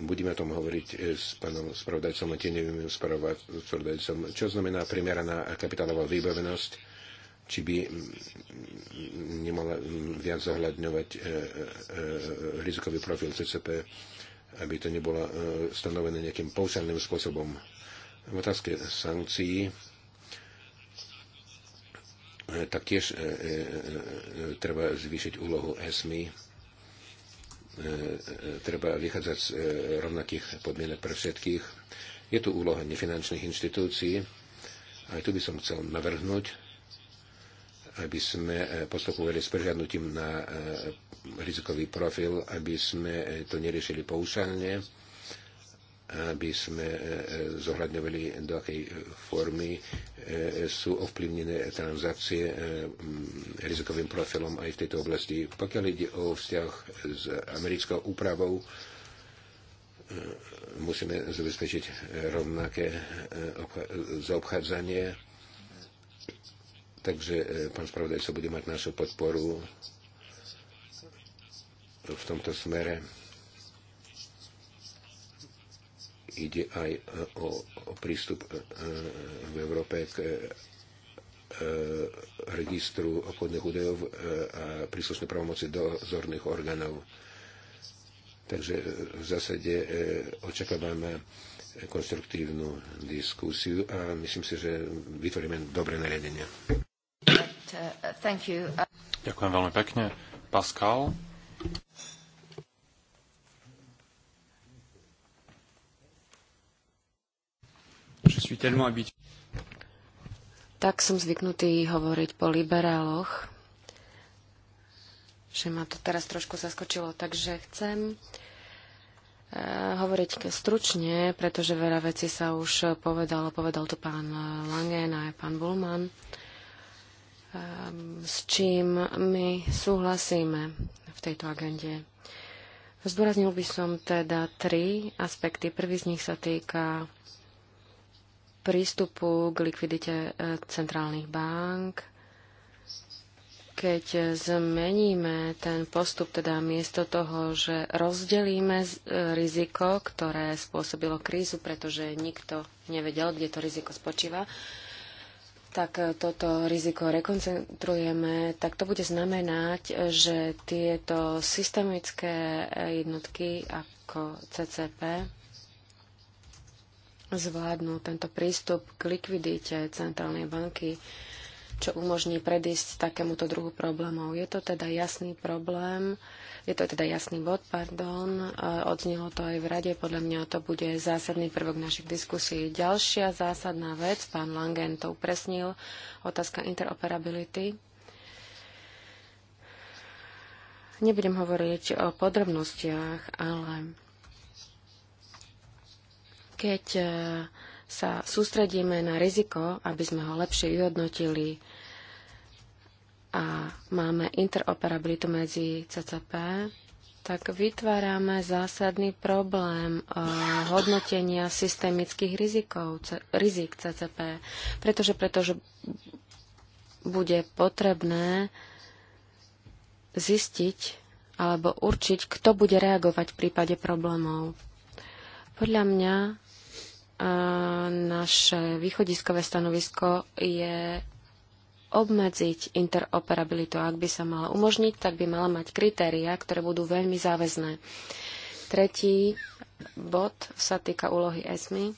budeme o tom hovoriť e, s pánom spravodajcom a tieňovým spravodajcom, čo znamená primeraná kapitálová vybavenosť, či by nemala viac zohľadňovať e, e, rizikový profil CCP, aby to nebolo stanovené nejakým poučalným spôsobom. V otázke sankcií taktiež treba zvýšiť úlohu ESMI E, e, treba vychádzať z e, rovnakých podmienok pre všetkých. Je tu úloha nefinančných inštitúcií. Aj tu by som chcel navrhnúť, aby sme postupovali s prihľadnutím na rizikový profil, aby sme to neriešili poušálne aby sme e, e, zohľadňovali, do akej e, formy sú ovplyvnené transakcie rizikovým profilom aj v tejto oblasti. Pokiaľ ide o vzťah s americkou úpravou, musíme zabezpečiť rovnaké zaobchádzanie. Takže pán spravodajca bude mať našu podporu v tomto smere Ide aj e, o, o prístup e, v Európe k e, registru obchodných údajov a príslušné pravomoci dozorných orgánov. Takže v zásade očakávame konstruktívnu diskusiu a myslím si, že vytvoríme dobré nariadenia. Ďakujem veľmi pekne. Pascal? Tak som zvyknutý hovoriť po liberáloch, že ma to teraz trošku zaskočilo. Takže chcem eh, hovoriť stručne, pretože veľa vecí sa už povedalo. Povedal to pán Langen no a aj pán Bulman ehm, s čím my súhlasíme v tejto agende. Zdôraznil by som teda tri aspekty. Prvý z nich sa týka prístupu k likvidite e, centrálnych bank. Keď zmeníme ten postup, teda miesto toho, že rozdelíme e, riziko, ktoré spôsobilo krízu, pretože nikto nevedel, kde to riziko spočíva, tak e, toto riziko rekoncentrujeme, tak to bude znamenať, že tieto systemické jednotky ako CCP zvládnu tento prístup k likvidite centrálnej banky, čo umožní predísť takémuto druhu problémov. Je to teda jasný problém, je to teda jasný bod, pardon, odznelo to aj v rade, podľa mňa to bude zásadný prvok našich diskusí. Ďalšia zásadná vec, pán Langen to upresnil, otázka interoperability. Nebudem hovoriť o podrobnostiach, ale keď e, sa sústredíme na riziko, aby sme ho lepšie vyhodnotili a máme interoperabilitu medzi CCP, tak vytvárame zásadný problém e, hodnotenia systemických rizikov, rizik CCP, pretože, pretože bude potrebné zistiť alebo určiť, kto bude reagovať v prípade problémov. Podľa mňa naše východiskové stanovisko je obmedziť interoperabilitu. Ak by sa mala umožniť, tak by mala mať kritériá, ktoré budú veľmi záväzné. Tretí bod sa týka úlohy ESMI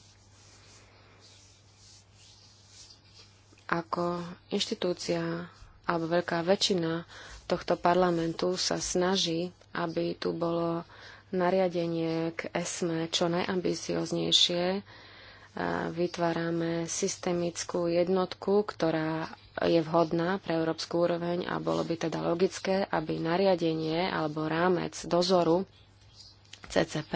ako inštitúcia alebo veľká väčšina tohto parlamentu sa snaží, aby tu bolo nariadenie k ESME čo najambicioznejšie, vytvárame systemickú jednotku, ktorá je vhodná pre európsku úroveň a bolo by teda logické, aby nariadenie alebo rámec dozoru CCP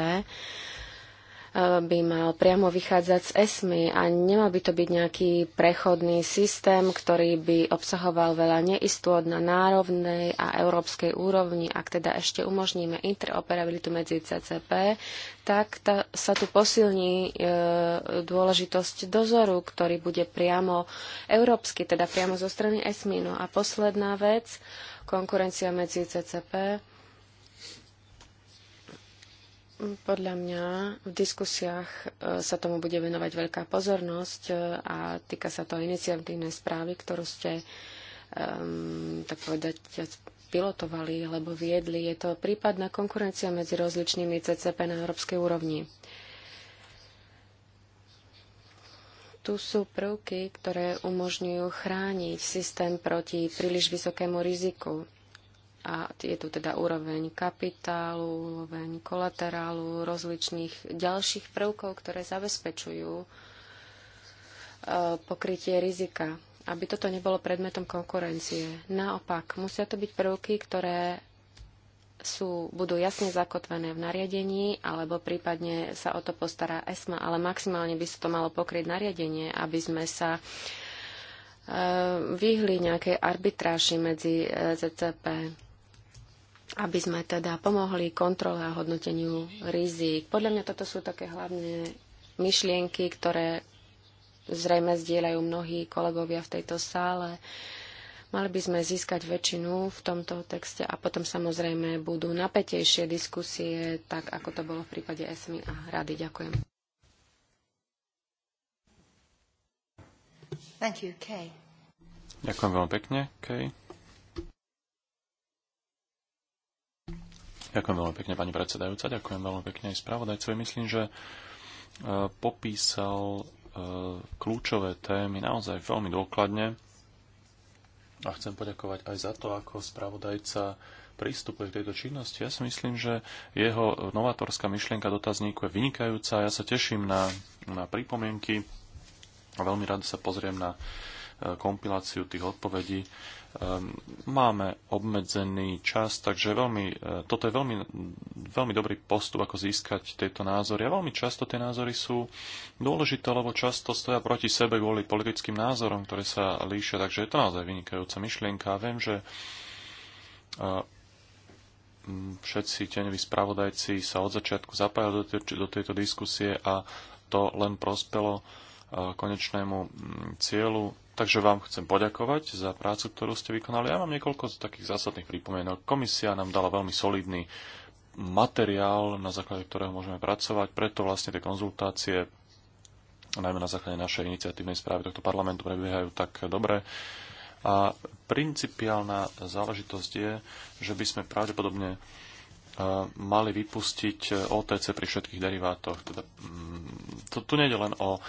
by mal priamo vychádzať z ESMI a nemal by to byť nejaký prechodný systém, ktorý by obsahoval veľa neistôt na národnej a európskej úrovni. Ak teda ešte umožníme interoperabilitu medzi CCP, tak tá, sa tu posilní e, dôležitosť dozoru, ktorý bude priamo európsky, teda priamo zo strany ESMY. No a posledná vec, konkurencia medzi CCP podľa mňa v diskusiách e, sa tomu bude venovať veľká pozornosť e, a týka sa to iniciatívnej správy, ktorú ste, um, tak povedať, pilotovali alebo viedli. Je to prípadná konkurencia medzi rozličnými CCP na európskej úrovni. tu sú prvky, ktoré umožňujú chrániť systém proti príliš vysokému riziku. A je tu teda úroveň kapitálu, úroveň kolaterálu, rozličných ďalších prvkov, ktoré zabezpečujú e, pokrytie rizika, aby toto nebolo predmetom konkurencie. Naopak, musia to byť prvky, ktoré sú, budú jasne zakotvené v nariadení, alebo prípadne sa o to postará ESMA, ale maximálne by sa to malo pokryť nariadenie, aby sme sa e, vyhli nejakej arbitráži medzi e, ZCP aby sme teda pomohli kontrole a hodnoteniu rizik. Podľa mňa toto sú také hlavné myšlienky, ktoré zrejme zdieľajú mnohí kolegovia v tejto sále. Mali by sme získať väčšinu v tomto texte a potom samozrejme budú napätejšie diskusie, tak ako to bolo v prípade SMI a rady. Ďakujem. Thank you, Kay. Ďakujem veľmi pekne, Kay. Ďakujem veľmi pekne, pani predsedajúca. Ďakujem veľmi pekne aj spravodajcovi. Myslím, že e, popísal e, kľúčové témy naozaj veľmi dôkladne a chcem poďakovať aj za to, ako spravodajca prístupuje k tejto činnosti. Ja si myslím, že jeho novatorská myšlienka dotazníku je vynikajúca. Ja sa teším na, na pripomienky a veľmi rád sa pozriem na e, kompiláciu tých odpovedí. Ehm, máme obmedzený čas, takže veľmi, e, toto je veľmi, veľmi dobrý postup, ako získať tieto názory. A veľmi často tie názory sú dôležité, lebo často stoja proti sebe kvôli politickým názorom, ktoré sa líšia. Takže je to naozaj vynikajúca myšlienka. A viem, že e, všetci tieňoví spravodajci sa od začiatku zapájali do, do tejto diskusie a to len prospelo uh, E, konečnému mm, cieľu. Takže vám chcem poďakovať za prácu, ktorú ste vykonali. Ja mám niekoľko takých zásadných pripomienok. Komisia nám dala veľmi solidný materiál, na základe ktorého môžeme pracovať, preto vlastne tie konzultácie, najmä na základe našej iniciatívnej správy tohto parlamentu, prebiehajú tak dobre. A principiálna záležitosť je, že by sme pravdepodobne mali vypustiť e, OTC pri všetkých derivátoch. Teda, mm, to, tu nejde len o e,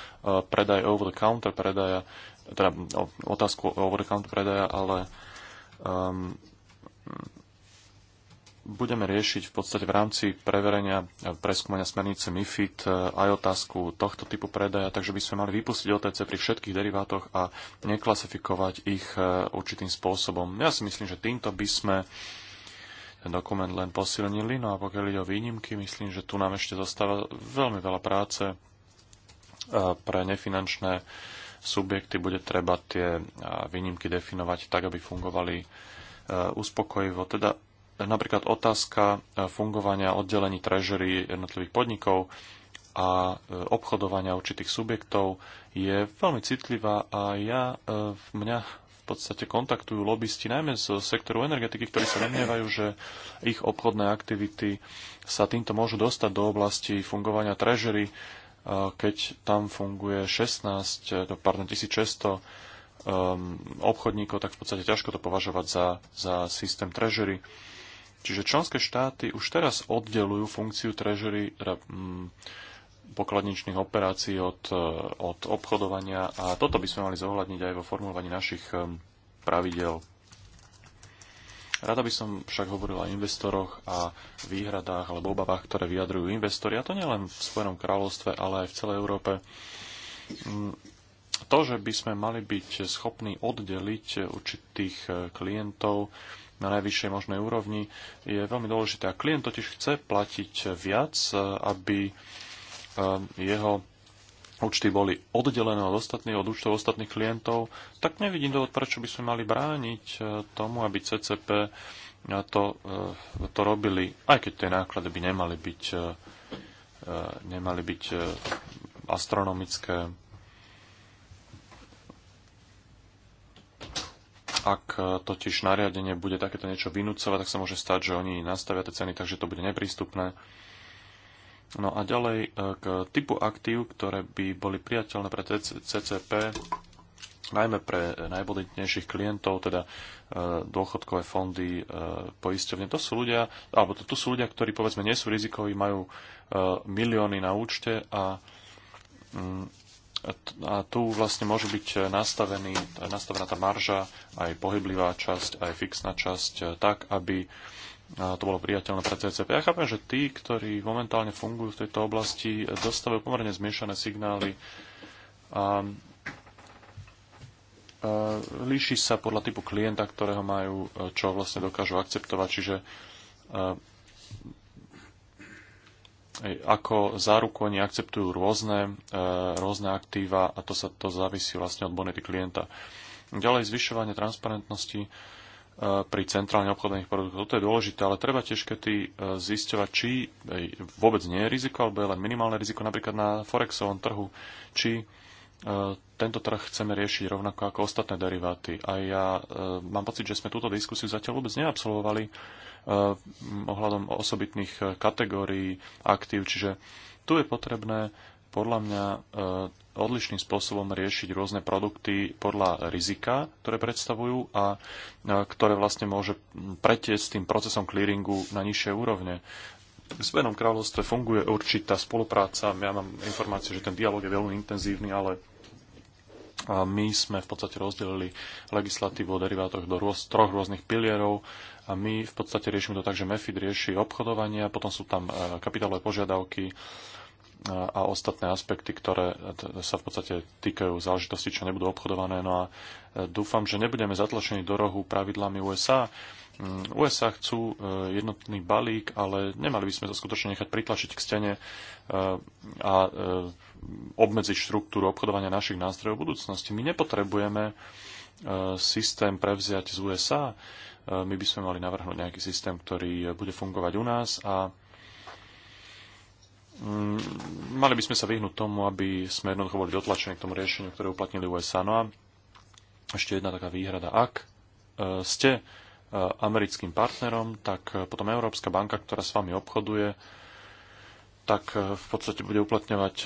predaj over-the-counter predaja, teda mm, o otázku over-the-counter predaja, ale um, budeme riešiť v podstate v rámci preverenia preskúmania smernice MIFID e, aj otázku tohto typu predaja, takže by sme mali vypustiť OTC pri všetkých derivátoch a neklasifikovať ich určitým spôsobom. Ja si myslím, že týmto by sme uh, ten dokument len posilnili. No a pokiaľ ide o výnimky, myslím, že tu nám ešte zostáva veľmi veľa práce pre nefinančné subjekty bude treba tie výnimky definovať tak, aby fungovali e, uspokojivo. Teda napríklad otázka e, fungovania oddelení trežery jednotlivých podnikov a e, obchodovania určitých subjektov je veľmi citlivá a ja, mňa podstate kontaktujú lobbysti, najmä z sektoru energetiky, ktorí sa domnievajú, že ich obchodné aktivity sa týmto môžu dostať do oblasti fungovania treasury, keď tam funguje 16, no, pardon, 1600 um, obchodníkov, tak v podstate ťažko to považovať za, za systém treasury. Čiže členské štáty už teraz oddelujú funkciu treasury, teda, um, pokladničných operácií od, e, od obchodovania a toto by sme mali zohľadniť aj vo formulovaní našich e, pravidel. Rada by som však hovorila o investoroch a výhradách alebo obavách, ktoré vyjadrujú investori, a to nielen v Spojenom kráľovstve, ale aj v celej Európe. Mm, to, že by sme mali byť schopní oddeliť určitých e, klientov na najvyššej možnej úrovni, je veľmi dôležité. A klient totiž chce platiť viac, aby Ehm, jeho účty boli oddelené od ostatných, od účtov ostatných klientov, tak nevidím dôvod, prečo by sme mali brániť e, tomu, aby CCP e, to, e, to robili, aj keď tie náklady by nemali byť, nemali byť astronomické. Ak totiž nariadenie bude takéto niečo vynúcovať, tak sa môže stať, že oni nastavia tie ceny, takže to bude neprístupné. No a ďalej e, k typu aktív, ktoré by boli priateľné pre CCP, najmä pre najbolitnejších klientov, teda e, dôchodkové fondy, e, poisťovne. To sú ľudia, alebo to, to sú ľudia, ktorí povedzme nie sú rizikoví, majú milióny na účte a, mm, a tu vlastne môže byť nastavený, nastavená tá marža, aj pohyblivá časť, aj fixná časť, tak, aby a to bolo priateľné pre CCP. Ja chápem, že tí, ktorí momentálne fungujú v tejto oblasti, dostávajú pomerne zmiešané signály a líši sa podľa typu klienta, ktorého majú, čo vlastne dokážu akceptovať. Čiže ako záruku oni akceptujú rôzne, rôzne aktíva a to sa to závisí vlastne od bonity klienta. Ďalej zvyšovanie transparentnosti Eh, pri centrálne obchodných produktoch. Toto je dôležité, ale treba tiež kedy eh, zisťovať, či vôbec nie je riziko, alebo je len minimálne riziko napríklad na forexovom trhu, či eh, tento trh chceme riešiť rovnako ako ostatné deriváty. A ja mám pocit, že sme túto diskusiu zatiaľ vôbec neabsolvovali ohľadom osobitných kategórií aktív, čiže tu je potrebné podľa mňa e, odlišným spôsobom riešiť rôzne produkty podľa rizika, ktoré predstavujú a e, ktoré vlastne môže s tým procesom clearingu na nižšie úrovne. V Spojenom kráľovstve funguje určitá spolupráca. Ja mám informáciu, že ten dialog je veľmi intenzívny, ale my sme v podstate rozdelili legislatívu o derivátoch do rôz, troch rôznych pilierov a my v podstate riešime to tak, že MEFID rieši obchodovanie, potom sú tam e, kapitálové požiadavky, a ostatné aspekty, ktoré sa v podstate týkajú záležitosti, čo nebudú obchodované. No a e, dúfam, že nebudeme zatlačení do rohu pravidlami USA. Mm, USA chcú e, jednotný balík, ale nemali by sme sa skutočne nechať pritlačiť k stene e, a obmedziť štruktúru obchodovania našich nástrojov budúcnosti. My nepotrebujeme systém prevziať z USA. My by sme mali navrhnúť nejaký systém, ktorý bude fungovať u nás a Mm, mali by sme sa vyhnúť tomu, aby sme jednoducho boli dotlačení k tomu riešeniu, ktoré uplatnili USA. No a ešte jedna taká výhrada. Ak e, ste e, americkým partnerom, tak e, potom Európska banka, ktorá s vami obchoduje, tak v podstate bude uplatňovať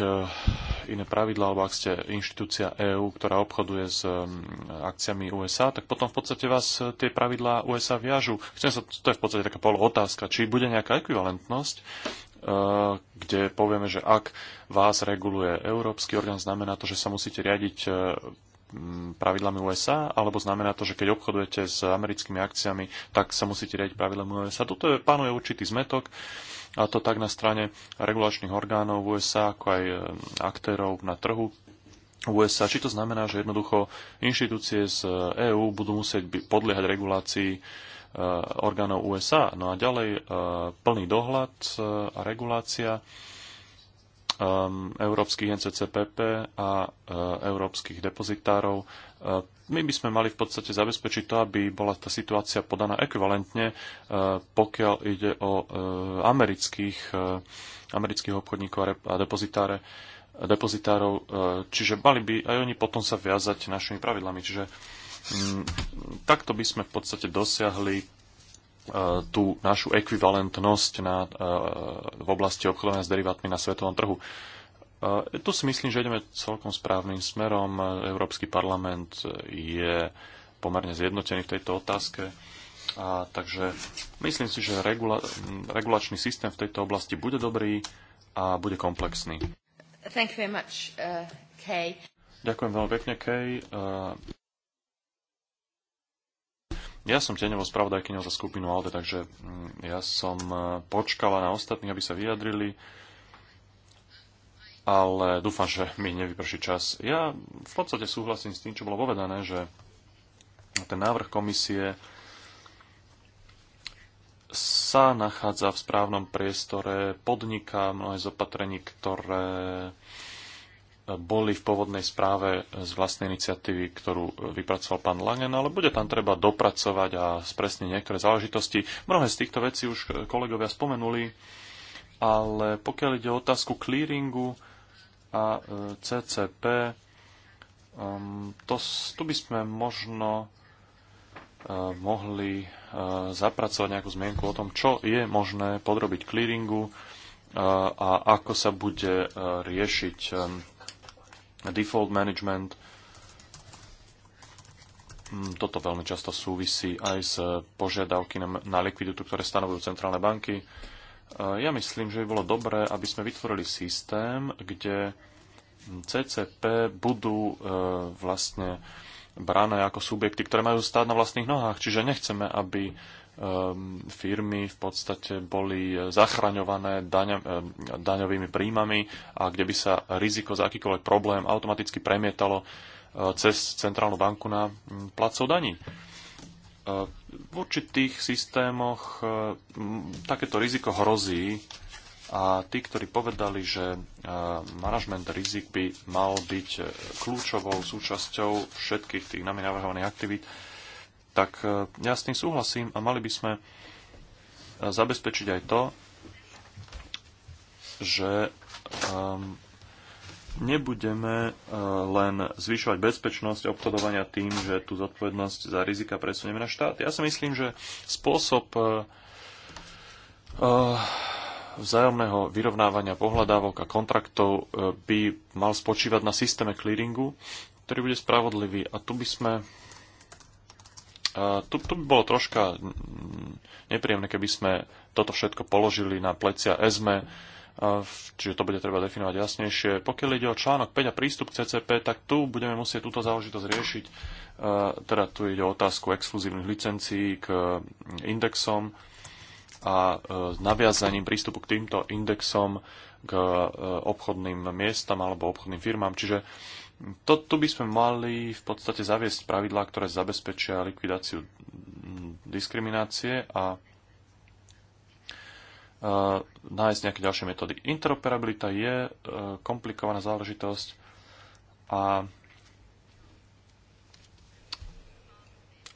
iné pravidla, alebo ak ste inštitúcia EÚ, ktorá obchoduje s akciami USA, tak potom v podstate vás tie pravidlá USA viažu. Chcem sa, to je v podstate taká polootázka, či bude nejaká ekvivalentnosť kde povieme, že ak vás reguluje európsky orgán, znamená to, že sa musíte riadiť e, pravidlami USA, alebo znamená to, že keď obchodujete s americkými akciami, tak sa musíte riadiť pravidlami USA. Toto je, panuje určitý zmetok, a to tak na strane regulačných orgánov USA, ako aj e, aktérov na trhu USA. Či to znamená, že jednoducho inštitúcie z EÚ e budú musieť podliehať regulácii Eh, orgánov USA. No a ďalej eh, plný dohľad eh, a regulácia ehm, európskych NCCPP a európskych depozitárov. My by sme mali v podstate zabezpečiť to, aby bola tá situácia podaná ekvivalentne, pokiaľ ide o amerických, amerických obchodníkov a depozitáre depozitárov, čiže mali by aj oni potom sa viazať našimi pravidlami. Čiže Mm, takto by sme v podstate dosiahli e, tú našu ekvivalentnosť na, e, v oblasti obchodovania s derivátmi na svetovom trhu. E, tu si myslím, že ideme celkom správnym smerom. Európsky parlament je pomerne zjednotený v tejto otázke. A takže myslím si, že regula- regulačný systém v tejto oblasti bude dobrý a bude komplexný. Thank you very much, uh, Kay. Ďakujem veľmi pekne, Kay. Uh, ja som tieňovou spravodajkyňou za skupinu ALDE, takže mm, ja som e, počkala na ostatných, aby sa vyjadrili, ale dúfam, že mi nevyprší čas. Ja v podstate súhlasím s tým, čo bolo povedané, že ten návrh komisie sa nachádza v správnom priestore, podniká mnohé zopatrení, ktoré boli v pôvodnej správe z vlastnej iniciatívy, ktorú vypracoval pán Langen, ale bude tam treba dopracovať a spresniť niektoré záležitosti. Mnohé z týchto vecí už kolegovia spomenuli, ale pokiaľ ide o otázku clearingu a e, CCP, um, to, tu by sme možno e, mohli e, zapracovať nejakú zmienku o tom, čo je možné podrobiť clearingu a ako sa bude riešiť default management. Mm, toto veľmi často súvisí aj s požiadavky na, likviditu, ktoré stanovujú centrálne banky. E, ja myslím, že by bolo dobré, aby sme vytvorili systém, kde CCP budú e, vlastne brané ako subjekty, ktoré majú stáť na vlastných nohách. Čiže nechceme, aby Ehm, firmy v podstate boli eh, zachraňované ehm, daňovými príjmami a kde by sa riziko za akýkoľvek problém automaticky premietalo eh, cez centrálnu banku na hm, placov daní. Eh, v určitých systémoch takéto riziko hrozí a tí, ktorí povedali, že manažment rizik by mal byť kľúčovou súčasťou všetkých tých nami navrhovaných aktivít, tak e, ja s tým súhlasím a mali by sme e, zabezpečiť aj to, že um, nebudeme uh, len zvyšovať bezpečnosť obchodovania tým, že tú zodpovednosť za rizika presunieme na štát. Ja si myslím, že spôsob uh, uh, vzájomného vyrovnávania pohľadávok a kontraktov by mal spočívať na systéme clearingu, ktorý bude spravodlivý. A tu by sme tu, tu by bolo troška nepríjemné, keby sme toto všetko položili na plecia ESME, čiže to bude treba definovať jasnejšie. Pokiaľ ide o článok 5 a prístup k CCP, tak tu budeme musieť túto záležitosť riešiť. Teda tu ide o otázku exkluzívnych licencií k indexom a e, naviazaním prístupu k týmto indexom k e, obchodným miestam alebo obchodným firmám. Čiže to, tu by sme mali v podstate zaviesť pravidlá, ktoré zabezpečia likvidáciu mm, diskriminácie a e, nájsť nejaké ďalšie metódy. Interoperabilita je e, komplikovaná záležitosť a e,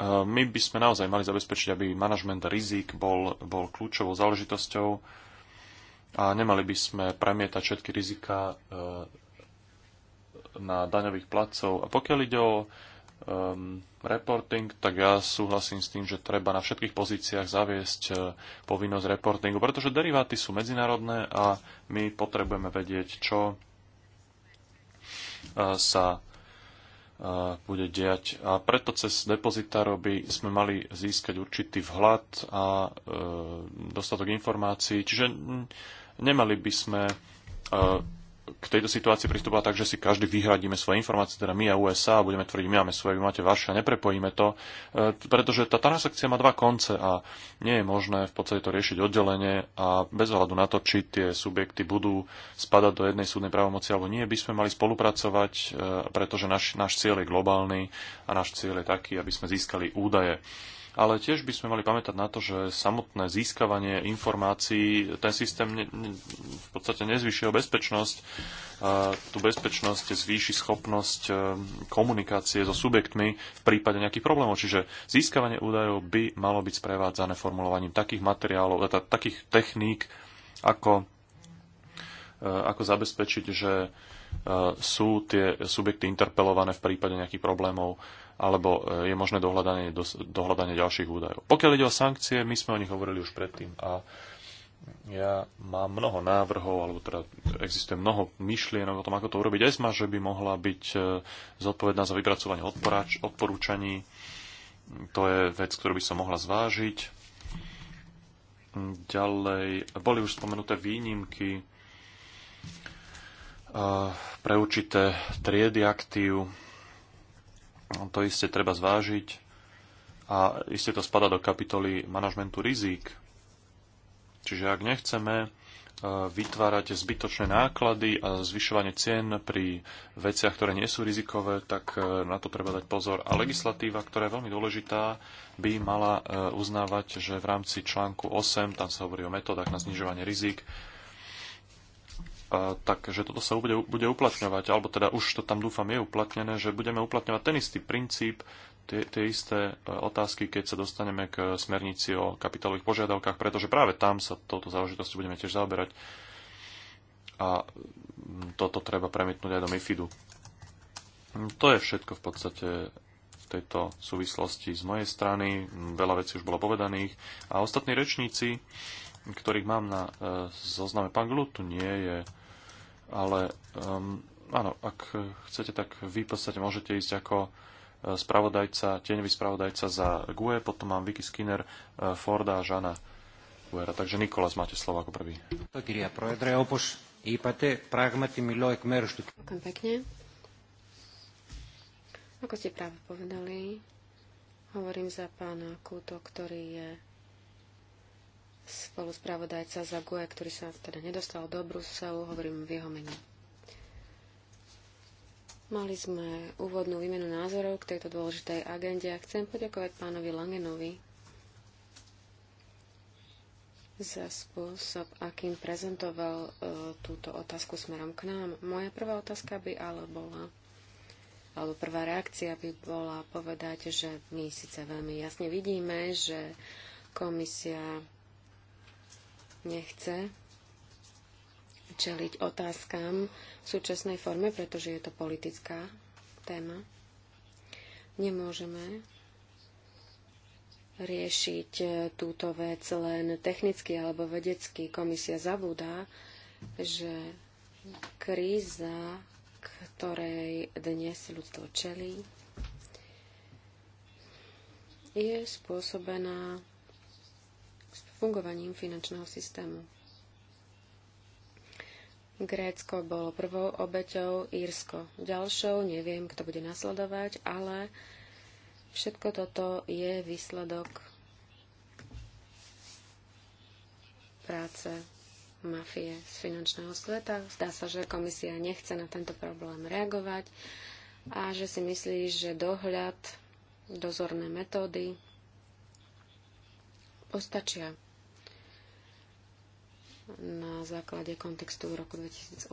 my by sme naozaj mali zabezpečiť, aby manažment rizik bol, bol kľúčovou záležitosťou a nemali by sme premietať všetky rizika na daňových placov. A pokiaľ ide o um, reporting, tak ja súhlasím s tým, že treba na všetkých pozíciách zaviesť uh, povinnosť reportingu, pretože deriváty sú medzinárodné a my potrebujeme vedieť, čo uh, sa uh, bude diať. A preto cez depozitárov by sme mali získať určitý vhľad a uh, dostatok informácií. Čiže mm, nemali by sme uh, k tejto situácii pristupovať tak, že si každý vyhradíme svoje informácie, teda my a USA, a budeme tvrdiť, my máme svoje, vy máte vaše, a neprepojíme to, e, pretože tá transakcia má dva konce a nie je možné v podstate to riešiť oddelenie a bez ohľadu na to, či tie subjekty budú spadať do jednej súdnej právomoci alebo nie, by sme mali spolupracovať, e, pretože náš, náš cieľ je globálny a náš cieľ je taký, aby sme získali údaje ale tiež by sme mali pamätať na to, že samotné získavanie informácií, ten systém ne, ne, v podstate nezvyšuje bezpečnosť. A tú bezpečnosť zvýši schopnosť e, komunikácie so subjektmi v prípade nejakých problémov. Čiže získavanie údajov by malo byť sprevádzané formulovaním takých materiálov, teda takých techník, ako, e, ako zabezpečiť, že E, sú tie subjekty interpelované v prípade nejakých problémov alebo e, je možné dohľadanie, dohľadanie ďalších údajov. Pokiaľ ide o sankcie, my sme o nich hovorili už predtým a ja mám mnoho návrhov, alebo teda existuje mnoho myšlienok o tom, ako to urobiť. ESMA, že by mohla byť e, zodpovedná za vypracovanie odporáč, odporúčaní. To je vec, ktorú by som mohla zvážiť. Ďalej, boli už spomenuté výnimky pre určité triedy aktív. To iste treba zvážiť a iste to spada do kapitoly manažmentu rizík. Čiže ak nechceme e, vytvárať zbytočné náklady a zvyšovanie cien pri veciach, ktoré nie sú rizikové, tak e, na to treba dať pozor. A legislatíva, ktorá je veľmi dôležitá, by mala e, uznávať, že v rámci článku 8, tam sa hovorí o metodách na znižovanie rizik, takže toto sa bude, bude uplatňovať, alebo teda už to tam dúfam je uplatnené, že budeme uplatňovať ten istý princíp, tie, tie isté e, otázky, keď sa dostaneme k smernici o kapitálových požiadavkách, pretože práve tam sa touto záležitosti budeme tiež zaoberať. A mm, toto treba premietnúť aj do MIFIDu. To je všetko v podstate v tejto súvislosti z mojej strany. Veľa vecí už bolo povedaných. A ostatní rečníci, ktorých mám na e, zozname, pán Glutu tu nie je, ale um, áno, ak chcete, tak vy podstate môžete ísť ako e, spravodajca, tieňový spravodajca za GUE, potom mám Vicky Skinner, e, Forda a Žana Guera. Takže Nikolás máte slovo ako prvý. Ďakujem pekne. Ako ste práve povedali, hovorím za pána Kuto, ktorý je spoluspravodajca za GUE, ktorý sa teda nedostal do Bruselu, hovorím v jeho mene. Mali sme úvodnú výmenu názorov k tejto dôležitej agende a chcem poďakovať pánovi Langenovi za spôsob, akým prezentoval e, túto otázku smerom k nám. Moja prvá otázka by ale bola, alebo prvá reakcia by bola povedať, že my síce veľmi jasne vidíme, že komisia nechce čeliť otázkam v súčasnej forme, pretože je to politická téma. Nemôžeme riešiť e, túto vec len technicky alebo vedecky. Komisia zabúda, že kríza, ktorej dnes ľudstvo čelí, je spôsobená fungovaním finančného systému. Grécko bolo prvou obeťou, Írsko ďalšou, neviem, kto bude nasledovať, ale všetko toto je výsledok práce mafie z finančného sveta. Zdá sa, že komisia nechce na tento problém reagovať a že si myslí, že dohľad, dozorné metódy postačia na základe kontextu v roku 2008.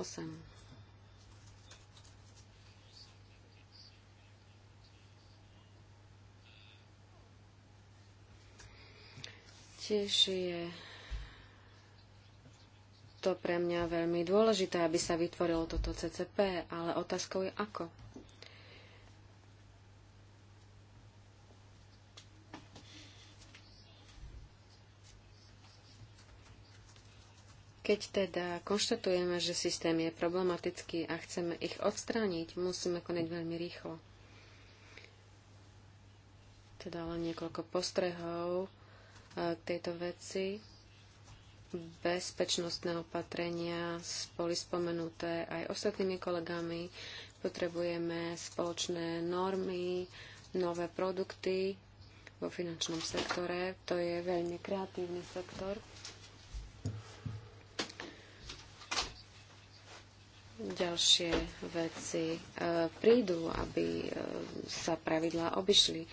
Tiež je to pre mňa veľmi dôležité, aby sa vytvorilo toto CCP, ale otázkou je ako. Keď teda konštatujeme, že systém je problematický a chceme ich odstrániť, musíme konať veľmi rýchlo. Teda len niekoľko postrehov k e, tejto veci. Bezpečnostné opatrenia boli spomenuté aj ostatnými kolegami. Potrebujeme spoločné normy, nové produkty vo finančnom sektore. To je veľmi kreatívny sektor ďalšie veci e, prídu, aby e, sa pravidlá obišli.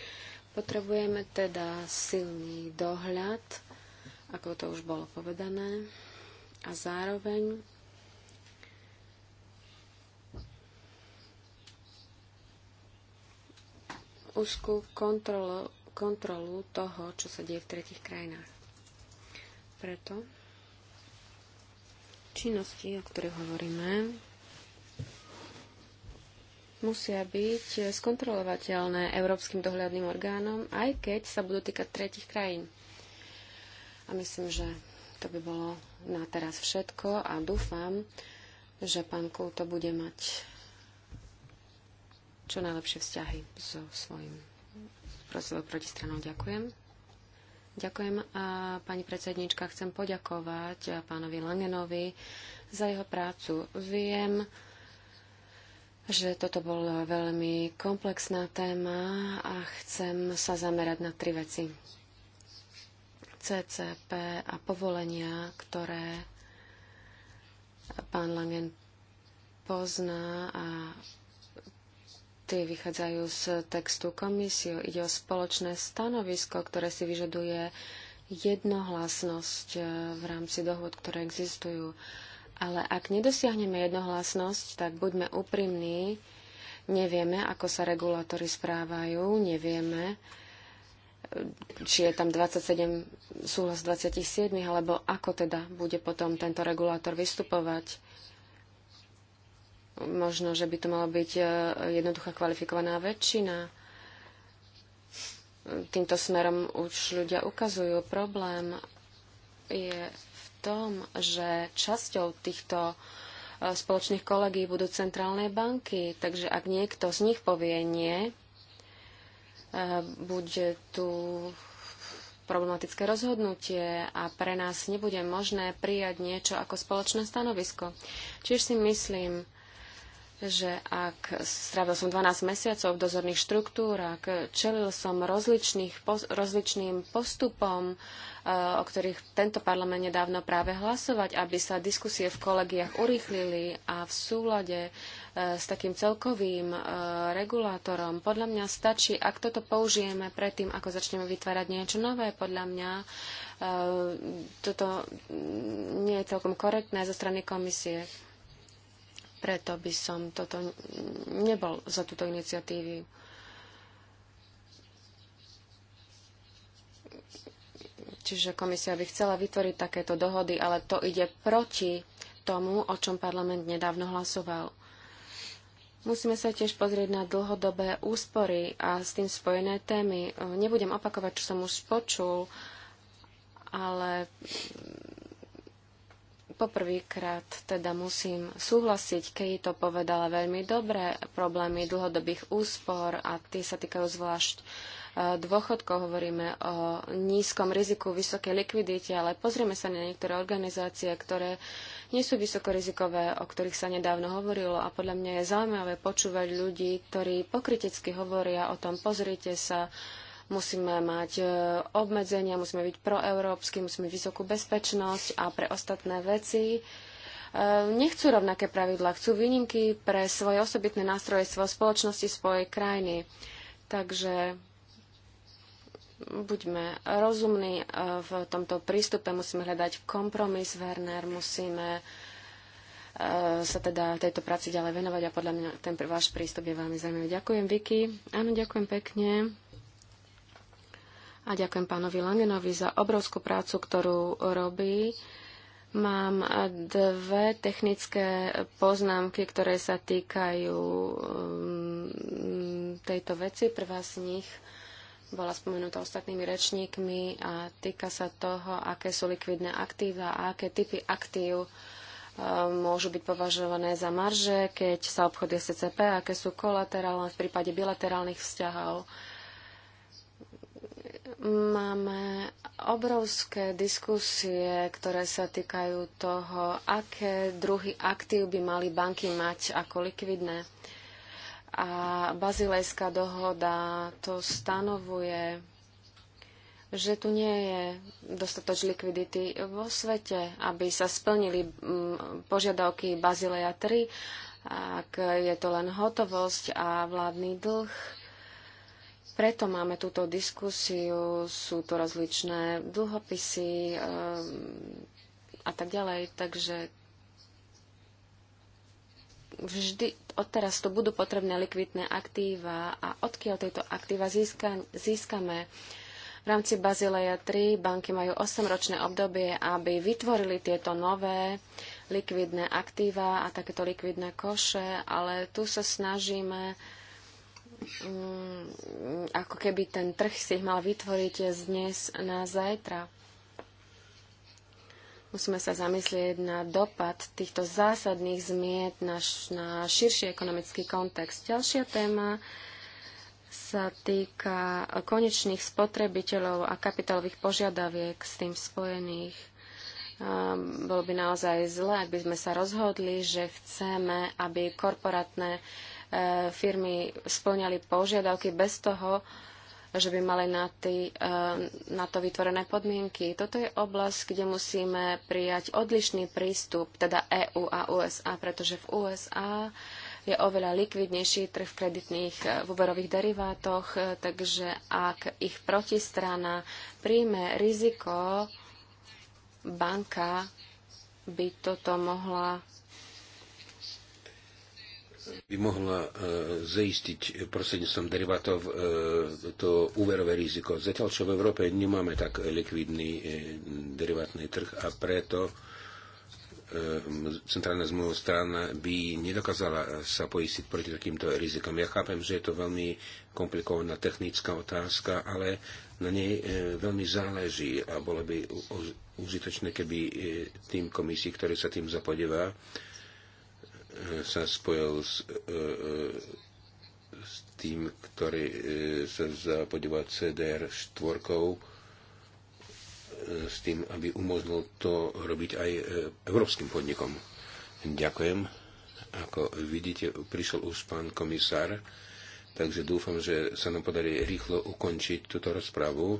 Potrebujeme teda silný dohľad, ako to už bolo povedané, a zároveň úzkú kontrolu, kontrolu toho, čo sa deje v tretich krajinách. Preto činnosti, o ktorých hovoríme, musia byť skontrolovateľné európskym dohľadným orgánom, aj keď sa budú týkať tretich krajín. A myslím, že to by bolo na teraz všetko a dúfam, že pán Kulto bude mať čo najlepšie vzťahy so svojím prosilou protistranou. Ďakujem. Ďakujem a pani predsednička, chcem poďakovať pánovi Langenovi za jeho prácu. Viem, že toto bola veľmi komplexná téma a chcem sa zamerať na tri veci. CCP a povolenia, ktoré pán Langen pozná a tie vychádzajú z textu komisiu. Ide o spoločné stanovisko, ktoré si vyžaduje jednohlasnosť eh, v rámci dohod, ktoré existujú. Ale ak nedosiahneme jednohlasnosť, tak buďme úprimní, nevieme, ako sa regulátory správajú, nevieme, či je tam 27 súhlas 27, alebo ako teda bude potom tento regulátor vystupovať. Možno, že by to mala byť e, jednoduchá kvalifikovaná väčšina. Týmto smerom už ľudia ukazujú problém je v tom, že časťou týchto e, spoločných kolegí budú centrálne banky, takže ak niekto z nich povie nie, e, bude tu problematické rozhodnutie a pre nás nebude možné prijať niečo ako spoločné stanovisko. Čiže si myslím, že ak strávil som 12 mesiacov v dozorných štruktúrach, čelil som rozličných, rozličným postupom, e, o ktorých tento parlament nedávno práve hlasovať, aby sa diskusie v kolegiách urýchlili a v súlade e, s takým celkovým e, regulátorom. Podľa mňa stačí, ak toto použijeme predtým, ako začneme vytvárať niečo nové, podľa mňa toto nie je celkom korektné zo strany komisie. Preto by som toto nebol za túto iniciatívu. Čiže komisia by chcela vytvoriť takéto dohody, ale to ide proti tomu, o čom parlament nedávno hlasoval. Musíme sa tiež pozrieť na dlhodobé úspory a s tým spojené témy. Nebudem opakovať, čo som už počul, ale Poprvýkrát teda musím súhlasiť, keď to povedala veľmi dobre, problémy dlhodobých úspor a tie sa týkajú zvlášť e, dôchodkov, hovoríme o nízkom riziku, vysokej likvidite, ale pozrieme sa na niektoré organizácie, ktoré nie sú vysokorizikové, o ktorých sa nedávno hovorilo a podľa mňa je zaujímavé počúvať ľudí, ktorí pokritecky hovoria o tom, pozrite sa, Musíme mať e, obmedzenia, musíme byť proeurópsky, musíme mať vysokú bezpečnosť a pre ostatné veci e, nechcú rovnaké pravidlá, chcú výnimky pre svoje osobitné nástroje svojej spoločnosti, svojej krajiny. Takže buďme rozumní e, v tomto prístupe, musíme hľadať kompromis, Werner, musíme sa teda tejto práci ďalej venovať a podľa mňa ten váš prístup je veľmi zaujímavý. Ďakujem, Vicky. Áno, ďakujem pekne a ďakujem pánovi Langenovi za obrovskú prácu, ktorú robí. Mám dve technické poznámky, ktoré sa týkajú um, tejto veci. Prvá z nich bola spomenutá ostatnými rečníkmi a týka sa toho, aké sú likvidné aktíva a aké typy aktív uh, môžu byť považované za marže, keď sa obchoduje SCP, aké sú kolaterálne v prípade bilaterálnych vzťahov. Máme obrovské diskusie, ktoré sa týkajú toho, aké druhy aktív by mali banky mať ako likvidné. A bazilejská dohoda to stanovuje, že tu nie je dostatoč likvidity vo svete, aby sa splnili mm, požiadavky Bazileja 3, ak je to len hotovosť a vládny dlh preto máme túto diskusiu, sú to rozličné dlhopisy ehm, a tak ďalej, takže vždy odteraz to budú potrebné likvidné aktíva a odkiaľ tieto aktíva získa, získame. V rámci Bazileja 3 banky majú 8-ročné obdobie, aby vytvorili tieto nové likvidné aktíva a takéto likvidné koše, ale tu sa snažíme uh, Mm, ako keby ten trh si ich mal vytvoriť z dnes na zajtra. Musíme sa zamyslieť na dopad týchto zásadných zmiet na, na širší ekonomický kontext. Ďalšia téma sa týka konečných spotrebiteľov a kapitálových požiadaviek s tým spojených. Ehm, bolo by naozaj zle, ak by sme sa rozhodli, že chceme, aby korporátne E, firmy splňali požiadavky bez toho, že by mali na, tý, e, na to vytvorené podmienky. Toto je oblasť, kde musíme prijať odlišný prístup, teda EÚ a USA, pretože v USA je oveľa likvidnejší trh v kreditných e, v úverových derivátoch, takže ak ich protistrana príjme riziko, banka by toto mohla by mohla e, zaistiť prostredníctvom derivátov e, to úverové riziko. Zatiaľ, čo v Európe nemáme tak likvidný e, derivátny trh a preto centrálna zmluvná strana by nedokázala sa poistiť proti takýmto rizikom. Ja chápem, že je to veľmi komplikovaná technická otázka, ale na nej veľmi záleží a bolo by užitočné, keby tým komisii, ktorý sa tým zapodieva, sa spojil s, e, e, s tým, ktorý e, sa zapodíva CDR štvorkou, s tým, aby umožnil to robiť aj európskym podnikom. Ďakujem. Ako vidíte, prišiel už pán komisár, takže dúfam, že sa nám podarí rýchlo ukončiť túto rozpravu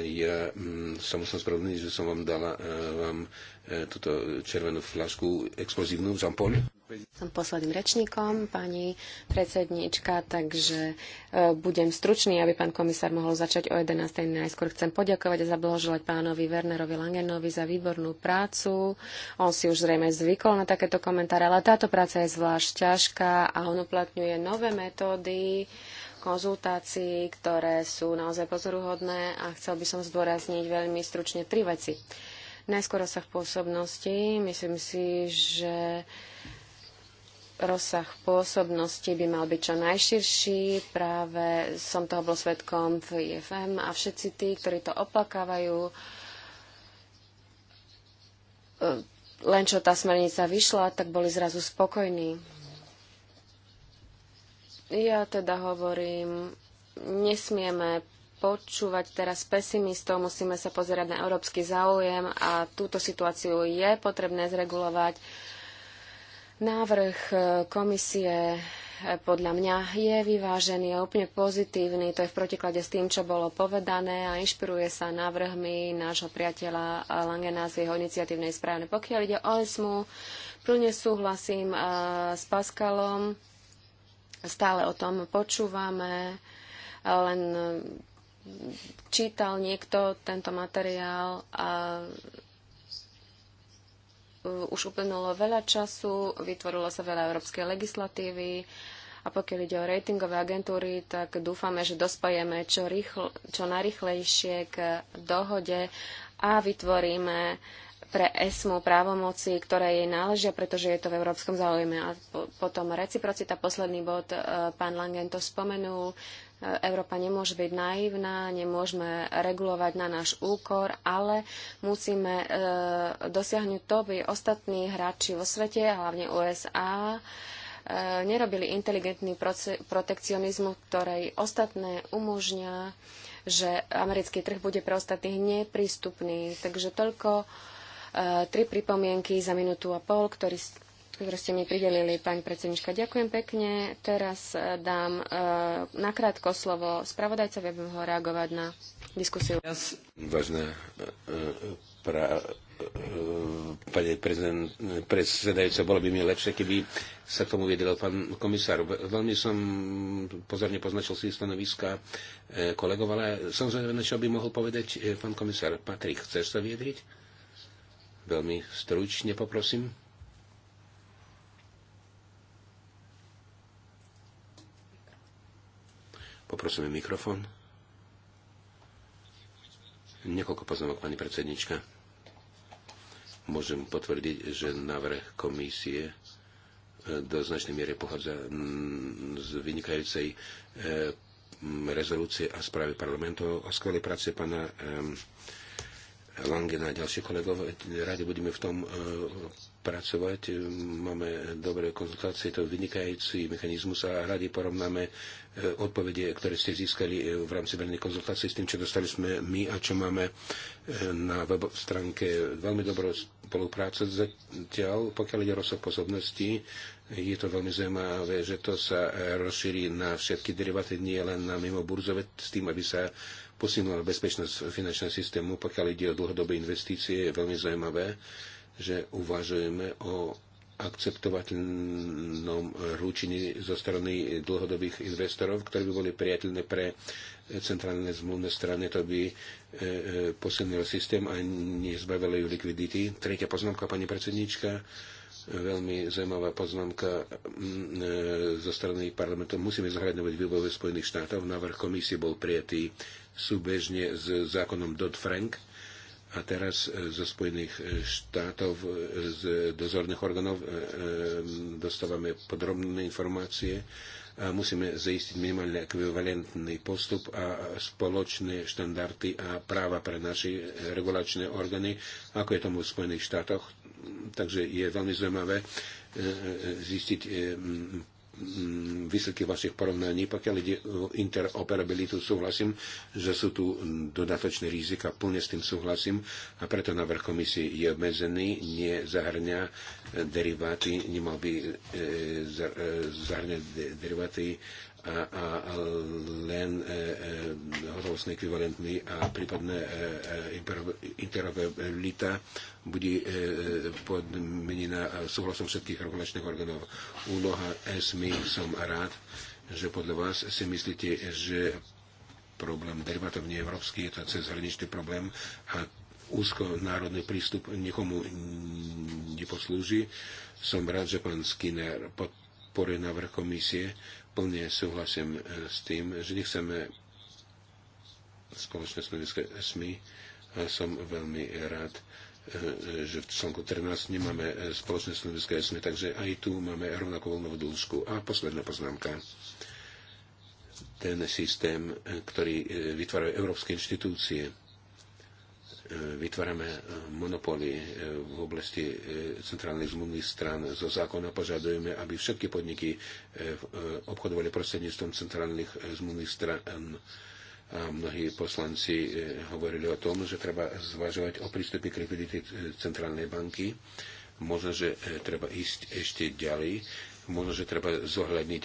ja mm, sa musím spravedlniť, že som vám dala e, vám e, túto červenú flašku explozívnu, z paul Som posledným rečníkom, pani predsednička, takže e, budem stručný, aby pán komisár mohol začať o 11. Najskôr chcem poďakovať a zablahoželať pánovi Wernerovi Langenovi za výbornú prácu. On si už zrejme zvykol na takéto komentáre, ale táto práca je zvlášť ťažká a on uplatňuje nové metódy konzultácií, ktoré sú naozaj pozoruhodné a chcel by som zdôrazniť veľmi stručne tri veci. Najskôr rozsah pôsobnosti. Myslím si, že rozsah pôsobnosti by mal byť čo najširší. Práve som toho bol svetkom v IFM a všetci tí, ktorí to oplakávajú, eh, len čo tá smernica vyšla, tak boli zrazu spokojní ja teda hovorím, nesmieme počúvať teraz pesimistov, musíme sa pozerať na európsky záujem a túto situáciu je potrebné zregulovať. Návrh e, komisie e, podľa mňa je vyvážený, je úplne pozitívny, to je v protiklade s tým, čo bolo povedané a inšpiruje sa návrhmi nášho priateľa Langena z jeho iniciatívnej správne. Pokiaľ ide o ESMU, plne súhlasím e, s Paskalom. Stále o tom počúvame, len eh, čítal niekto tento materiál a eh, už uplynulo veľa času, vytvorilo sa veľa európskej legislatívy a pokiaľ ide o ratingové agentúry, tak dúfame, že dospajeme čo, rýchlo, čo najrychlejšie k dohode a vytvoríme pre ESMU právomoci, ktoré jej náležia, pretože je to v európskom záujme. A potom reciprocita, posledný bod, e, pán Langen to spomenul, e, Európa nemôže byť naivná, nemôžeme regulovať na náš úkor, ale musíme e, dosiahnuť to, aby ostatní hráči vo svete, hlavne USA, e, nerobili inteligentný protekcionizmus, ktorej ostatné umožňa, že americký trh bude pre ostatných neprístupný. Takže toľko Eh, tri pripomienky za minútu a pol, ktorý, ktoré ste mi pridelili, pani predsednička. Ďakujem pekne. Teraz eh, dám eh, nakrátko slovo spravodajcovi, aby mohol reagovať na diskusiu. Vážna pra, pani predsedajúca, bolo by mi lepšie, keby sa tomu vedel pán komisár. Veľmi som pozorne poznačil si stanoviska kolegov, ale som zvedavý, čo by mohol povedať pán komisár. Patrik, chceš sa viedriť? Veľmi stručne poprosím. Poprosím mikrofón. Niekoľko poznámok, pani predsednička. Môžem potvrdiť, že návrh komisie e, do značnej miery pochádza z vynikajúcej e, rezolúcie a správy parlamentu o skvelej práce pána Langena a ďalší kolegov. Radi budeme v tom e, pracovať. Máme dobré konzultácie, to je vynikajúci mechanizmus a radi porovnáme e, odpovede, ktoré ste získali e, v rámci verejnej konzultácie s tým, čo dostali sme my a čo máme na web stránke. Veľmi dobrá spolupráca zatiaľ, pokiaľ ide rozsah pôsobnosti. Je to veľmi zaujímavé, že to sa rozšíri na všetky derivaty, nie len na mimo burzové, s tým, aby sa posilnila bezpečnosť finančného systému, pokiaľ ide o dlhodobé investície, je veľmi zaujímavé, že uvažujeme o akceptovateľnom rúčení zo strany dlhodobých investorov, ktoré by boli priateľné pre centrálne zmluvné strany, to by e, e, posilnil systém a nezbavili ju likvidity. Tretia poznámka, pani predsednička veľmi zaujímavá poznámka mm, e, zo strany parlamentu. Musíme zohľadňovať vývoj Spojených štátov. Návrh komisie bol prijatý súbežne s zákonom Dodd-Frank a teraz e, zo Spojených e, štátov, z dozorných orgánov dostávame podrobné informácie a musíme zaistiť minimálne ekvivalentný postup a spoločné štandardy a práva pre naše regulačné orgány, ako je tomu v Spojených štátoch takže je veľmi zaujímavé e, e, e, zistiť výsledky vašich porovnaní. Pokiaľ ide o interoperabilitu, súhlasím, že sú tu dodatočné rizika, plne s tým súhlasím a preto návrh komisie je obmedzený, nezahrňa deriváty, nemal by zahrňať deriváty a len e, e, hotovostný ekvivalentný a prípadne e, interoperabilita bude podmenená súhlasom všetkých regulačných orgánov. Úloha ESMI som rád, že podľa vás si myslíte, že problém derivátov nie je európsky, je to cezhraničný problém a úzko národný prístup nikomu neposlúži. Som rád, že pán Skinner podporuje návrh komisie, Plne súhlasím e, s tým, že nechceme spoločné slovenské SMI. A som veľmi rád, e, že v článku 13 nemáme e, spoločné slovenské SMI, takže aj tu máme rovnako voľnú dĺžku. A posledná poznámka. Ten systém, ktorý vytvárajú európske inštitúcie, vytvárame e, monopóly e, v oblasti e, centrálnych zmluvných stran. Zo zákona požadujeme, aby všetky podniky obchodovali prostredníctvom centrálnych zmluvných stran. A mnohí poslanci hovorili o tom, že treba zvažovať o prístupe k likvidite centrálnej banky. Možno, že treba ísť ešte ďalej. Možno, že treba zohľadniť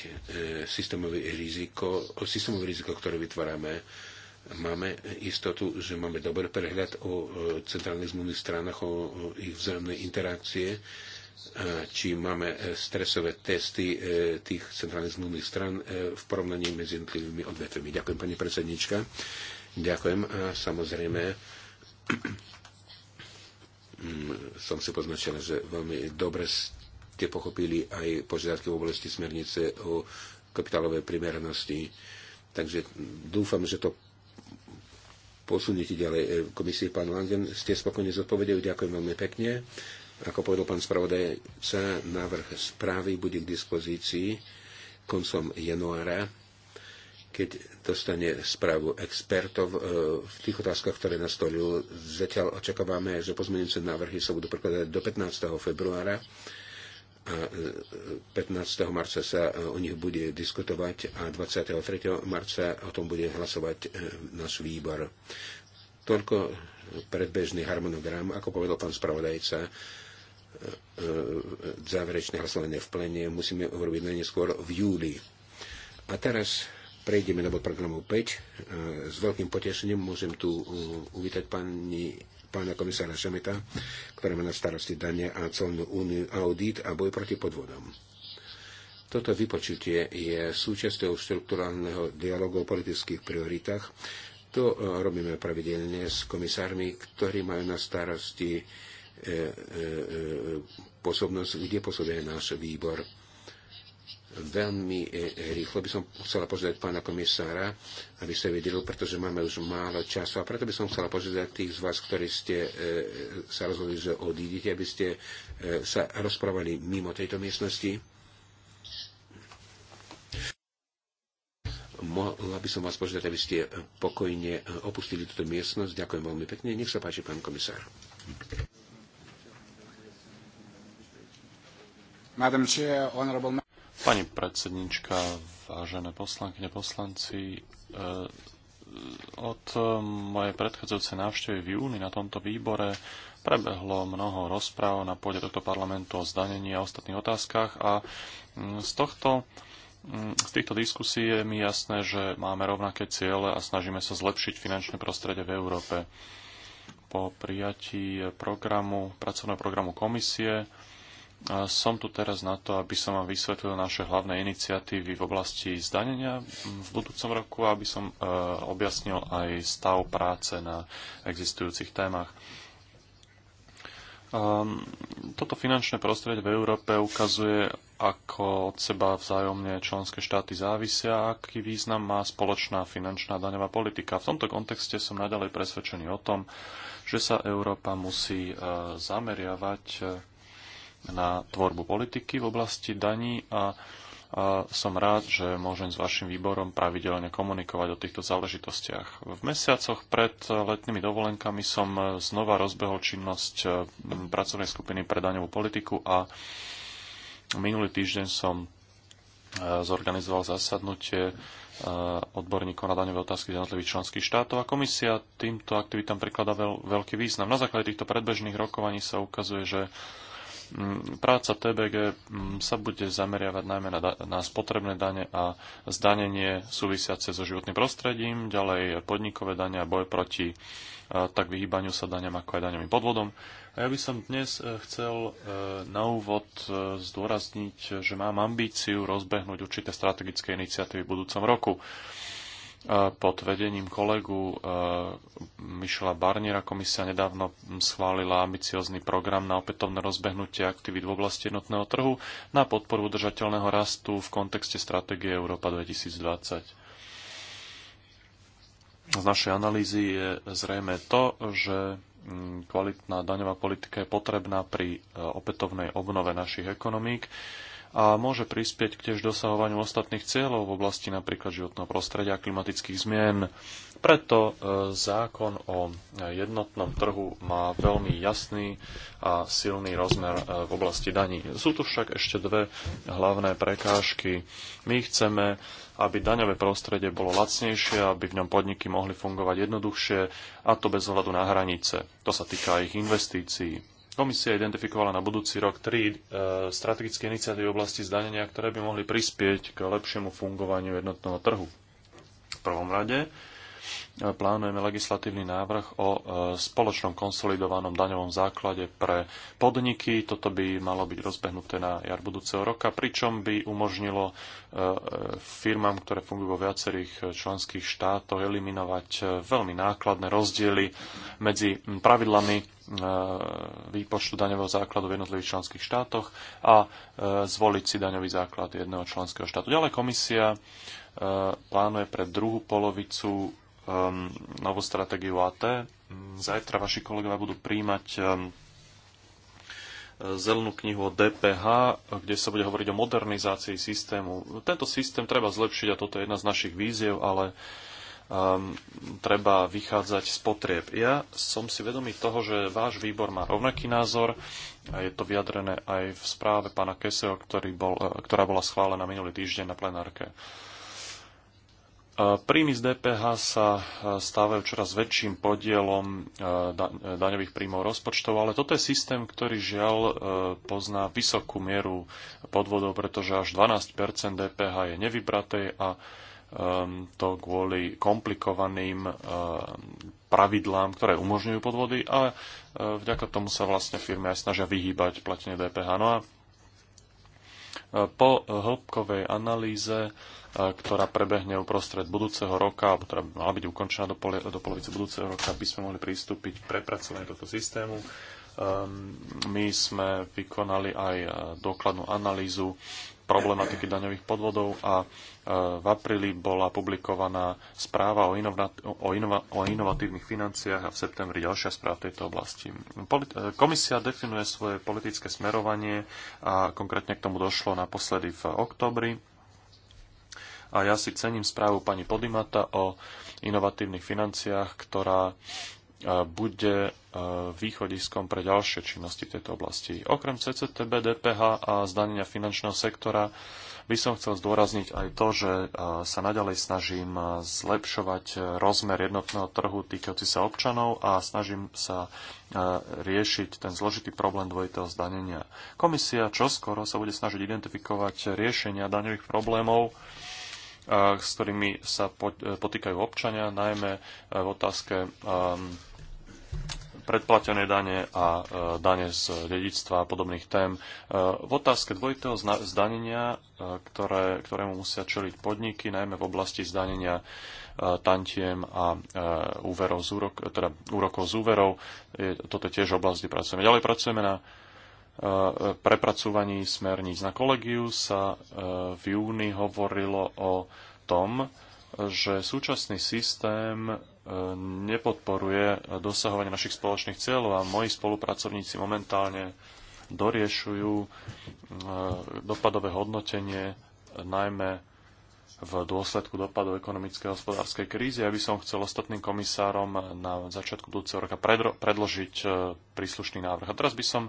systémové riziko, systémové riziko, ktoré vytvárame máme istotu, že máme dobrý prehľad o e, centrálnych zmluvných stranách, o ich vzájomnej interakcie, či máme e, stresové testy e, tých centrálnych zmluvných stran v porovnaní medzi jednotlivými odvetvami. Ďakujem, pani predsednička. Ďakujem a samozrejme [clears throat] som si poznačila, že veľmi dobre ste pochopili aj požiadavky v oblasti smernice o kapitálovej primeranosti. Takže dúfam, že to Posunete ďalej e, komisii. Pán Langen, ste spokojne zodpovedali. Ďakujem veľmi pekne. Ako povedal pán spravodajca, návrh správy bude k dispozícii koncom januára, keď dostane správu expertov e, v tých otázkach, ktoré nastolil. Zatiaľ očakávame, že pozmenujúce návrhy sa budú prekladať do 15. februára 15. E, marca sa o nich bude diskutovať a 23. marca o tom bude hlasovať e, náš výbor. Toľko predbežný harmonogram, ako povedal pán spravodajca, e, záverečné hlasovanie v plene musíme urobiť najneskôr v júli. A teraz prejdeme na bod programu 5. S veľkým potešením môžem tu uvítať pani pána komisára Šemeta, ktorá má na starosti dania a colnú úniu, audit a boj proti podvodom. Toto vypočutie je súčasťou štruktúrálneho dialogu o politických prioritách. To e, robíme pravidelne s komisármi, ktorí majú na starosti e, e, e, e posobnosť, kde posobuje náš výbor veľmi e, e, rýchlo by som chcela požiadať pána komisára, aby sa vedel, pretože máme už málo času a preto by som chcela požiadať tých z vás, ktorí ste e, sa rozhodli, že odídete, aby ste sa rozprávali mimo tejto miestnosti. Mohla by som vás požiadať, aby ste pokojne opustili túto miestnosť. Ďakujem veľmi pekne. Nech sa páči, pán komisár. Madam Chair, honorable Pani predsednička, vážené poslankyne, poslanci, e, od e, mojej predchádzajúcej návštevy v júni na tomto výbore prebehlo mnoho rozpráv na pôde tohto parlamentu o zdanení a ostatných otázkach a z tohto z týchto diskusí je mi jasné, že máme rovnaké ciele a snažíme sa zlepšiť finančné prostredie v Európe. Po prijatí programu, pracovného programu komisie som tu teraz na to, aby som vám vysvetlil naše hlavné iniciatívy v oblasti zdanenia v budúcom roku a aby som e, objasnil aj stav práce na existujúcich témach. E, toto finančné prostredie v Európe ukazuje, ako od seba vzájomne členské štáty závisia a aký význam má spoločná finančná daňová politika. V tomto kontexte som naďalej presvedčený o tom, že sa Európa musí e, zameriavať na tvorbu politiky v oblasti daní a, a som rád, že môžem s vašim výborom pravidelne komunikovať o týchto záležitostiach. V mesiacoch pred letnými dovolenkami som e, znova rozbehol činnosť e, pracovnej skupiny pre daňovú politiku a minulý týždeň som e, zorganizoval zasadnutie odborníkov na daňové otázky z jednotlivých členských štátov a komisia týmto aktivitám prikladá veľ, veľký význam. Na základe týchto predbežných rokovaní sa ukazuje, že Mm, práca TBG mm, sa bude zameriavať najmä na, na spotrebné dane a zdanenie súvisiace so životným prostredím, ďalej podnikové dane a boj proti e, tak vyhýbaniu sa daňam ako aj daňovým podvodom. A ja by som dnes e, chcel e, na úvod zdôrazniť, že mám ambíciu rozbehnúť určité strategické iniciatívy v budúcom roku pod vedením kolegu e, Mišela Barniera komisia nedávno schválila ambiciózny program na opätovné rozbehnutie aktivít v oblasti jednotného trhu na podporu udržateľného rastu v kontexte stratégie Európa 2020. Z našej analýzy je zrejme to, že mm, kvalitná daňová politika je potrebná pri e, opätovnej obnove našich ekonomík a môže prispieť k tiež dosahovaniu ostatných cieľov v oblasti napríklad životného prostredia a klimatických zmien. Preto e, zákon o jednotnom trhu má veľmi jasný a silný rozmer e, v oblasti daní. Sú tu však ešte dve hlavné prekážky. My chceme, aby daňové prostredie bolo lacnejšie, aby v ňom podniky mohli fungovať jednoduchšie, a to bez ohľadu na hranice. To sa týka ich investícií. Komisia identifikovala na budúci rok tri e, strategické iniciatívy v oblasti zdanenia, ktoré by mohli prispieť k lepšiemu fungovaniu jednotného trhu. V prvom rade plánujeme legislatívny návrh o e, spoločnom konsolidovanom daňovom základe pre podniky. Toto by malo byť rozbehnuté na jar budúceho roka, pričom by umožnilo e, e, firmám, ktoré fungujú vo viacerých členských štátoch, eliminovať veľmi nákladné rozdiely medzi pravidlami výpočtu daňového základu v jednotlivých členských štátoch a zvoliť si daňový základ jedného členského štátu. Ďalej komisia plánuje pre druhú polovicu um, novú stratégiu AT. Zajtra vaši kolegovia budú príjmať um, zelenú knihu o DPH, kde sa bude hovoriť o modernizácii systému. Tento systém treba zlepšiť a toto je jedna z našich víziev, ale um, treba vychádzať z potrieb. Ja som si vedomý toho, že váš výbor má rovnaký názor a je to vyjadrené aj v správe pána Keseho, ktorý bol, uh, ktorá bola schválená minulý týždeň na plenárke. Uh, Príjmy z DPH sa e, stávajú čoraz väčším podielom e, e, daňových príjmov rozpočtov, ale toto je systém, ktorý žiaľ pozná vysokú mieru podvodov, pretože až 12 DPH je nevybraté a to kvôli komplikovaným pravidlám, ktoré umožňujú podvody a vďaka tomu sa vlastne firmy aj snažia vyhýbať platenie DPH. No a po hĺbkovej analýze ktorá prebehne uprostred budúceho roka, alebo ktorá teda by mala byť ukončená do, pole, do polovice budúceho roka, by sme mohli pristúpiť k prepracovaniu tohto systému. Um, my sme vykonali aj e, dokladnú analýzu problematiky daňových podvodov a e, v apríli bola publikovaná správa o, inovna, o, inova, o inovatívnych financiách a v septembri ďalšia správa v tejto oblasti. Polit, e, komisia definuje svoje politické smerovanie a konkrétne k tomu došlo naposledy v oktobri a ja si cením správu pani Podimata o inovatívnych financiách, ktorá e, bude e, východiskom pre ďalšie činnosti v tejto oblasti. Okrem CCTB, DPH a zdanenia finančného sektora by som chcel zdôrazniť aj to, že e, sa naďalej snažím zlepšovať rozmer jednotného trhu týkajúci sa občanov a snažím sa riešiť ten zložitý problém dvojitého zdanenia. Komisia čoskoro sa bude snažiť identifikovať riešenia daňových problémov s ktorými sa e, potýkajú občania, najmä e, v otázke predplatené dane a e, dane z dedictva a podobných tém. V otázke dvojitého zdanenia, ktoré, ktorému musia čeliť podniky, najmä v oblasti zdanenia tantiem a úverov z úverov, teda úrokov z úverov. Toto je tiež oblasť, kde pracujeme. Ďalej pracujeme na E, prepracúvaní smerníc. Na kolegiu sa e, v júni hovorilo o tom, že súčasný systém e, nepodporuje dosahovanie našich spoločných cieľov a moji spolupracovníci momentálne doriešujú dopadové hodnotenie najmä v dôsledku dopadu ekonomickej a hospodárskej krízy. Ja by som chcel ostatným komisárom na začiatku budúceho roka predložiť e, príslušný návrh. A teraz by som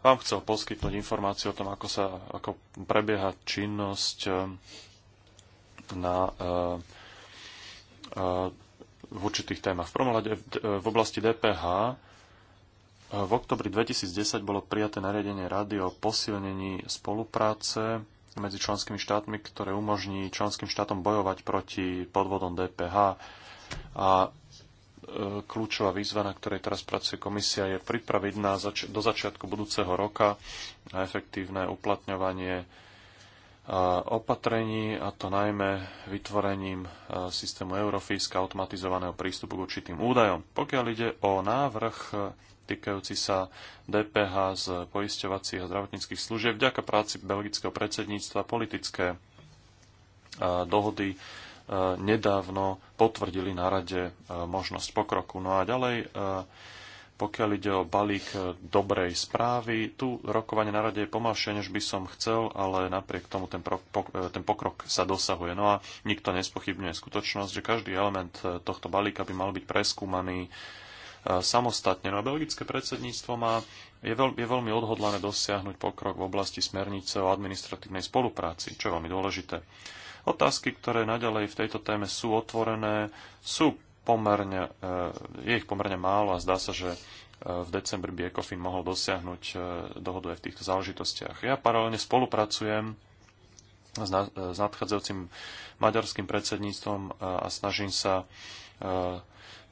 vám chcel poskytnúť informáciu o tom, ako, sa, ako prebieha činnosť e, na, e, v určitých témach. V prvom rade v oblasti DPH v oktobri 2010 bolo prijaté nariadenie rady o posilnení spolupráce medzi členskými štátmi, ktoré umožní členským štátom bojovať proti podvodom DPH. A e, kľúčová výzva, na ktorej teraz pracuje komisia, je pripraviť na zač- do začiatku budúceho roka na efektívne uplatňovanie e, opatrení, a to najmä vytvorením e, systému Eurofisk automatizovaného prístupu k určitým údajom. Pokiaľ ide o návrh týkajúci sa DPH z poisťovacích a zdravotníckých služieb. Vďaka práci belgického predsedníctva politické e, dohody e, nedávno potvrdili na rade e, možnosť pokroku. No a ďalej, pokiaľ ide o balík dobrej správy, tu rokovanie na rade je pomalšie, než by som chcel, ale napriek tomu ten, pro, ten pokrok sa dosahuje. No a nikto nespochybňuje skutočnosť, že každý element tohto balíka by mal byť preskúmaný samostatne. No a belgické predsedníctvo má, je, veľ, je veľmi odhodlané dosiahnuť pokrok v oblasti smernice o administratívnej spolupráci, čo je veľmi dôležité. Otázky, ktoré naďalej v tejto téme sú otvorené, sú pomerne, eh, je ich pomerne málo a zdá sa, že eh, v decembri by ECOFIN mohol dosiahnuť eh, dohodu aj v týchto záležitostiach. Ja paralelne spolupracujem s nadchádzajúcim maďarským predsedníctvom a snažím sa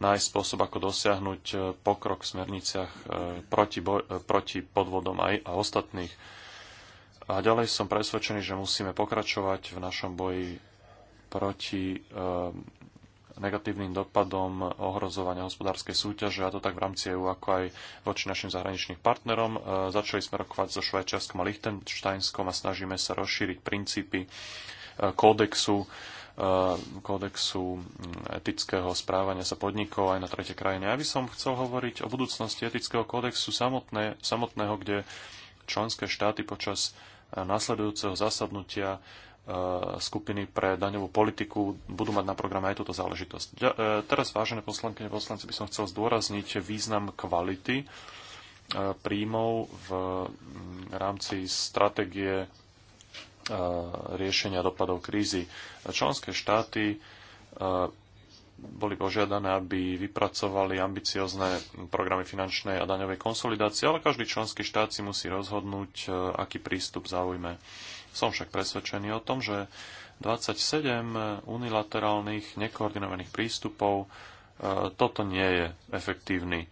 nájsť spôsob, ako dosiahnuť e, pokrok v smerniciach e, proti, boj, e, proti podvodom aj a ostatných. A ďalej som presvedčený, že musíme pokračovať v našom boji proti negatívnym dopadom ohrozovania hospodárskej súťaže, a to tak v rámci EU, ako aj voči našim zahraničným partnerom. Začali sme rokovať so Švajčiarskom a Lichtensteinskom a snažíme sa rozšíriť princípy kódexu Eh, kódexu mm, etického správania sa podnikov aj na tretie krajiny. Ja by som chcel hovoriť o budúcnosti etického kódexu samotné, samotného, kde členské štáty počas eh, nasledujúceho zasadnutia eh, skupiny pre daňovú politiku budú mať na programe aj túto záležitosť. Teraz, vážené poslanky poslanci, by som chcel zdôrazniť význam kvality príjmov v mm, rámci stratégie riešenia dopadov krízy. Členské štáty e, boli požiadané, aby vypracovali ambiciozne programy finančnej a daňovej konsolidácie, ale každý členský štát si musí rozhodnúť, e, aký prístup zaujme. Som však presvedčený o tom, že 27 unilaterálnych nekoordinovaných prístupov e, toto nie je efektívny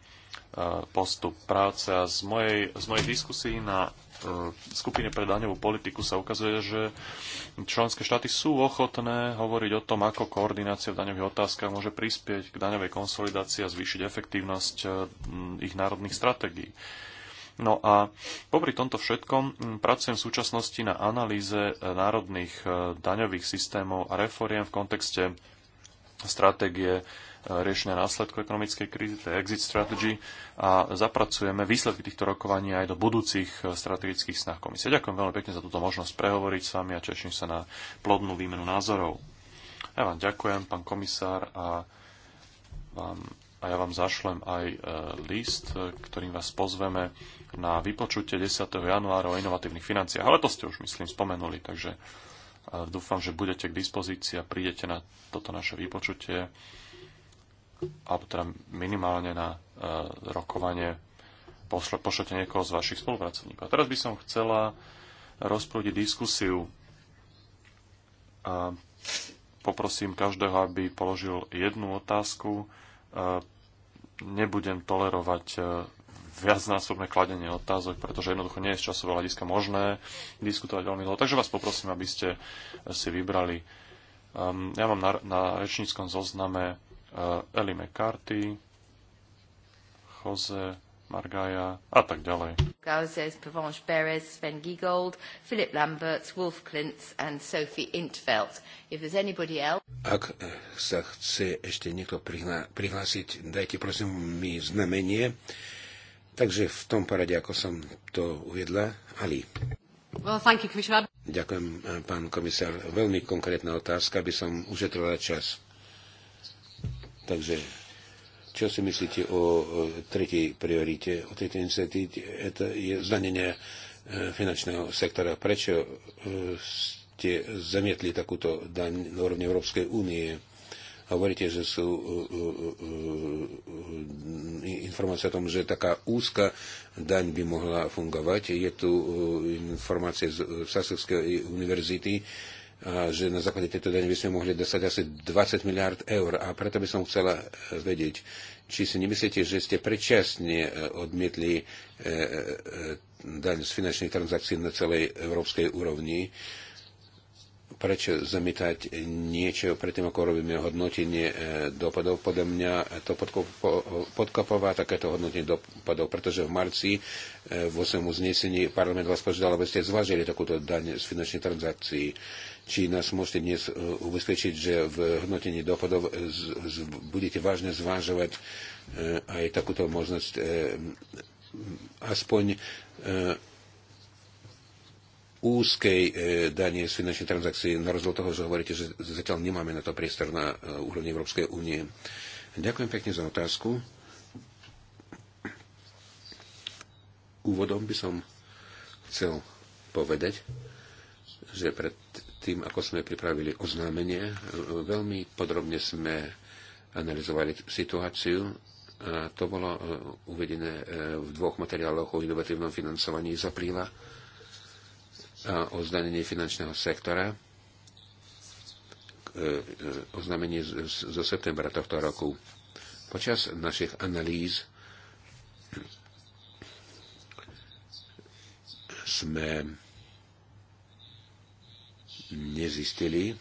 postup práce a z mojej, z mojej diskusii na E, skupine pre daňovú politiku sa ukazuje, že členské štáty sú ochotné hovoriť o tom, ako koordinácia v daňových otázkach môže prispieť k daňovej konsolidácii a zvýšiť efektívnosť e, ich národných stratégií. No a popri tomto všetkom pracujem v súčasnosti na analýze e, národných daňových systémov a refóriem v kontexte stratégie riešenia následku ekonomickej krízy, to je exit strategy, a zapracujeme výsledky týchto rokovaní aj do budúcich eh, strategických snah komisie. Ďakujem veľmi pekne za túto možnosť prehovoriť s vami a teším sa na plodnú výmenu názorov. Ja vám ďakujem, pán komisár, a, vám, a ja vám zašlem aj eh, list, ktorým vás pozveme na vypočutie 10. januára o inovatívnych financiách. Ale to ste už, myslím, spomenuli, takže eh, dúfam, že budete k dispozícii a prídete na toto naše vypočutie alebo teda minimálne na e, rokovanie pošle, pošlete niekoho z vašich spolupracovníkov. A teraz by som chcela rozprúdiť diskusiu a poprosím každého, aby položil jednu otázku. A e, nebudem tolerovať e, viacnásobné kladenie otázok, pretože jednoducho nie je z časového hľadiska možné diskutovať veľmi dlho. Takže vás poprosím, aby ste si vybrali. Um, ja mám na, na rečníckom zozname Eli McCarthy, Jose Margaia a tak ďalej. Gauzes, Provence Beres, Sven Giegold, Philip Lambert, Wolf Klintz and Sophie Intveld. If there's anybody else... Ak eh, sa chce ešte niekto prihla- prihlásiť, dajte prosím mi znamenie. Takže v tom parade, ako som to uviedla, Ali. Well, thank you, Ďakujem, eh, pán komisár. Veľmi konkrétna otázka, aby som ušetrila čas Takže čo si myslíte o tretej priorite, o tretej iniciatíve, to je zdanenie e, finančného sektora. Prečo e, ste zamietli takúto daň na úrovni Európskej únie? Hovoríte, že sú e, informácie o tom, že taká úzka daň by mohla fungovať. Je tu informácie z Sasovskej univerzity, že na základe tejto dane by sme mohli dostať asi 20 miliard eur. A preto by som chcela e, vedieť, či si nemyslíte, že ste predčasne e, odmietli e, daň z finančných transakcií na celej európskej úrovni. Prečo zamietať niečo predtým, ako robíme hodnotenie dopadov? Podľa mňa to podkopová takéto hodnotenie dopadov, pretože v marci v 8. uznesení parlament vás požiadal, aby ste zvážili takúto daň z finančných transakcií či nás môžete dnes e, ubezpečiť, že v hodnotení dochodov budete vážne zvážovať e, aj takúto možnosť e, aspoň úzkej danie z finančnej transakcie, na rozdiel toho, že hovoríte, že zatiaľ nemáme na to priestor na úrovni Európskej únie. Ďakujem pekne za otázku. Úvodom by som chcel povedať, že pred tým, ako sme pripravili oznámenie, veľmi podrobne sme analyzovali situáciu. A to bolo e, uvedené e, v dvoch materiáloch o inovatívnom financovaní z apríla a o zdanení finančného sektora e, oznámenie zo septembra tohto roku. Počas našich analýz sme nezistili e,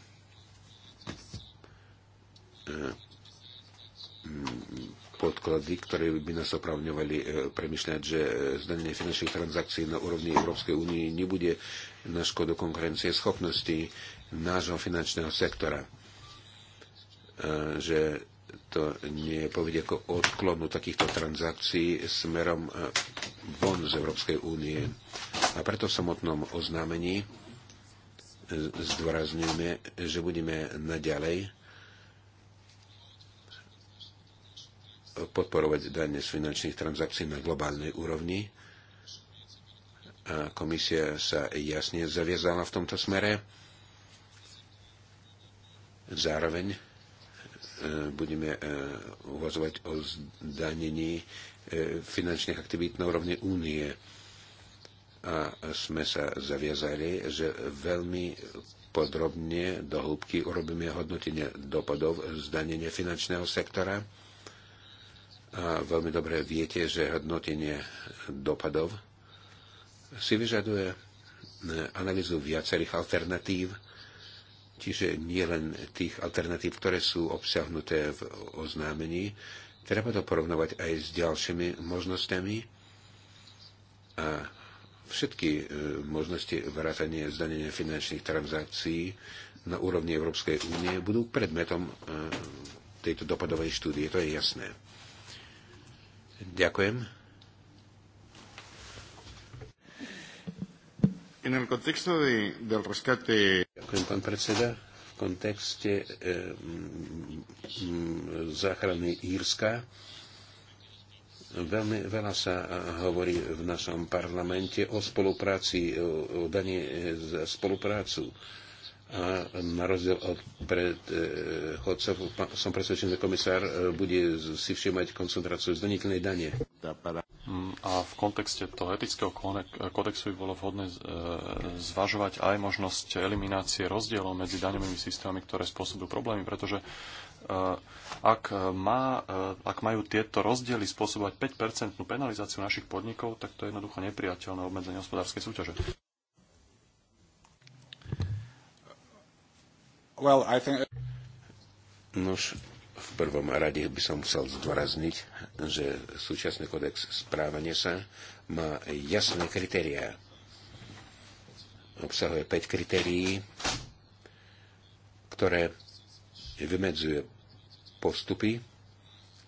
podklady, ktoré by nás opravňovali e, premyšľať, že e, zdanenie finančných transakcií na úrovni Európskej únie nebude na škodu konkurencie schopnosti nášho finančného sektora. Že to nie povedie k odklonu takýchto transakcií smerom von z Európskej únie. A preto v samotnom oznámení zdôrazňujeme, že budeme naďalej podporovať dane z finančných transakcií na globálnej úrovni. A komisia sa jasne zaviazala v tomto smere. Zároveň e, budeme e, uvozovať o zdanení e, finančných aktivít na úrovni únie a sme sa zaviazali, že veľmi podrobne do hĺbky urobíme hodnotenie dopadov zdanenia finančného sektora. A veľmi dobre viete, že hodnotenie dopadov si vyžaduje e, analýzu viacerých alternatív, čiže nie len tých alternatív, ktoré sú obsahnuté v oznámení, treba to porovnovať aj s ďalšími možnosťami a všetky e, možnosti vrátania zdanenia finančných transakcií na úrovni Európskej únie budú predmetom e, tejto dopadovej štúdie, to je jasné. Ďakujem. En el contexto de, del rescate... Ďakujem, pán predseda. V kontexte e, záchrany Írska Veľmi veľa sa e, hovorí v našom parlamente o spolupráci, e, o daní za spoluprácu. A na rozdiel od predchodcov, som presvedčený, že komisár e, bude si všimať koncentráciu zdaniteľnej dane. Mm, a v kontexte toho etického kodexu by bolo vhodné zvažovať aj možnosť eliminácie rozdielov medzi daňovými systémami, ktoré spôsobujú problémy, pretože ak, e, má, e, ak majú tieto rozdiely spôsobovať 5-percentnú penalizáciu našich podnikov, tak to je jednoducho nepriateľné obmedzenie hospodárskej súťaže. Well, I think... Nož, v prvom rade by som musel zdôrazniť, že súčasný kodex správania sa má jasné kritériá. Obsahuje 5 kritérií, ktoré vymedzuje postupy,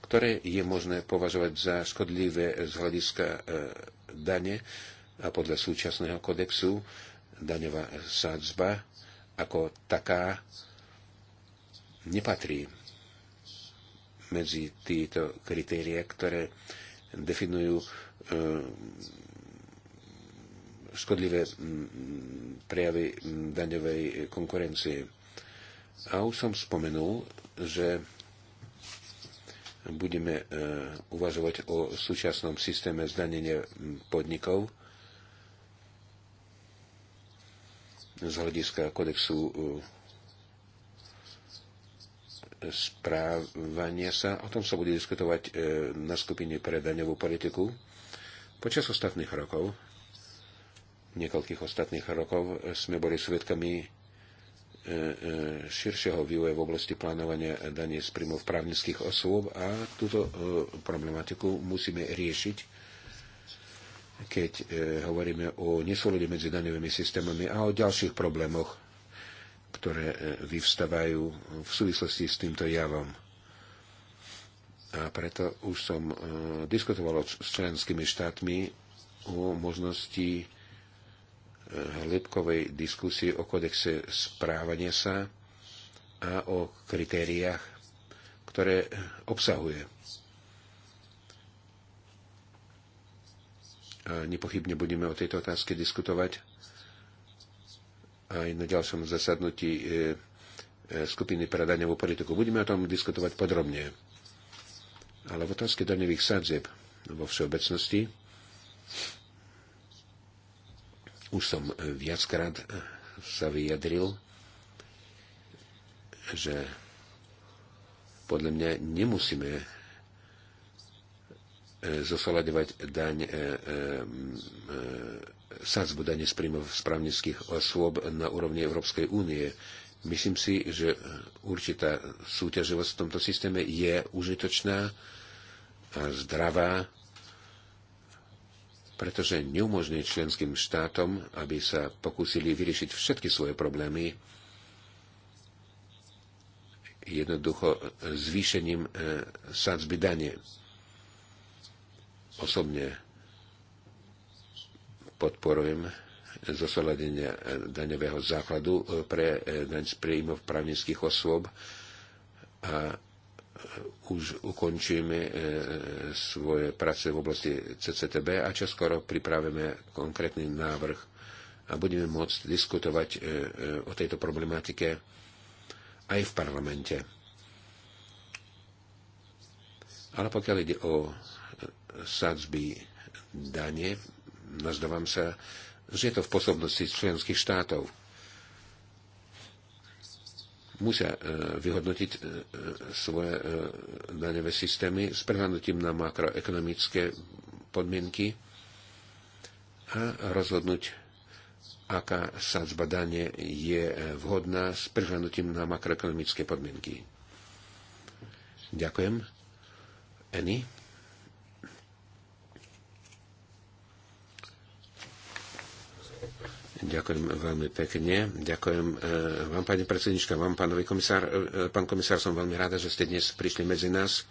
ktoré je možné považovať za škodlivé z hľadiska e, dane a podľa súčasného kodexu daňová sádzba ako taká nepatrí medzi tieto kritéria, ktoré definujú e, škodlivé prejavy daňovej konkurencie. A už som spomenul, že budeme e, uvažovať o súčasnom systéme zdanenia podnikov z hľadiska kodexu e, správania sa. O tom sa bude diskutovať e, na skupine pre daňovú politiku. Počas ostatných rokov, niekoľkých ostatných rokov, sme boli svedkami E, e, širšieho vývoja v oblasti plánovania danie z príjmov právnických osôb a túto e, problematiku musíme riešiť keď hovoríme o nesúlede medzi daňovými systémami a o ďalších problémoch, ktoré vyvstávajú v súvislosti s týmto javom. A preto už som diskutoval s členskými štátmi o možnosti hĺbkovej diskusii o kodexe správania sa a o kritériách, ktoré obsahuje. A nepochybne budeme o tejto otázke diskutovať aj na ďalšom zasadnutí e, e, skupiny pre daňovú politiku. Budeme o tom diskutovať podrobne. Ale v otázke daňových sadzieb vo všeobecnosti už som e, viackrát e, sa vyjadril, že podľa mňa nemusíme e, zosolaďovať daň, sadzbu dane z príjmov správnických osôb na úrovni Európskej únie. Myslím si, že určitá súťaživosť v tomto systéme je užitočná a zdravá pretože neumožňuje členským štátom, aby sa pokúsili vyriešiť všetky svoje problémy jednoducho zvýšením e, sadzby dane. Osobne podporujem zosúladenia e, daňového základu e, pre daň z príjmov právnických osôb a už ukončíme e, svoje práce v oblasti CCTB a čoskoro pripravíme konkrétny návrh a budeme môcť diskutovať e, e, o tejto problematike aj v parlamente. Ale pokiaľ ide o sadzby dane, nazdávam sa, že je to v posobnosti členských štátov musia e, vyhodnotiť e, e, svoje daňové systémy s prehľadnutím na makroekonomické podmienky a rozhodnúť, aká sadzba dane je vhodná s prehľadnutím na makroekonomické podmienky. Ďakujem. Eni? Ďakujem veľmi pekne. Ďakujem e, vám, pani predsednička, vám, pánovi komisár. E, pán komisár, som veľmi rada, že ste dnes prišli medzi nás.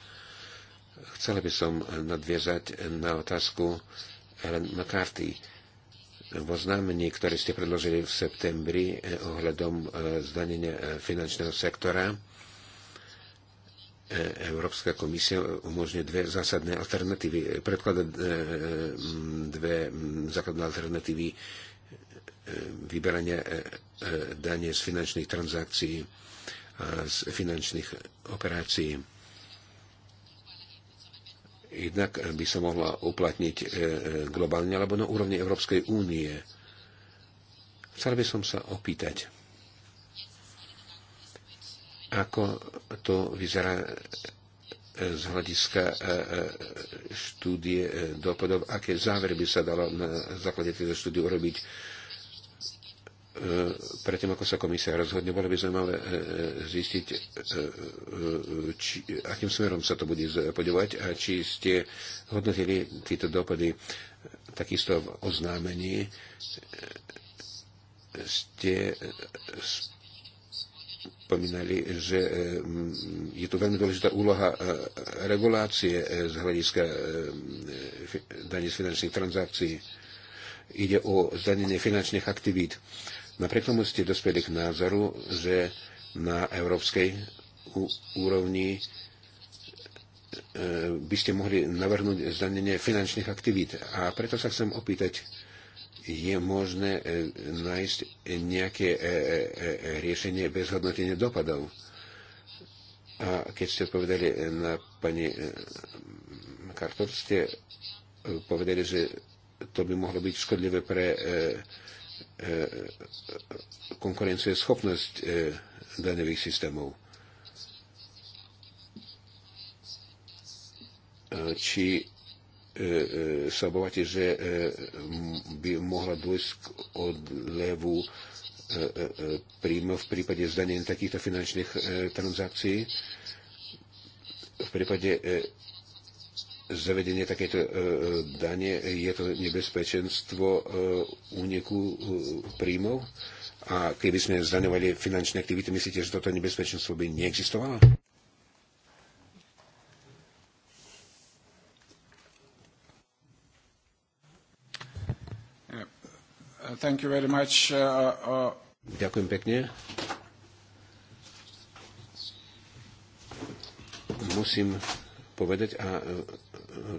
Chcela by som nadviezať na otázku Ellen McCarthy. Vo známení, ktoré ste predložili v septembri e, ohľadom zdanenia finančného sektora, Európska komisia umožňuje dve zásadné alternatívy, predklada dve základné alternatívy vyberania e, e, dane z finančných transakcií a z finančných operácií. Jednak by sa mohla uplatniť e, globálne alebo na úrovni Európskej únie. Chcel by som sa opýtať, ako to vyzerá z hľadiska štúdie dopadov, aké závery by sa dalo na základe tejto štúdie urobiť E, predtým, ako sa komisia rozhodne, bolo by sme mali e, e, zistiť, či, akým smerom sa to bude podívať a či ste hodnotili tieto dopady takisto v oznámení ste spomínali, že je tu veľmi dôležitá úloha regulácie z hľadiska daní z finančných transakcií. Ide o zdanenie finančných aktivít. Napriek tomu ste dospeli k názoru, že na európskej úrovni e, by ste mohli navrhnúť zdanenie finančných aktivít. A preto sa chcem opýtať, je možné e, nájsť nejaké e, riešenie bez hodnotenia dopadov? A keď ste povedali na pani Kartov, ste povedali, že to by mohlo byť škodlivé pre E, e, e, konkurencieschopnosť daňových systémov. Či sa obávate, že by mohla dôjsť k odlevu príjmu v prípade zdanenia takýchto finančných transakcií? V prípade zavedenie takéto e, e, dane, je to nebezpečenstvo e, úniku e, príjmov? A keby sme zdaňovali finančné aktivity, myslíte, že toto nebezpečenstvo by neexistovalo? Uh, thank you very much. Uh, uh, uh... Ďakujem pekne. Musím povedať a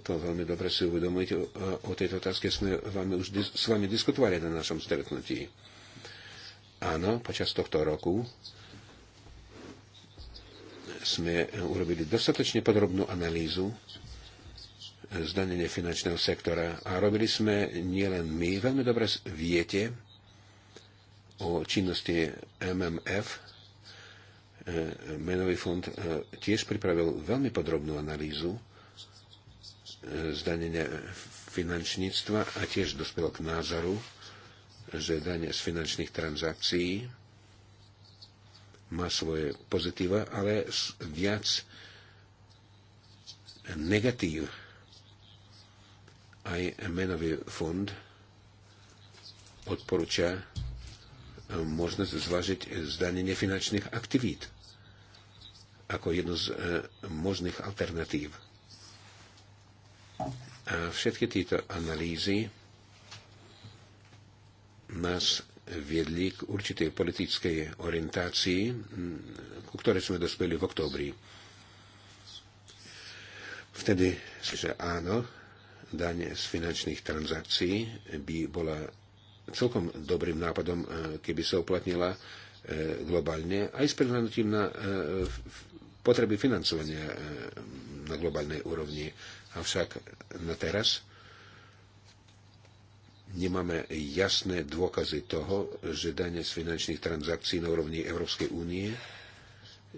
to veľmi dobre si uvedomujete. O tejto otázke sme vám už s vami diskutovali na našom stretnutí. Áno, počas tohto roku sme urobili dostatočne podrobnú analýzu zdanenie finančného sektora a robili sme nielen my, veľmi dobre viete o činnosti MMF, e, Menový fond e, tiež pripravil veľmi podrobnú analýzu zdanenia finančníctva a tiež dospel k názoru, že dane z finančných transakcií má svoje pozitíva, ale viac negatív. Aj menový fond odporúča e, možnosť zvážiť zdanenie finančných aktivít ako jednu z e, možných alternatív. E, všetky tieto analýzy nás viedli k určitej politickej orientácii, ku ktorej sme dospeli v októbri. Vtedy, si, že áno, daň z finančných transakcií by bola celkom dobrým nápadom, e, keby sa uplatnila e, globálne, aj s prihľadnutím na potreby financovania na globálnej úrovni. Avšak na teraz nemáme jasné dôkazy toho, že dane z finančných transakcií na úrovni Európskej únie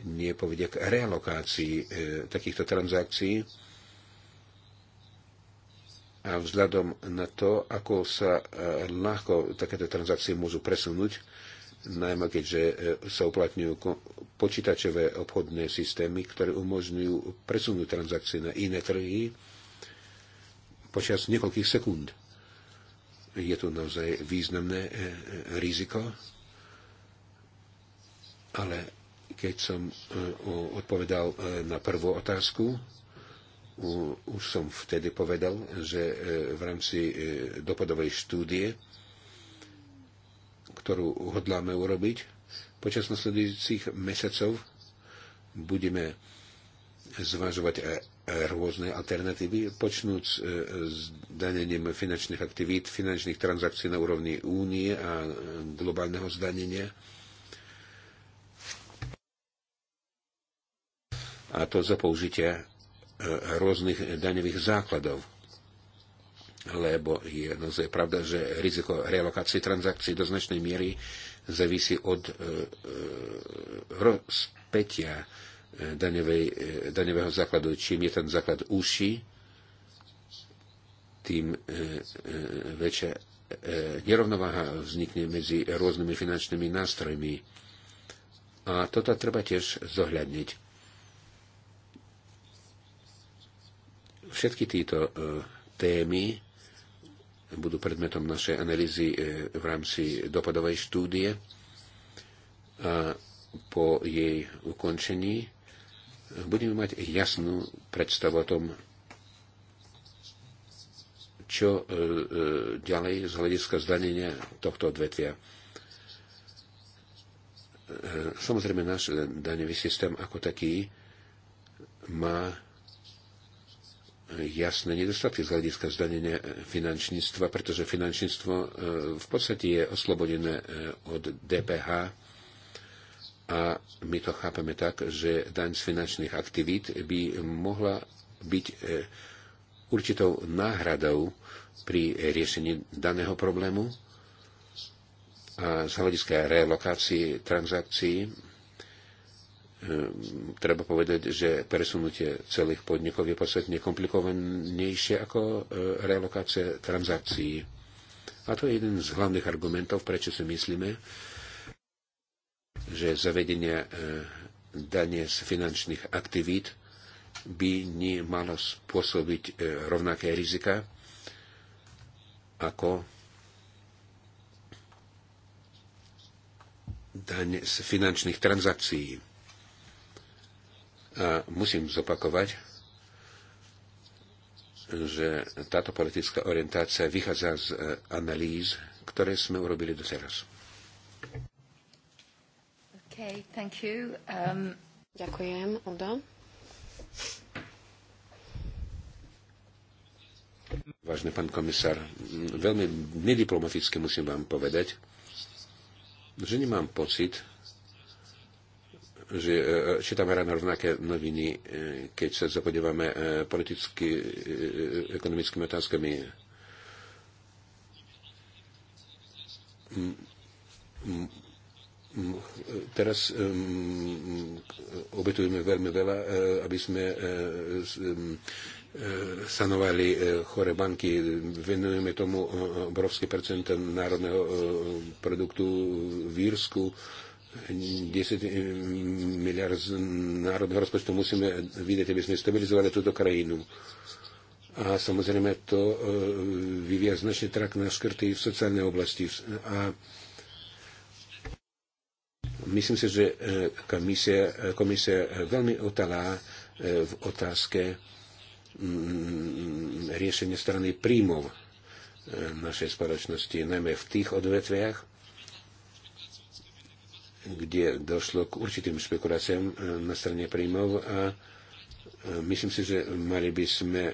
nepovedia k realokácii e, takýchto transakcií a vzhľadom na to, ako sa e, ľahko takéto transakcie môžu presunúť, najmä keďže e, sa uplatňujú počítačové obchodné systémy, ktoré umožňujú presunúť transakcie na iné trhy počas niekoľkých sekúnd. Je tu naozaj významné e, e, riziko, ale keď som odpovedal na prvú otázku, už som vtedy povedal, že v rámci dopadovej štúdie ktorú hodláme urobiť. Počas nasledujúcich mesiacov budeme zvažovať e, e, rôzne alternatívy, počnúc e, s danením finančných aktivít, finančných transakcií na úrovni únie a globálneho zdanenia. A to za použitia rôznych daňových základov lebo je naozaj pravda, že riziko realokácie transakcií do značnej miery závisí od e, e rozpetia e, e, daňového základu. Čím je ten základ uši, tým e, e, väčšia e, nerovnováha vznikne medzi rôznymi finančnými nástrojmi. A toto teda treba tiež zohľadniť. Všetky títo e, témy budú predmetom našej analýzy e, v rámci dopadovej štúdie. A po jej ukončení budeme mať jasnú predstavu o tom, čo e, e, ďalej z hľadiska zdanenia tohto odvetvia. Samozrejme, náš daňový systém ako taký má jasné nedostatky z hľadiska zdanenia e, finančníctva, pretože finančníctvo e, v podstate je oslobodené e, od DPH a my to chápeme tak, že daň z finančných aktivít by mohla byť určitou náhradou pri riešení daného problému a z hľadiska relokácie transakcií Ehm, treba povedať, že presunutie celých podnikov je podstatne komplikovanejšie ako e, relokácia transakcií. A to je jeden z hlavných argumentov, prečo si myslíme, že zavedenie e, dane z finančných aktivít by nemalo spôsobiť e, rovnaké rizika ako daň z finančných transakcií a musím zopakovať, že táto politická orientácia vychádza z e, analýz, ktoré sme urobili doteraz. Okay, thank you. Um... Ďakujem, Udo. Vážny pán komisár, veľmi nediplomaticky musím vám povedať, že nemám pocit, že e, e, čítame ráno rovnaké noviny, e, keď sa zapodívame politicky, ekonomickými otázkami. Teraz obetujeme veľmi veľa, aby sme sanovali chore banky. Venujeme tomu obrovské percento národného produktu v Írsku 10 eh, miliard z národného rozpočtu musíme vidieť, aby sme stabilizovali túto krajinu. A samozrejme to eh, vyvíja značný trak na škrty v sociálnej oblasti. A myslím si, že eh, komisia, komisia veľmi otalá v otázke mm, riešenia strany príjmov našej spoločnosti, najmä v tých odvetviach, kde došlo k určitým špekuláciám e, na strane príjmov a e, myslím si, že mali by sme e,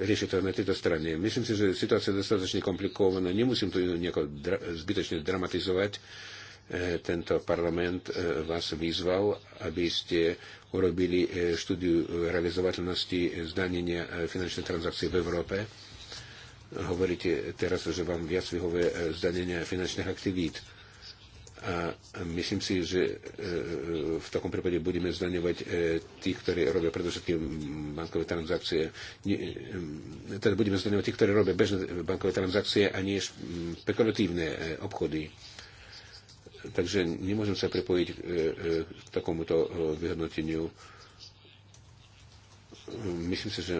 riešiť to na tejto strane. Myslím si, že situácia je dostatočne komplikovaná. Nemusím to nejako zbytočne dramatizovať. Tento parlament vás vyzval, aby ste urobili štúdiu realizovateľnosti zdanenia finančnej transakcie v Európe. Hovoríte teraz, že vám viac vyhovuje zdanenia finančných aktivít a myslím si, že e, v takom prípade budeme zdaňovať e, tých, ktorí robia predovšetkým bankové transakcie. E, teda budeme zdaňovať tých, ktorí robia bežné bankové transakcie a nie špekulatívne obchody. Takže nemôžem sa pripojiť k takomuto vyhodnoteniu myslím si, že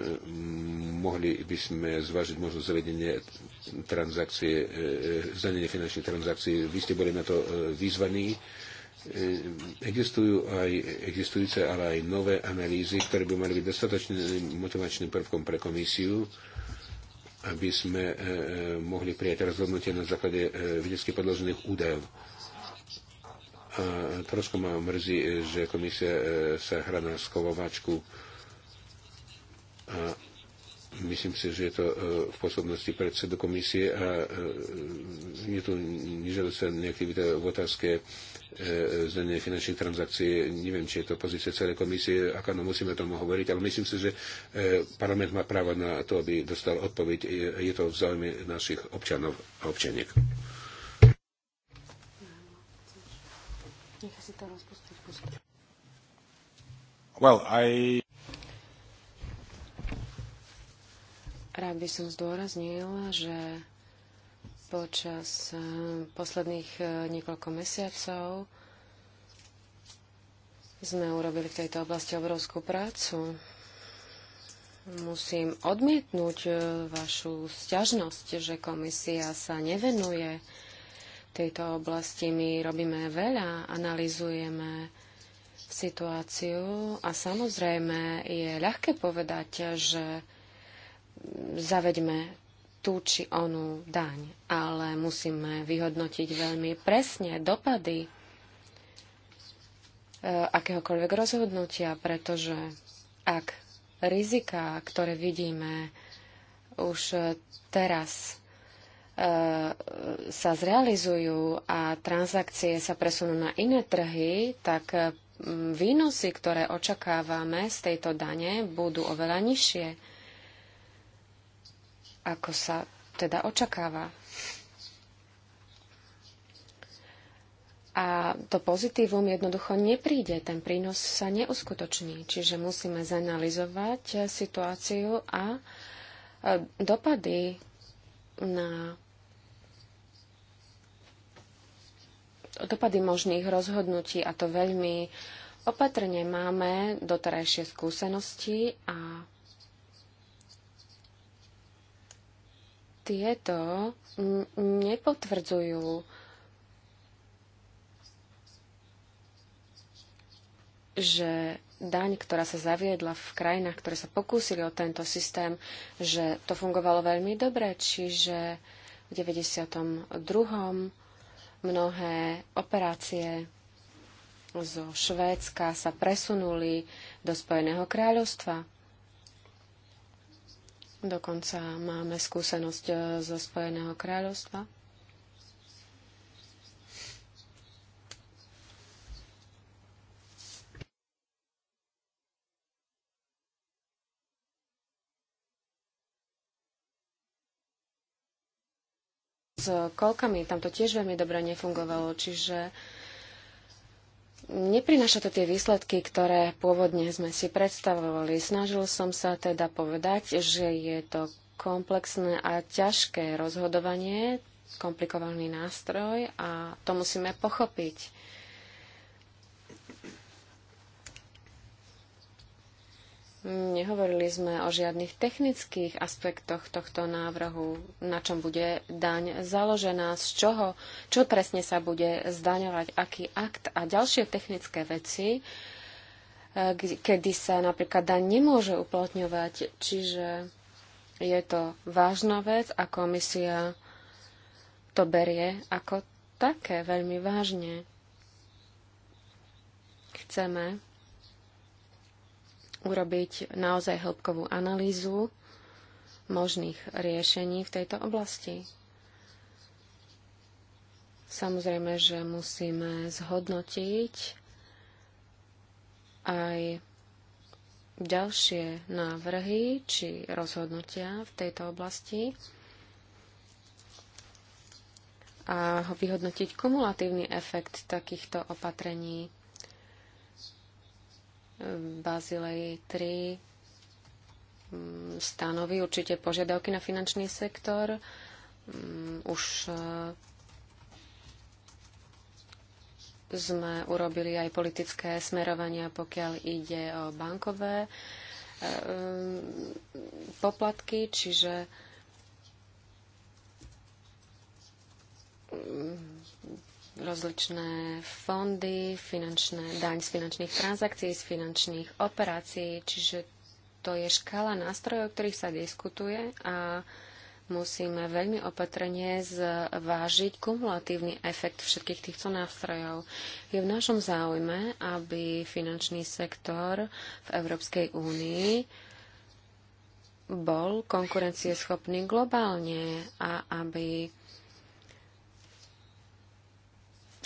mohli by sme zvážiť možno zavedenie transakcie, e, e, zdanenie finančných transakcií. Vy ste boli na to e, vyzvaní. Existujú aj existujúce, ale aj nové analýzy, ktoré by mali byť dostatočným motivačným prvkom pre komisiu, aby sme mohli prijať rozhodnutie na základe vedecky podložených údajov. A trošku ma mrzí, že komisia sa hrá na skovovačku a myslím si, že je to e, v pôsobnosti predsedu komisie a e, je tu neželúca neaktivita v otázke e, zdanie finančných transakcií. Neviem, či je to pozícia celej komisie, aká no musíme tomu hovoriť, ale myslím si, že parlament má právo na to, aby dostal odpoveď. Je to v záujme našich občanov a občaniek. Well, I... Rád by som zdôraznil, že počas eh, posledných eh, niekoľko mesiacov sme urobili v tejto oblasti obrovskú prácu. Musím odmietnúť eh, vašu sťažnosť, že komisia sa nevenuje tejto oblasti. My robíme veľa, analizujeme situáciu a samozrejme je ľahké povedať, že zaveďme tú či onú daň, ale musíme vyhodnotiť veľmi presne dopady e, akéhokoľvek rozhodnutia, pretože ak rizika, ktoré vidíme už teraz, e, sa zrealizujú a transakcie sa presunú na iné trhy, tak výnosy, ktoré očakávame z tejto dane, budú oveľa nižšie ako sa teda očakáva. A to pozitívum jednoducho nepríde, ten prínos sa neuskutoční. Čiže musíme zanalizovať situáciu a e, dopady na dopady možných rozhodnutí a to veľmi opatrne máme doterajšie skúsenosti a tieto nepotvrdzujú, že daň, ktorá sa zaviedla v krajinách, ktoré sa pokúsili o tento systém, že to fungovalo veľmi dobre, čiže v 92. mnohé operácie zo Švédska sa presunuli do Spojeného kráľovstva. Dokonca máme skúsenosť e, zo Spojeného kráľovstva. S kolkami tam to tiež veľmi dobre nefungovalo, čiže uh, neprináša to tie výsledky, ktoré pôvodne sme si predstavovali. Snažil som sa teda povedať, že je to komplexné a ťažké rozhodovanie, komplikovaný nástroj a to musíme pochopiť. Nehovorili sme o žiadnych technických aspektoch tohto návrhu, na čom bude daň založená, z čoho, čo presne sa bude zdaňovať, aký akt a ďalšie technické veci, e, kedy sa napríklad daň nemôže uplatňovať. Čiže je to vážna vec a komisia to berie ako také veľmi vážne. Chceme, urobiť naozaj hĺbkovú analýzu možných riešení v tejto oblasti. Samozrejme, že musíme zhodnotiť aj ďalšie návrhy či rozhodnutia v tejto oblasti a vyhodnotiť kumulatívny efekt takýchto opatrení. Bazilei 3 mm, stanoví určite požiadavky na finančný sektor. Mm, už e, sme urobili aj politické smerovania, pokiaľ ide o bankové e, mm, poplatky, čiže rozličné fondy, finančné, daň z finančných transakcií, z finančných operácií, čiže to je škala nástrojov, o ktorých sa diskutuje a musíme veľmi opatrne zvážiť kumulatívny efekt všetkých týchto nástrojov. Je v našom záujme, aby finančný sektor v Európskej únii bol konkurencieschopný globálne a aby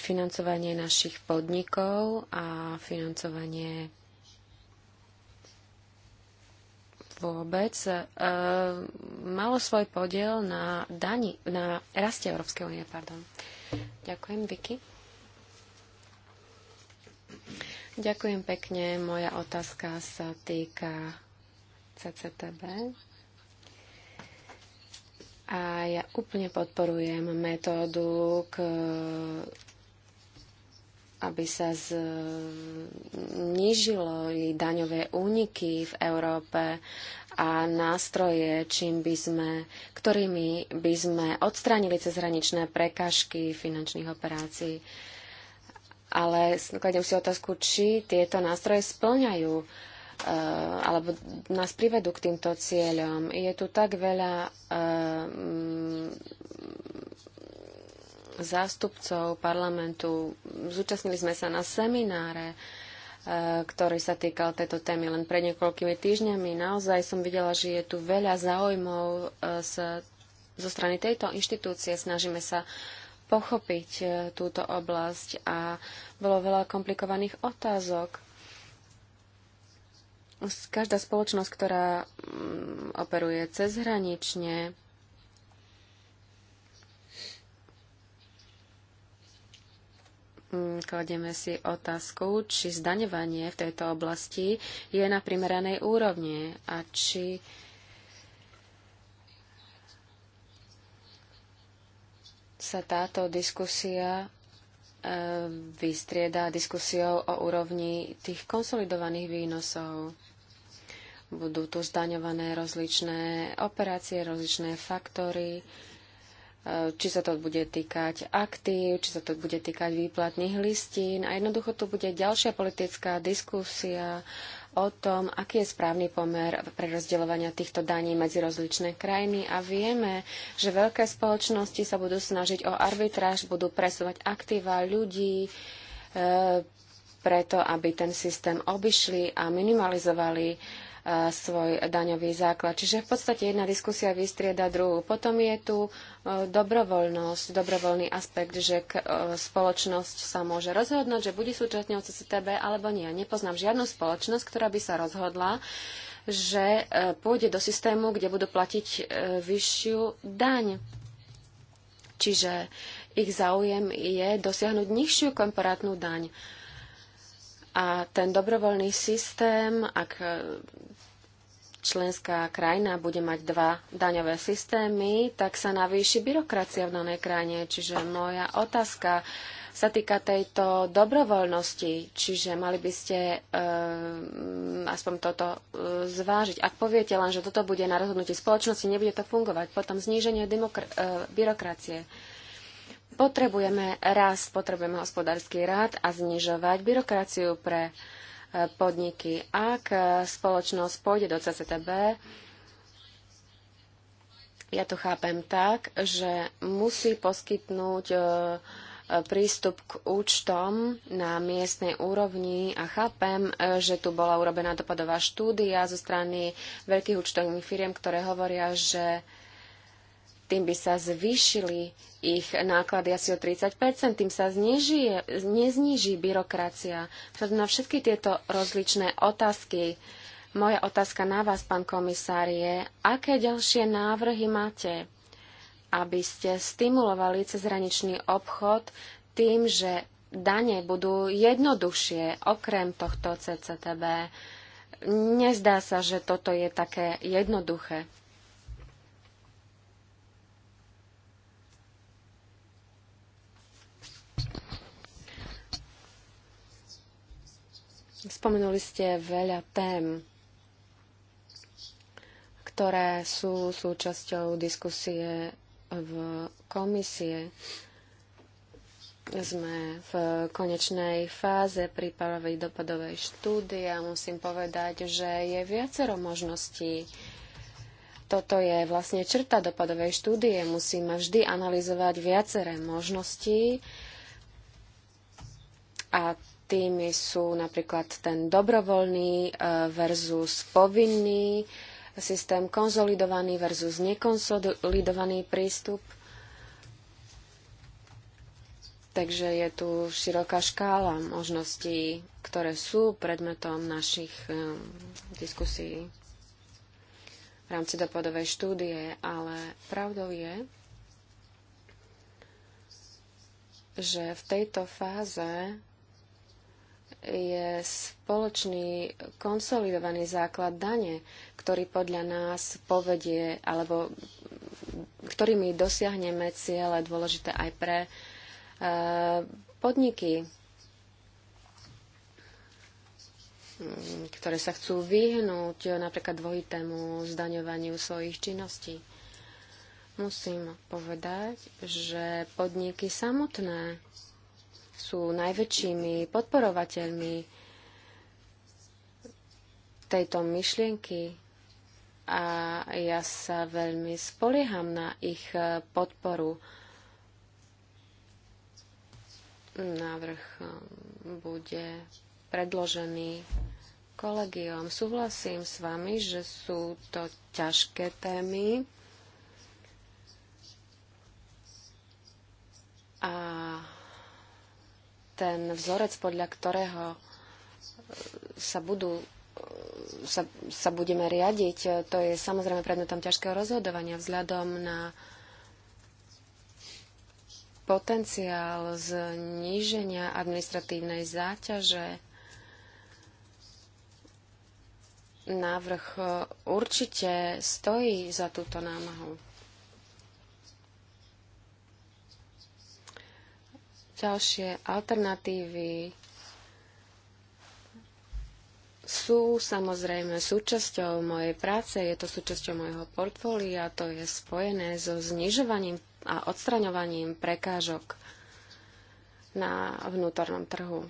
financovanie našich podnikov a financovanie vôbec e, malo svoj podiel na, dani, na raste Európskej únie. Pardon. Ďakujem, Vicky. Ďakujem pekne. Moja otázka sa týka CCTB. A ja úplne podporujem metódu, k, aby sa znížilo jej daňové úniky v Európe a nástroje, čím by sme, ktorými by sme odstránili cezhraničné prekažky finančných operácií. Ale kladem si otázku, či tieto nástroje splňajú eh, alebo nás privedú k týmto cieľom. Je tu tak veľa eh, zástupcov parlamentu. Zúčastnili sme sa na semináre, e, ktorý sa týkal tejto témy len pred niekoľkými týždňami. Naozaj som videla, že je tu veľa záujmov z, e, zo strany tejto inštitúcie. Snažíme sa pochopiť e, túto oblasť a bolo veľa komplikovaných otázok. Každá spoločnosť, ktorá mm, operuje cezhranične, Mm, kladieme si otázku, či zdaňovanie v tejto oblasti je na primeranej úrovni a či sa táto diskusia e, vystrieda diskusiou o úrovni tých konsolidovaných výnosov. Budú tu zdaňované rozličné operácie, rozličné faktory, Eh, či sa to bude týkať aktív, či sa to bude týkať výplatných listín. A jednoducho tu bude ďalšia politická diskusia o tom, aký je správny pomer pre rozdeľovania týchto daní medzi rozličné krajiny a vieme, že veľké spoločnosti sa budú snažiť o arbitráž, budú presúvať aktíva ľudí e, preto, aby ten systém obišli a minimalizovali svoj daňový základ. Čiže v podstate jedna diskusia vystrieda druhú. Potom je tu e, dobrovoľnosť, dobrovoľný aspekt, že e, spoločnosť sa môže rozhodnúť, že bude súčasťou CCTB alebo nie. Nepoznám žiadnu spoločnosť, ktorá by sa rozhodla, že e, pôjde do systému, kde budú platiť vyššiu daň. Čiže ich záujem je dosiahnuť nižšiu komparátnu daň. A ten dobrovoľný systém, ak členská krajina bude mať dva daňové systémy, tak sa navýši byrokracia v danej krajine. Čiže moja otázka sa týka tejto dobrovoľnosti, čiže mali by ste e, aspoň toto e, zvážiť. Ak poviete len, že toto bude na rozhodnutí spoločnosti, nebude to fungovať. Potom zníženie e, byrokracie. E, Potrebujeme rast, potrebujeme hospodársky rád a znižovať byrokraciu pre e, podniky. Ak e, spoločnosť pôjde do CCTB, ja to chápem tak, že musí poskytnúť e, prístup k účtom na miestnej úrovni a chápem, že tu bola urobená dopadová štúdia zo strany veľkých účtovných firiem, ktoré hovoria, že tým by sa zvýšili ich náklady asi o 30%, tým sa znižie, nezniží byrokracia. Na všetky tieto rozličné otázky moja otázka na vás, pán komisár, je, aké ďalšie návrhy máte, aby ste stimulovali cezhraničný obchod tým, že dane budú jednoduchšie okrem tohto CCTB. Nezdá sa, že toto je také jednoduché. Spomenuli ste veľa tém, ktoré sú súčasťou diskusie v komisie. Sme v konečnej fáze prípravovej dopadovej štúdie a musím povedať, že je viacero možností. Toto je vlastne črta dopadovej štúdie. Musíme vždy analyzovať viaceré možnosti a Tými sú napríklad ten dobrovoľný e, versus povinný systém, konzolidovaný versus nekonsolidovaný prístup. Takže je tu široká škála možností, ktoré sú predmetom našich e, diskusí v rámci dopadovej štúdie, ale pravdou je, že v tejto fáze je spoločný konsolidovaný základ dane, ktorý podľa nás povedie, alebo ktorými dosiahneme ciele dôležité aj pre e, podniky, mm, ktoré sa chcú vyhnúť napríklad dvojitému zdaňovaniu svojich činností. Musím povedať, že podniky samotné sú najväčšími podporovateľmi tejto myšlienky a ja sa veľmi spolieham na ich podporu. Návrh um, bude predložený kolegiom. Súhlasím s vami, že sú to ťažké témy. A ten vzorec, podľa ktorého e, sa budú e, sa, sa budeme riadiť, e, to je samozrejme predmetom ťažkého rozhodovania vzhľadom na potenciál zníženia administratívnej záťaže. Návrh určite stojí za túto námahu. Ďalšie alternatívy sú samozrejme súčasťou mojej práce, je to súčasťou mojho portfólia, to je spojené so znižovaním a odstraňovaním prekážok na vnútornom trhu.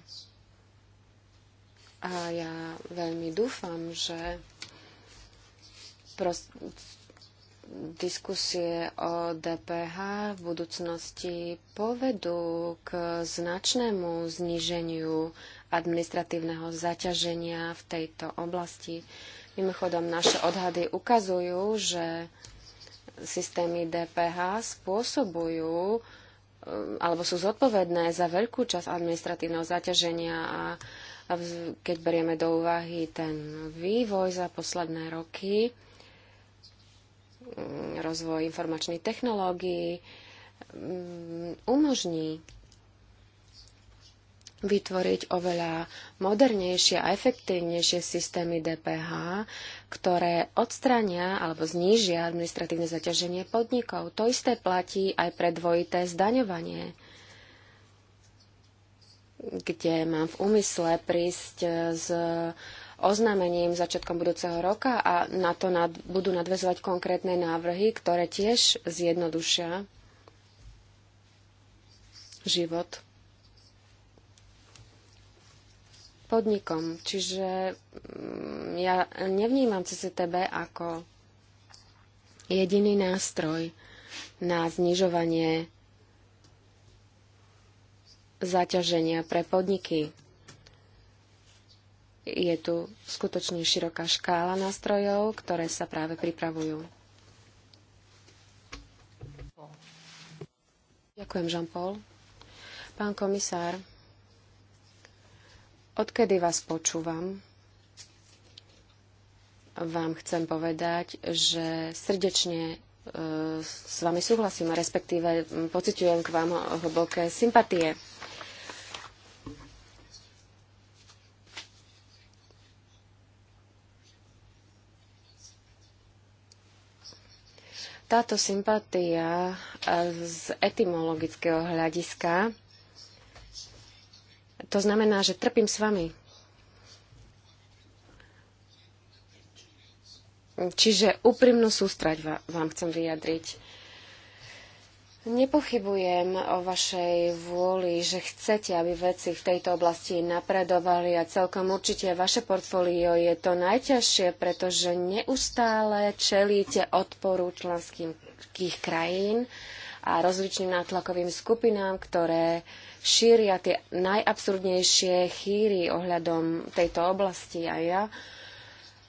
A ja veľmi dúfam, že diskusie o DPH v budúcnosti povedú k značnému zníženiu administratívneho zaťaženia v tejto oblasti. Mimochodom, naše odhady ukazujú, že systémy DPH spôsobujú um, alebo sú zodpovedné za veľkú časť administratívneho zaťaženia a keď berieme do úvahy ten vývoj za posledné roky, Mm, rozvoj informačných technológií mm, umožní vytvoriť oveľa modernejšie a efektívnejšie systémy DPH, ktoré odstrania alebo znížia administratívne zaťaženie podnikov. To isté platí aj pre dvojité zdaňovanie, kde mám v úmysle prísť s oznámením začiatkom budúceho roka a na to nad, budú nadvezovať konkrétne návrhy, ktoré tiež zjednodušia život podnikom. Čiže mm, ja nevnímam CCTB ako jediný nástroj na znižovanie zaťaženia pre podniky je tu skutočne široká škála nástrojov, ktoré sa práve pripravujú. Ďakujem, Jean-Paul. Pán komisár, odkedy vás počúvam, vám chcem povedať, že srdečne e, s vami súhlasím, respektíve pociťujem k vám hlboké sympatie. Táto sympatia e, z etymologického hľadiska, to znamená, že trpím s vami. Čiže úprimnú sústrať vám chcem vyjadriť. Nepochybujem o vašej vôli, že chcete, aby veci v tejto oblasti napredovali a celkom určite vaše portfólio je to najťažšie, pretože neustále čelíte odporu členských krajín a rozličným nátlakovým skupinám, ktoré šíria tie najabsurdnejšie chýry ohľadom tejto oblasti a ja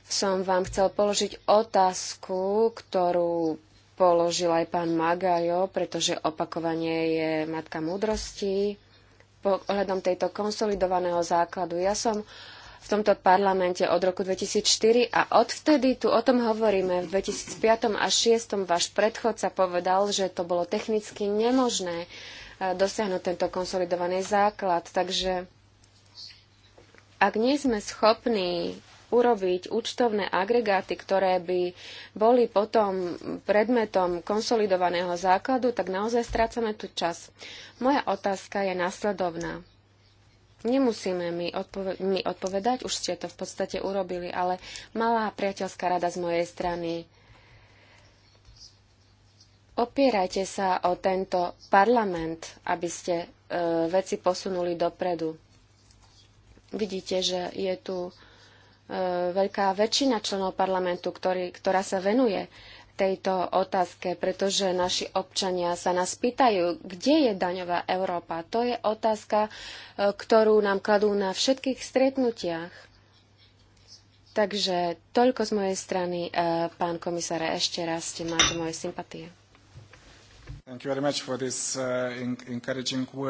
som vám chcel položiť otázku, ktorú položil aj pán Magajo, pretože opakovanie je matka múdrosti. pohľadom tejto konsolidovaného základu ja som v tomto parlamente od roku 2004 a odvtedy tu o tom hovoríme. V 2005 a 2006 váš predchodca povedal, že to bolo technicky nemožné eh, dosiahnuť tento konsolidovaný základ. Takže ak nie sme schopní urobiť účtovné agregáty, ktoré by boli potom predmetom konsolidovaného základu, tak naozaj strácame tu čas. Moja otázka je následovná. Nemusíme mi, odpove- mi odpovedať, už ste to v podstate urobili, ale malá priateľská rada z mojej strany. Opierajte sa o tento parlament, aby ste e, veci posunuli dopredu. Vidíte, že je tu E, veľká väčšina členov parlamentu, ktorý, ktorá sa venuje tejto otázke, pretože naši občania sa nás pýtajú, kde je daňová Európa. To je otázka, e, ktorú nám kladú na všetkých stretnutiach. Takže toľko z mojej strany, e, pán komisár, ešte raz ste máte moje sympatie. Uh, uh,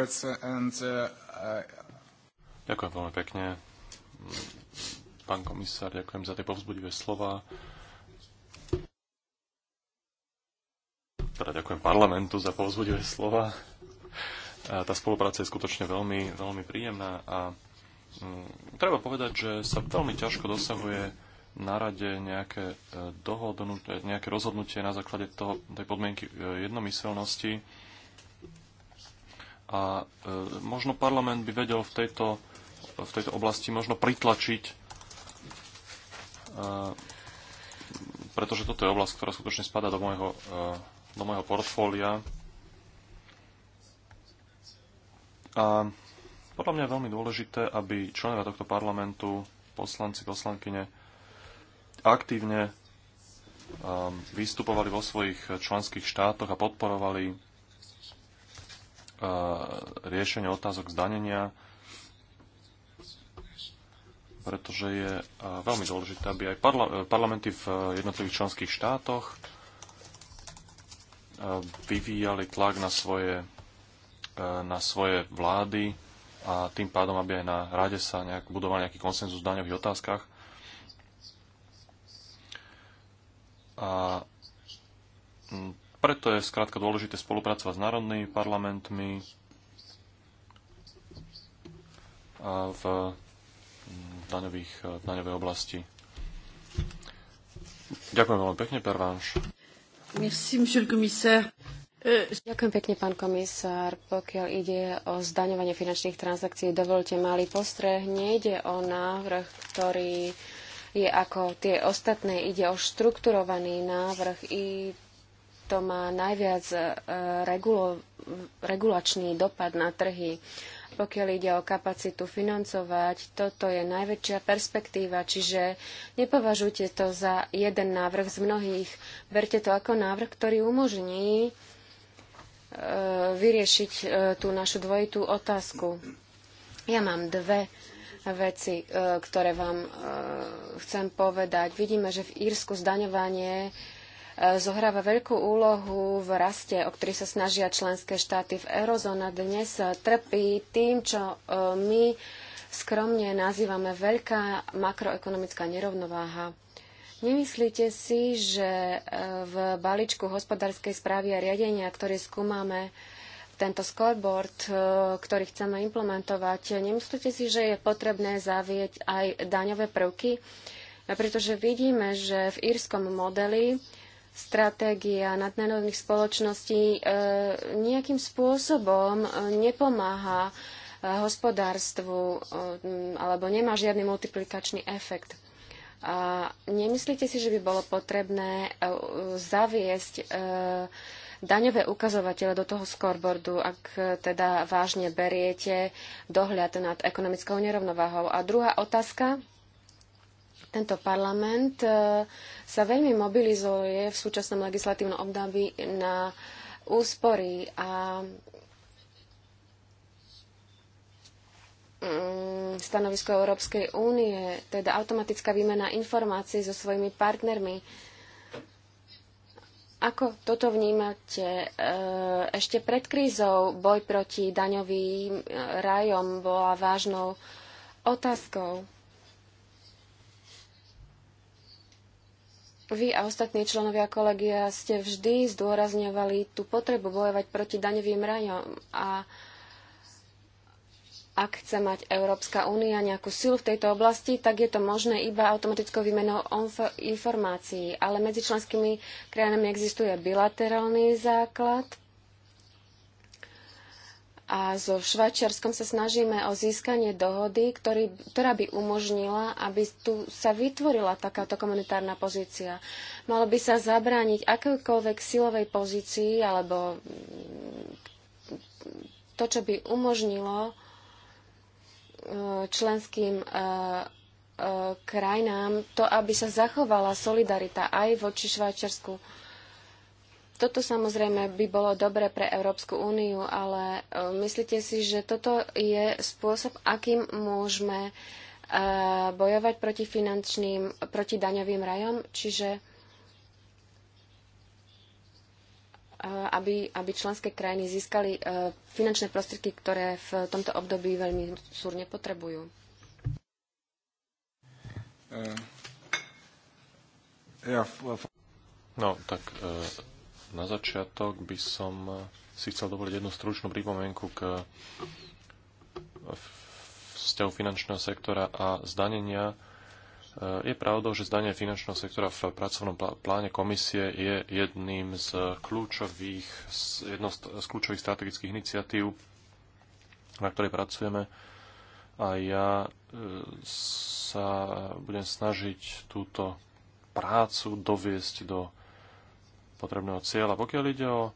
uh, Ďakujem veľmi pekne Pán komisár, ďakujem za tie povzbudivé slova. Teda ďakujem parlamentu za povzbudivé slova. Tá spolupráca je skutočne veľmi, veľmi príjemná a mm, treba povedať, že sa veľmi ťažko dosahuje na rade nejaké, e, dohodnutie, nejaké rozhodnutie na základe toho, tej podmienky e, jednomyselnosti. A e, možno parlament by vedel v tejto, v tejto oblasti možno pritlačiť Eh, pretože toto je oblasť, ktorá skutočne spada do môjho, eh, do môjho portfólia. A podľa mňa je veľmi dôležité, aby členovia tohto parlamentu, poslanci, poslankyne, aktívne eh, vystupovali vo svojich členských štátoch a podporovali riešenie otázok zdanenia pretože je e, veľmi dôležité, aby aj parla e, parlamenty v e, jednotlivých členských štátoch vyvíjali tlak na svoje, na svoje vlády a tým pádom, aby aj na rade sa nejak budoval nejaký konsenzus v daňových otázkach. A preto je skrátka dôležité spolupracovať s národnými parlamentmi v daňových, eh, daňovej oblasti. Ďakujem veľmi pekne, Pervánš. Merci, monsieur le commissaire. Euh, Ďakujem pekne, pán komisár. Pokiaľ ide o zdaňovanie finančných transakcií, dovolte malý postreh. Nejde o návrh, ktorý je ako tie ostatné. Ide o štrukturovaný návrh i to má najviac eh, regulo, regulačný dopad na trhy. Pokiaľ ide o kapacitu financovať, toto je najväčšia perspektíva, čiže nepovažujte to za jeden návrh z mnohých. Berte to ako návrh, ktorý umožní e, vyriešiť e, tú našu dvojitú otázku. Ja mám dve veci, e, ktoré vám chcem povedať. Vidíme, že v Írsku zdaňovanie E, zohráva veľkú úlohu v raste, o ktorý sa snažia členské štáty v eurozóna. Dnes e, trpí tým, čo e, my skromne nazývame veľká makroekonomická nerovnováha. Nemyslíte si, že v balíčku hospodárskej správy a riadenia, ktorý skúmame, tento scoreboard, ktorý chceme implementovať, nemyslíte si, že je potrebné zavieť aj daňové prvky? Pretože vidíme, že v írskom modeli stratégia nadnárodných spoločností e, nejakým spôsobom e, nepomáha e, hospodárstvu alebo nemá žiadny multiplikačný efekt. A nemyslíte si, že by bolo potrebné zaviesť daňové ukazovatele do toho scoreboardu, ak teda vážne beriete dohľad nad ekonomickou nerovnováhou? A druhá otázka tento parlament e, sa veľmi mobilizuje v súčasnom legislatívnom období na úspory a mm, stanovisko Európskej únie, teda automatická výmena informácií so svojimi partnermi. Ako toto vnímate? E, ešte pred krízou boj proti daňovým e, rajom bola vážnou otázkou. Vy a ostatní členovia kolegia ste vždy zdôrazňovali tú potrebu bojovať proti daňovým rajom a ak chce mať Európska únia nejakú silu v tejto oblasti, tak je to možné iba automatickou výmenou informácií. Ale medzi členskými krajinami existuje bilaterálny základ a so Švajčiarskom sa snažíme o získanie dohody, ktorý, ktorá by umožnila, aby tu sa vytvorila takáto komunitárna pozícia. Malo by sa zabrániť akékoľvek silovej pozícii alebo to, čo by umožnilo e, členským e, e, krajinám to, aby sa zachovala solidarita aj voči Švajčiarsku toto samozrejme by bolo dobre pre Európsku úniu, ale e, myslíte si, že toto je spôsob, akým môžeme e, bojovať proti finančným, proti daňovým rajom, čiže e, aby, aby členské krajiny získali finančné prostriedky, ktoré v tomto období veľmi súrne potrebujú. No, tak na začiatok by som eh, si chcel dovoliť jednu stručnú pripomienku k eh, vzťahu finančného sektora a zdanenia. Eh, je pravdou, že zdanie finančného sektora v pracovnom pláne komisie je jedným z kľúčových, jedno z kľúčových strategických iniciatív, na ktorej pracujeme. A ja sa budem snažiť túto prácu doviesť do potrebného cieľa. Pokiaľ ide o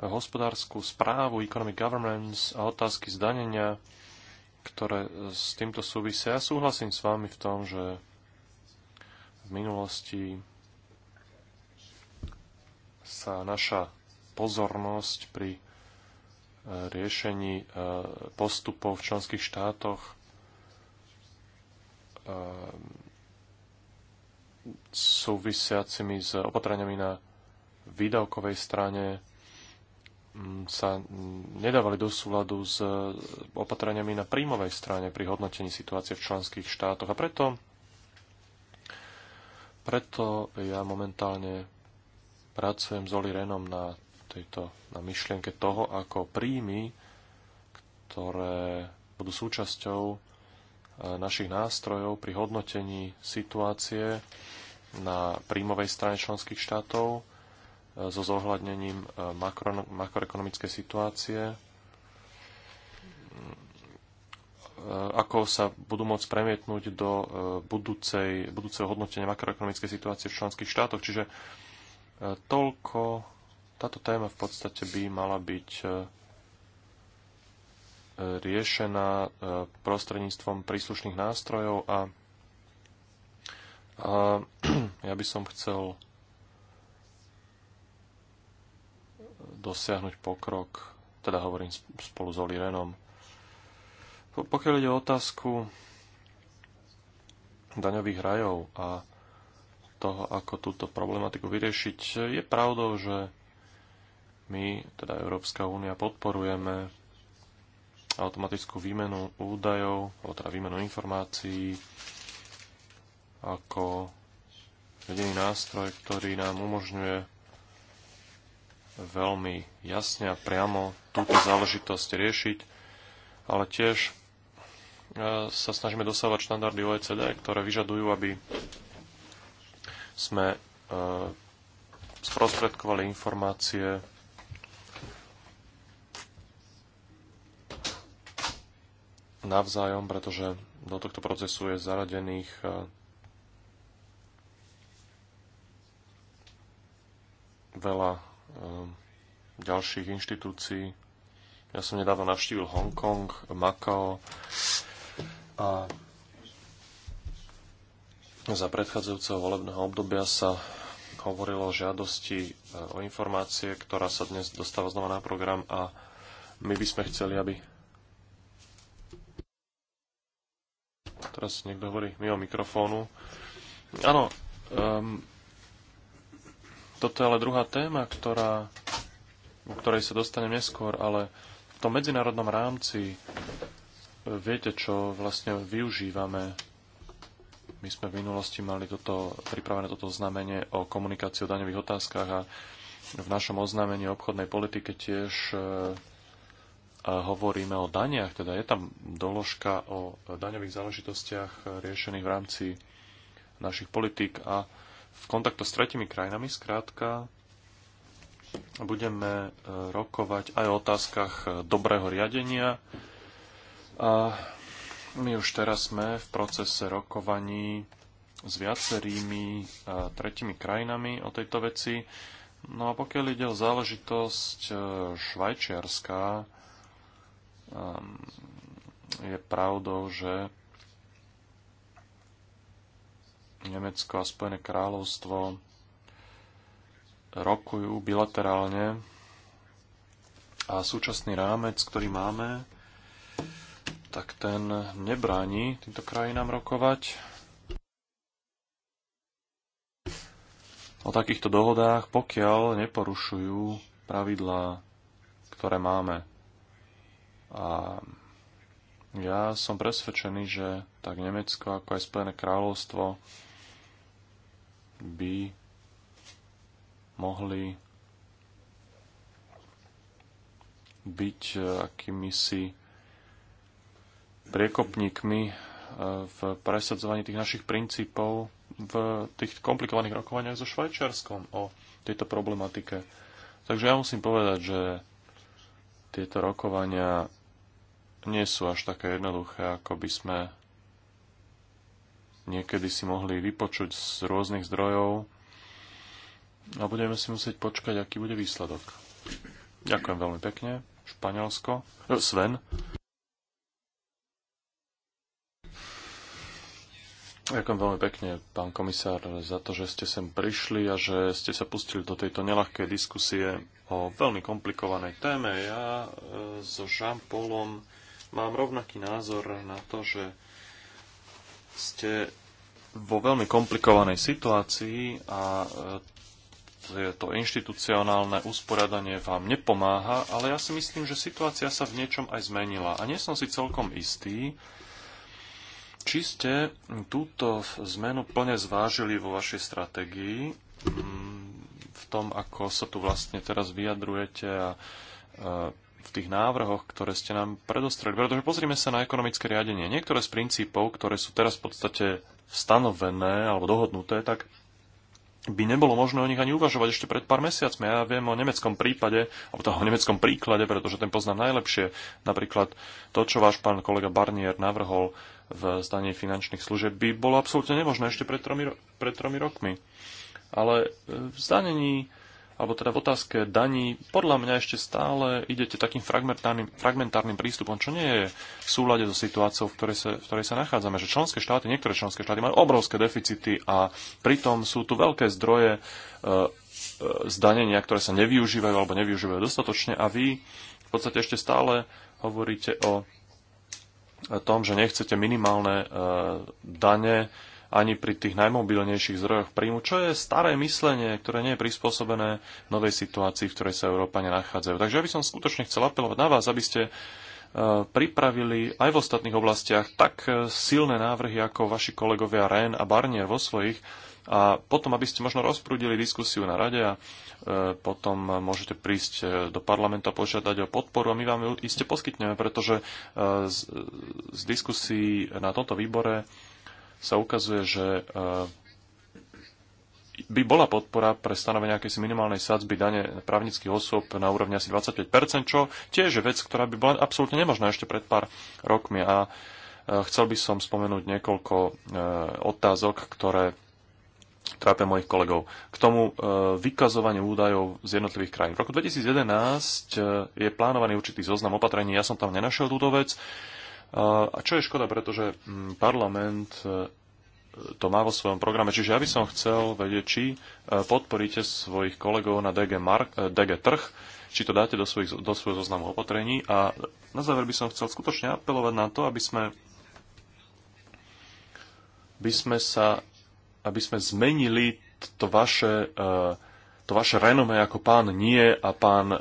hospodárskú správu, economic governance a otázky zdanenia, ktoré s týmto súvisia. Ja súhlasím s vami v tom, že v minulosti sa naša pozornosť pri e, riešení e, postupov v členských štátoch e, súvisiacimi s opatreniami na výdavkovej strane mm, sa nedávali do súladu s e, opatreniami na príjmovej strane pri hodnotení situácie v členských štátoch. A preto, preto ja momentálne pracujem s Oli Renom na, tejto, na myšlienke toho, ako príjmy, ktoré budú súčasťou e, našich nástrojov pri hodnotení situácie na príjmovej strane členských štátov so zohľadnením e, makro, makroekonomickej situácie, e, ako sa budú môcť premietnúť do e, budúcej, budúceho hodnotenia makroekonomickej situácie v členských štátoch. Čiže toľko, táto téma v podstate by mala byť riešená prostredníctvom príslušných nástrojov a [clears throat] ja by som chcel dosiahnuť pokrok, teda hovorím spolu s Oli Renom. Pokiaľ ide o otázku daňových rajov a toho, ako túto problematiku vyriešiť, je pravdou, že my, teda Európska únia, podporujeme automatickú výmenu údajov, alebo teda výmenu informácií ako jediný nástroj, ktorý nám umožňuje veľmi jasne a priamo túto záležitosť riešiť, ale tiež e, sa snažíme dosávať štandardy OECD, ktoré vyžadujú, aby sme e, sprostredkovali informácie navzájom, pretože do tohto procesu je zaradených e, veľa Ehm, ďalších inštitúcií. Ja som nedávno navštívil Hongkong, Macao a za predchádzajúceho volebného obdobia sa hovorilo o žiadosti e, o informácie, ktorá sa dnes dostáva znova na program a my by sme chceli, aby... Teraz niekto hovorí mimo mikrofónu. Áno, um, toto je ale druhá téma, ktorá, o ktorej sa dostanem neskôr, ale v tom medzinárodnom rámci e, viete, čo vlastne využívame. My sme v minulosti mali toto, pripravené toto znamenie o komunikácii o daňových otázkach a v našom oznámení o obchodnej politike tiež e, hovoríme o daniach, teda je tam doložka o daňových záležitostiach e, riešených v rámci našich politík a v kontaktu s tretimi krajinami. zkrátka budeme e, rokovať aj o otázkach e, dobrého riadenia. A my už teraz sme v procese rokovaní s viacerými e, tretimi krajinami o tejto veci. No a pokiaľ ide o záležitosť švajčiarska, je pravdou, že Nemecko a Spojené kráľovstvo rokujú bilaterálne a súčasný rámec, ktorý máme, tak ten nebráni týmto krajinám rokovať o takýchto dohodách, pokiaľ neporušujú pravidlá, ktoré máme. A ja som presvedčený, že tak Nemecko, ako aj Spojené kráľovstvo by mohli byť e, akýmisi priekopníkmi e, v presadzovaní tých našich princípov v tých komplikovaných rokovaniach so Švajčiarskom o tejto problematike. Takže ja musím povedať, že tieto rokovania nie sú až také jednoduché, ako by sme niekedy si mohli vypočuť z rôznych zdrojov a budeme si musieť počkať, aký bude výsledok. Ďakujem veľmi pekne. Španielsko. E, Sven. Ďakujem veľmi pekne, pán komisár, za to, že ste sem prišli a že ste sa pustili do tejto nelahkej diskusie o veľmi komplikovanej téme. Ja e, so Jean-Paulom mám rovnaký názor na to, že ste vo veľmi komplikovanej situácii a e, to inštitucionálne usporiadanie vám nepomáha, ale ja si myslím, že situácia sa v niečom aj zmenila. A nie som si celkom istý, či ste túto zmenu plne zvážili vo vašej stratégii, v tom, ako sa tu vlastne teraz vyjadrujete a e, v tých návrhoch, ktoré ste nám predostreli. Pretože pozrime sa na ekonomické riadenie. Niektoré z princípov, ktoré sú teraz v podstate stanovené alebo dohodnuté, tak by nebolo možné o nich ani uvažovať ešte pred pár mesiacmi. Ja viem o nemeckom prípade, alebo toho nemeckom príklade, pretože ten poznám najlepšie. Napríklad to, čo váš pán kolega Barnier navrhol v zdanie finančných služieb, by bolo absolútne nemožné ešte pred tromi, pred tromi rokmi. Ale e, v zdanení alebo teda v otázke daní, podľa mňa ešte stále idete takým fragmentárnym, fragmentárnym prístupom, čo nie je v súlade so situáciou, v ktorej, sa, v ktorej sa nachádzame. Že členské štáty, niektoré členské štáty majú obrovské deficity a pritom sú tu veľké zdroje e, e, zdanenia, ktoré sa nevyužívajú alebo nevyužívajú dostatočne a vy v podstate ešte stále hovoríte o tom, že nechcete minimálne e, dane ani pri tých najmobilnejších zdrojoch príjmu, čo je staré myslenie, ktoré nie je prispôsobené novej situácii, v ktorej sa Európa nachádzajú. Takže ja by som skutočne chcel apelovať na vás, aby ste e, pripravili aj v ostatných oblastiach tak e, silné návrhy ako vaši kolegovia Ren a Barnier vo svojich a potom, aby ste možno rozprúdili diskusiu na rade a e, potom môžete prísť do parlamentu a požiadať o podporu a my vám ju iste poskytneme, pretože z, z diskusí na tomto výbore sa ukazuje, že e, by bola podpora pre stanovenie akejsi minimálnej sadzby dane právnických osôb na úrovni asi 25%, čo tiež je vec, ktorá by bola absolútne nemožná ešte pred pár rokmi. A e, chcel by som spomenúť niekoľko e, otázok, ktoré trápia mojich kolegov. K tomu vykazovaniu údajov z jednotlivých krajín. V roku 2011 je plánovaný určitý zoznam opatrení, ja som tam nenašiel túto vec. A čo je škoda, pretože mm, parlament e, to má vo svojom programe. Čiže ja by som chcel vedieť, či e, podporíte svojich kolegov na DG, Mark, e, DG Trh, či to dáte do, svojich, do svojho zoznamu opatrení. A na záver by som chcel skutočne apelovať na to, aby sme, by sme, sa, aby sme zmenili to vaše uh, to vaše renome ako pán nie a pán, e,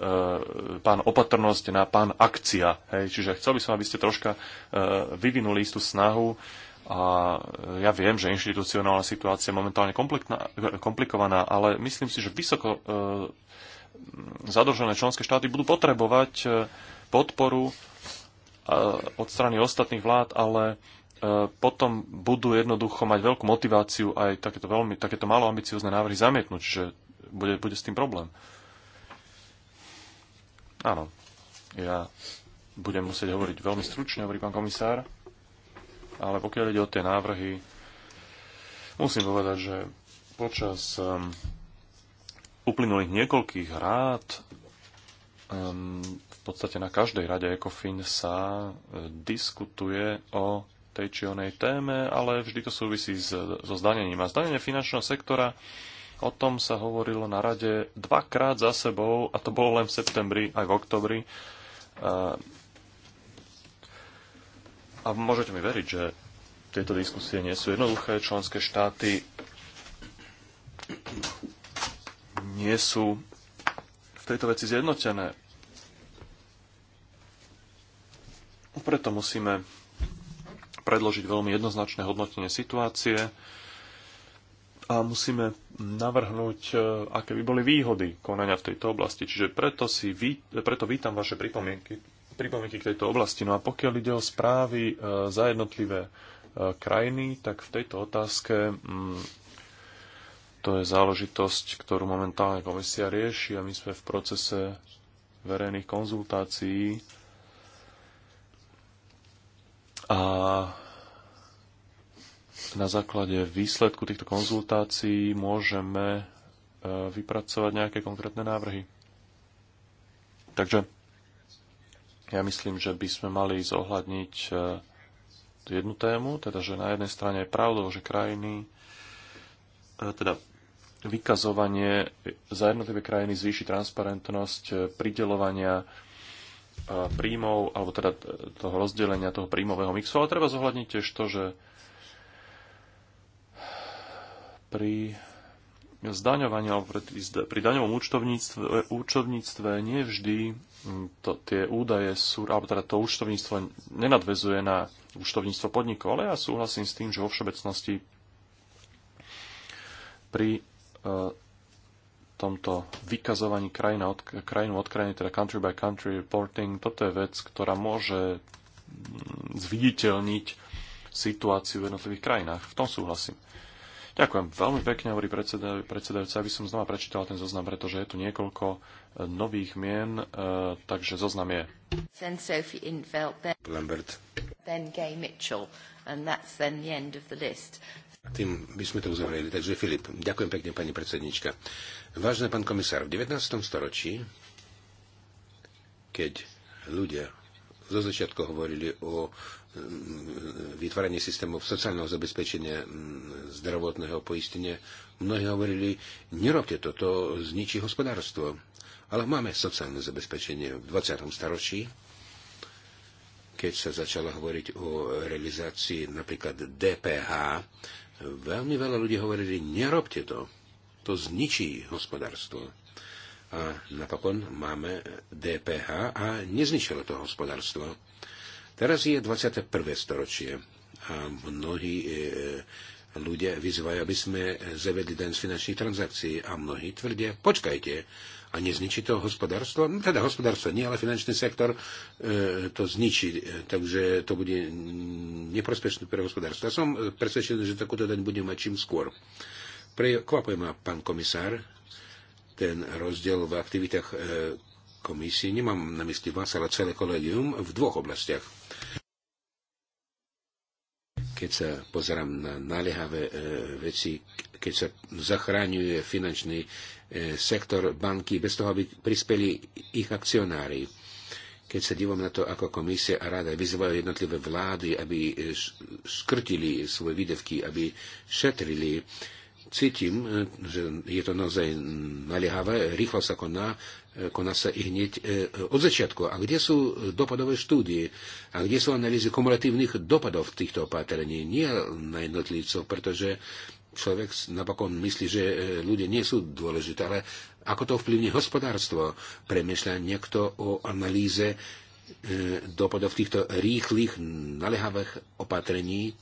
pán opatrnosť na pán akcia. Hej? Čiže chcel by som, aby ste troška e, vyvinuli istú snahu a e, ja viem, že inštitucionálna situácia je momentálne komplikovaná, ale myslím si, že vysoko zadržené členské štáty budú potrebovať podporu od strany ostatných vlád, ale potom budú jednoducho mať veľkú motiváciu aj takéto, veľmi, takéto malo ambiciozne návrhy zamietnúť. Čiže bude, bude s tým problém. Áno, ja budem musieť hovoriť veľmi stručne, hovorí pán komisár, ale pokiaľ ide o tie návrhy, musím povedať, že počas um, uplynulých niekoľkých rád um, v podstate na každej rade ECOFIN sa e, diskutuje o tej či onej téme, ale vždy to súvisí so zdanením. A zdanenie finančného sektora O tom sa hovorilo na rade dvakrát za sebou, a to bolo len v septembri, aj v oktobri. A, a môžete mi veriť, že tieto diskusie nie sú jednoduché. Členské štáty nie sú v tejto veci zjednotené. Preto musíme predložiť veľmi jednoznačné hodnotenie situácie, a musíme navrhnúť, e, aké by boli výhody konania v tejto oblasti. Čiže preto, si ví, preto vítam vaše pripomienky, pripomienky k tejto oblasti. No a pokiaľ ide o správy e, za jednotlivé e, krajiny, tak v tejto otázke mm, to je záležitosť, ktorú momentálne komisia rieši a my sme v procese verejných konzultácií a na základe výsledku týchto konzultácií môžeme e, vypracovať nejaké konkrétne návrhy. Takže ja myslím, že by sme mali zohľadniť e, jednu tému, teda že na jednej strane je pravdou, že krajiny, e, teda vykazovanie za jednotlivé krajiny zvýši transparentnosť pridelovania príjmov, alebo teda toho rozdelenia toho príjmového mixu, ale treba zohľadniť tiež to, že pri zdaňovaní alebo pri, pri daňovom účtovníctve, účtovníctve nie vždy to, tie údaje sú, alebo teda to účtovníctvo nenadvezuje na účtovníctvo podnikov, ale ja súhlasím s tým, že vo všeobecnosti pri e, tomto vykazovaní krajina od, krajinu od krajiny, teda country by country reporting, toto je vec, ktorá môže mm, zviditeľniť situáciu v jednotlivých krajinách. V tom súhlasím. Ďakujem veľmi pekne, hovorí predseda, Aby som znova prečítal ten zoznam, pretože je tu niekoľko e, nových mien, e, takže zoznam je. Then Sophie Infeld, then Lambert, Ben Gay Mitchell, and that's then the end of the list. tým by sme to uzavreli. Takže Filip, ďakujem pekne, pani predsednička. Vážne pán komisár, v 19. storočí, keď ľudia zo začiatku hovorili o mm, vytváraní systémov sociálneho zabezpečenia, mm, zdravotného poistenia. Mnohí hovorili, nerobte to, to zničí hospodárstvo. Ale máme sociálne zabezpečenie v 20. storočí, keď sa začalo hovoriť o realizácii napríklad DPH, veľmi veľa ľudí hovorili, nerobte to, to zničí hospodárstvo. A napokon máme DPH a nezničilo to hospodárstvo. Teraz je 21. storočie a mnohí e, e, ľudia vyzvajú, aby sme zavedli daň z finančných transakcií a mnohí tvrdia, počkajte, a nezničí to hospodárstvo? No, teda hospodárstvo nie, ale finančný sektor e, to zničí, e, takže to bude neprospešné pre hospodárstvo. Ja som presvedčený, že takúto daň budeme mať čím skôr. Prekvapuje ma pán komisár, ten rozdiel v aktivitách e, komisie, nemám na mysli vás, ale celé kolegium, v dvoch oblastiach. Keď sa pozerám na naliehavé e, veci, keď sa zachráňuje finančný e, sektor banky bez toho, aby prispeli ich akcionári. Keď sa divom na to, ako komisia a rada vyzývajú jednotlivé vlády, aby skrtili svoje výdevky, aby šetrili, cítim, e, že je to naozaj naliehavé, rýchlo sa koná, e, koná sa i hneď e, od začiatku. A kde sú dopadové štúdie? A kde sú analýzy kumulatívnych dopadov týchto opatrení? Nie na jednotlivcov, pretože človek napokon myslí, že ľudia nie sú dôležité, ale ako to vplyvní hospodárstvo? Premýšľa niekto o analýze dopadov týchto rýchlych, naliehavých opatrení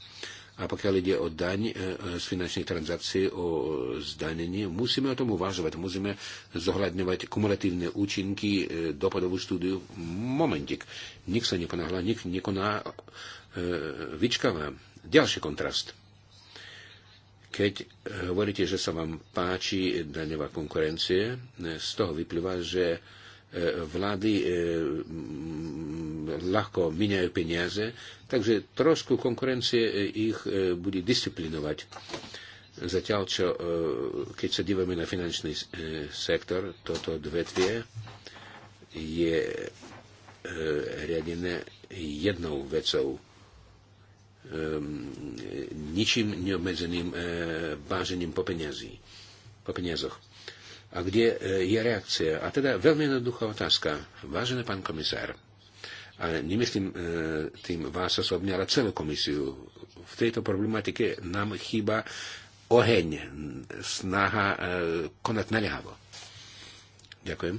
a pokiaľ ide o daň e, e, z finančných transakcie, o e, zdanenie, musíme o tom uvažovať, musíme zohľadňovať kumulatívne účinky, dopadovú štúdiu. Momentik. Nik sa neponáhľa, nik nekoná, vyčkáva. Ďalší kontrast. Keď hovoríte, že sa vám páči daňová konkurencie, z toho vyplýva, že E, vlády e, ľahko miniajú peniaze, takže trošku konkurencie e, ich bude disciplinovať. Zatiaľ, čo keď sa dívame na finančný sektor, toto dvetvie je riadené jednou vecou ehm, ničím neobmedzeným bážením po peniazí, po peniazoch a kde e, je reakcia. A teda veľmi jednoduchá otázka. Vážený pán komisár, a nemyslím e, tým vás osobne, ale celú komisiu. V tejto problematike nám chýba oheň, snaha e, konať naliehavo. Ďakujem.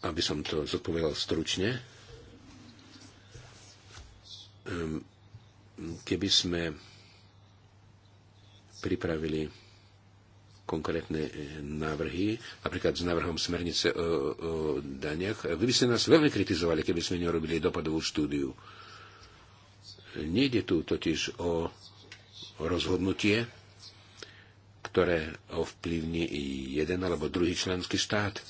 Aby som to zodpovedal stručne, ehm, keby sme pripravili konkrétne e, návrhy, napríklad s návrhom smernice o, o daniach. Vy by ste nás veľmi kritizovali, keby sme neurobili dopadovú štúdiu. Nejde tu totiž o rozhodnutie, ktoré ovplyvní jeden alebo druhý členský štát.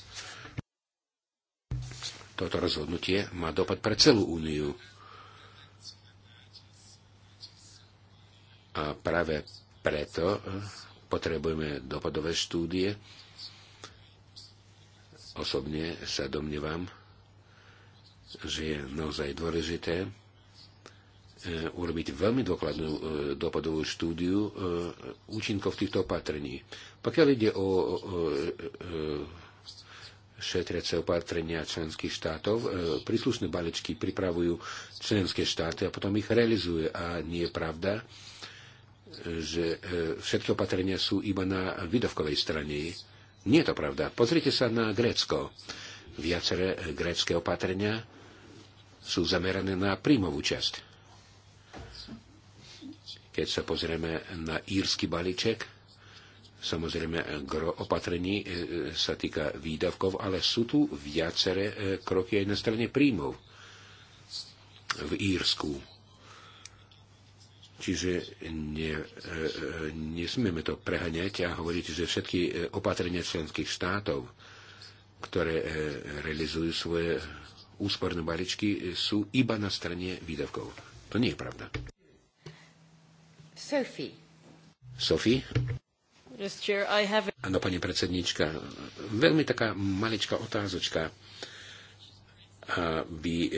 Toto rozhodnutie má dopad pre celú úniu. A práve preto eh, potrebujeme dopadové štúdie. Osobne sa domnievam, že je naozaj dôležité eh, urobiť veľmi dôkladnú eh, dopadovú štúdiu účinkov týchto opatrení. Pokiaľ ide o šetriace opatrenia členských štátov, príslušné balečky pripravujú členské štáty a potom ich realizuje. A nie je pravda, že e, všetky opatrenia sú iba na výdavkovej strane. Nie je to pravda. Pozrite sa na Grécko. Viaceré e, grécké opatrenia sú zamerané na príjmovú časť. Keď sa pozrieme na írsky balíček, samozrejme e, gro opatrení sa týka výdavkov, ale sú tu viaceré kroky aj na strane príjmov v Írsku Čiže ne, e, e, nesmieme to prehaňať a hovoriť, že všetky e, opatrenia členských štátov, ktoré realizujú svoje úsporné baličky, sú iba na strane výdavkov. To nie je pravda. Sophie. Sophie? Áno, pani predsednička, veľmi taká maličká otázočka aby e,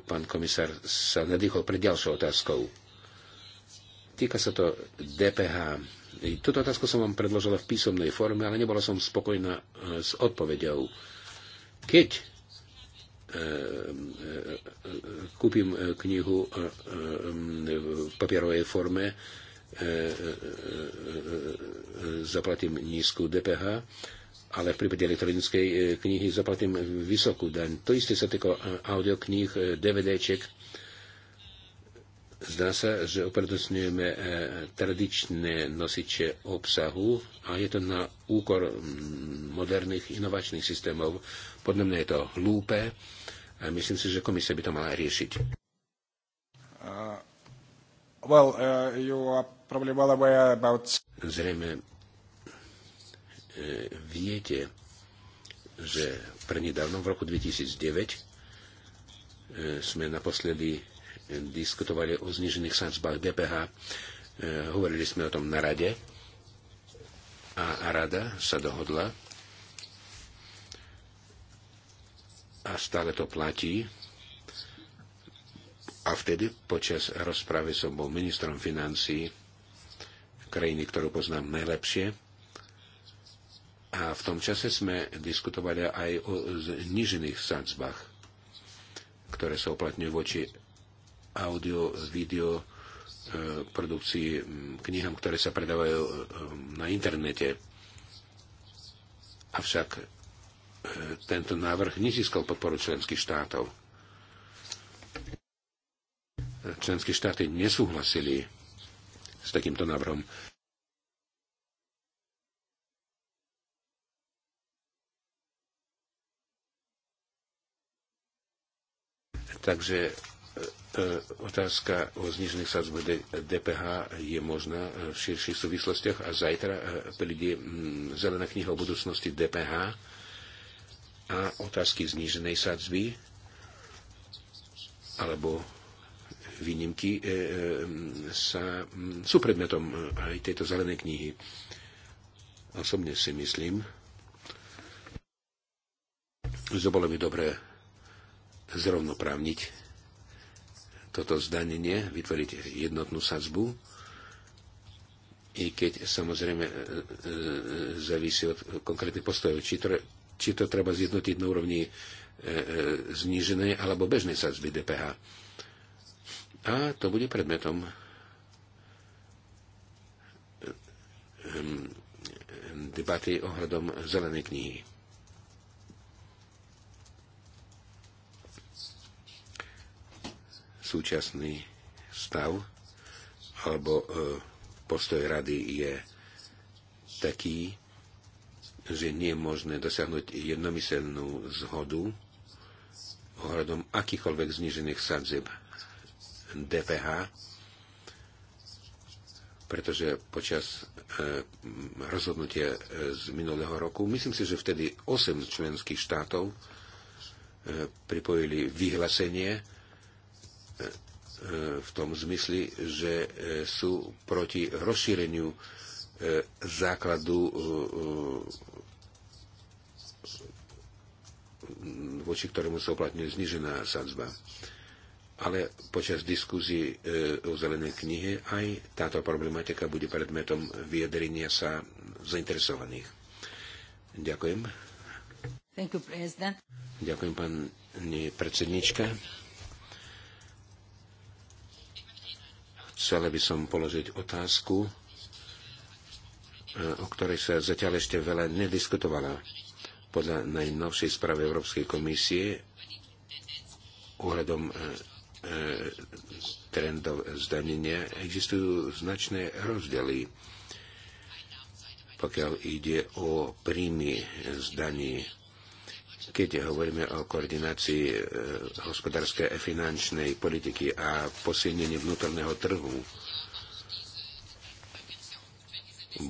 pán komisár sa nadýchol pred ďalšou otázkou Týka sa to DPH. Tuto otázku som vám predložila v písomnej forme, ale nebola som spokojná e, s odpovedou. Keď e, e, kúpim knihu v papierovej forme, zaplatím nízku DPH, ale v prípade elektronickej knihy zaplatím vysokú daň. To isté sa týka audiokníh, DVD-čiek, Zdá sa, že opredosňujeme e, tradičné nosiče obsahu a je to na úkor mm, moderných inovačných systémov. Podľa mňa je to hlúpe a myslím si, že komisia by to mala riešiť. Uh, well, uh, you are well aware about... Zrejme e, viete, že prenedávno v roku 2009 e, sme naposledy diskutovali o znižených sadzbách DPH. E, hovorili sme o tom na rade a rada sa dohodla a stále to platí. A vtedy počas rozpravy som bol ministrom financí krajiny, ktorú poznám najlepšie. A v tom čase sme diskutovali aj o znižených sadzbách, ktoré sa uplatňujú voči audio, video e, produkcii knihám, ktoré sa predávajú e, na internete. Avšak e, tento návrh nezískal podporu členských štátov. Členské štáty nesúhlasili s takýmto návrhom. Takže E, otázka o znižených sadzbe DPH je možná e, v širších súvislostiach a zajtra e, príde zelená kniha o budúcnosti DPH a otázky zniženej sadzby alebo výnimky sa, sú predmetom aj tejto zelenej knihy. Osobne si myslím, že bolo mi dobré zrovnoprávniť toto zdanenie, vytvoriť jednotnú sadzbu, i keď samozrejme e, e, závisí od konkrétnych postojov, či to, či to treba zjednotiť na úrovni e, zníženej alebo bežnej sadzby DPH. A to bude predmetom debaty ohľadom zelenej knihy. súčasný stav alebo e, postoj rady je taký, že nie je možné dosiahnuť jednomyselnú zhodu ohľadom akýchkoľvek znižených sadzieb DPH, pretože počas e, rozhodnutia e, z minulého roku, myslím si, že vtedy 8 členských štátov pripojili vyhlásenie, v tom zmysli, že e, sú proti rozšíreniu e, základu e, voči ktorému sa uplatňuje znižená sadzba. Ale počas diskuzí o zelenej knihe aj táto problematika bude predmetom vyjadrenia sa zainteresovaných. Ďakujem. Thank You, Ďakujem, pani predsednička. Chcela by som položiť otázku, e, o ktorej sa zatiaľ ešte veľa nediskutovala. Podľa najnovšej správy Európskej komisie ohľadom e, e, trendov zdanenia existujú značné rozdiely, pokiaľ ide o príjmy zdaní keď hovoríme o koordinácii e, hospodárskej a finančnej politiky a posilnení vnútorného trhu,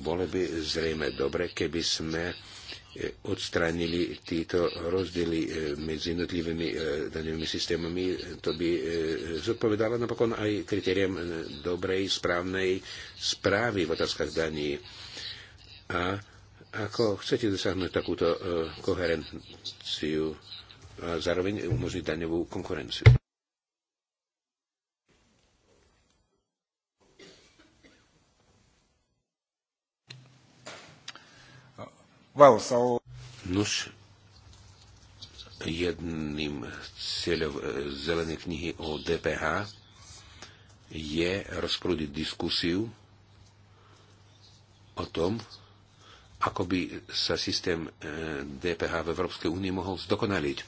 bolo by zrejme dobre, keby sme e, odstránili títo rozdiely e, medzi jednotlivými daňovými systémami. To by zodpovedalo napokon aj kritériám dobrej, správnej správy v otázkach daní. A ako chcete dosiahnuť takúto e, koherenciu a zároveň umožniť daňovú konkurenciu? Well, so... Nuž, jedným cieľom e, zelenej knihy o DPH je rozprúdiť diskusiu o tom, ako by sa systém e, DPH v Európskej únii mohol zdokonaliť.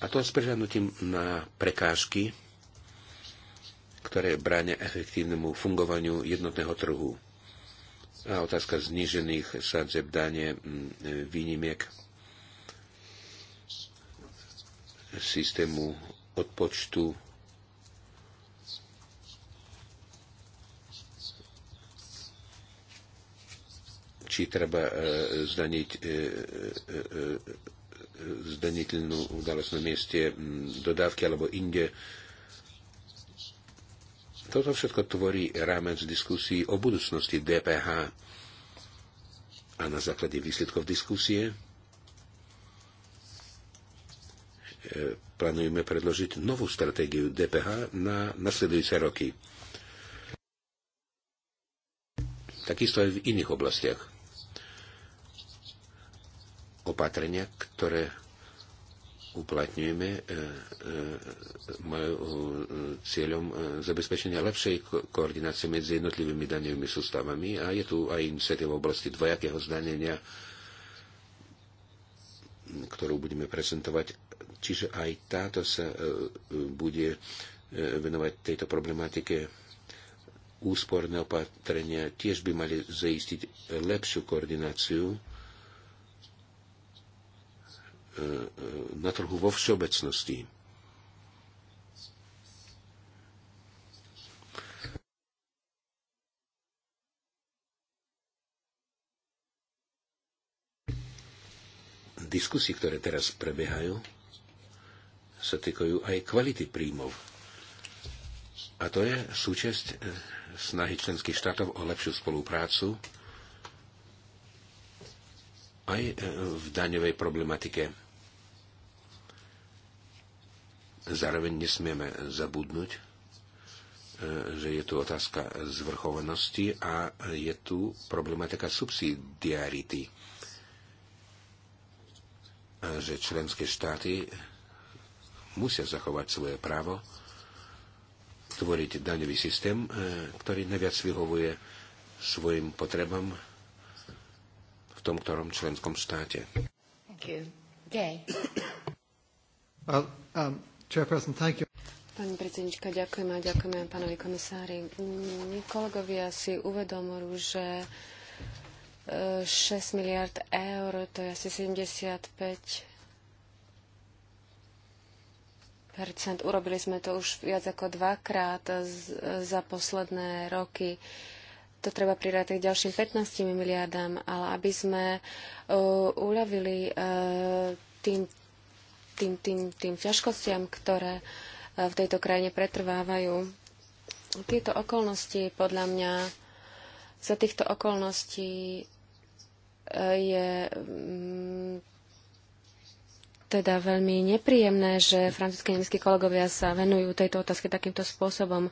A to s prihľadnutím na prekážky, ktoré bráňa efektívnemu fungovaniu jednotného trhu. A otázka znižených sadzeb dane e, výnimiek systému odpočtu či treba zdaniť e, zdaniteľnú e, e, udalosť na mieste dodávky alebo inde. Toto všetko tvorí rámec diskusí o budúcnosti DPH a na základe výsledkov diskusie plánujeme predložiť novú stratégiu DPH na nasledujúce roky. Takisto aj v iných oblastiach opatrenia, ktoré uplatňujeme, e, e, majú e, cieľom zabezpečenia lepšej koordinácie medzi jednotlivými daňovými sústavami a je tu aj iniciatíva v oblasti dvojakého zdanenia, ktorú budeme prezentovať. Čiže aj táto sa bude venovať tejto problematike. Úsporné opatrenia tiež by mali zaistiť lepšiu koordináciu E, e, na trhu vo všeobecnosti. Diskusie, ktoré teraz prebiehajú, sa týkajú aj kvality príjmov. A to je súčasť e, snahy členských štátov o lepšiu spoluprácu aj v daňovej problematike. Zároveň nesmieme zabudnúť, e, že je tu otázka zvrchovanosti a je tu problematika subsidiarity. že členské štáty musia zachovať svoje právo tvoriť daňový systém, e, ktorý neviac vyhovuje svojim potrebám v tom ktorom členskom štáte. Thank you. Okay. Well, um, Chairperson, thank you. Pani predsednička, ďakujem a ďakujem aj pánovi komisári. Mm, kolegovia si uvedomujú, že 6 e, miliard eur, to je asi 75 Urobili sme to už viac ako dvakrát za posledné roky to treba prirátať k ďalším 15 miliardám, ale aby sme e, uľavili e, tým tým, tým, tým ťažkostiam, ktoré e, v tejto krajine pretrvávajú. Tieto okolnosti, podľa mňa, za týchto okolností e, je mm, teda veľmi nepríjemné, že francúzské a nemeckí kolegovia sa venujú tejto otázke takýmto spôsobom.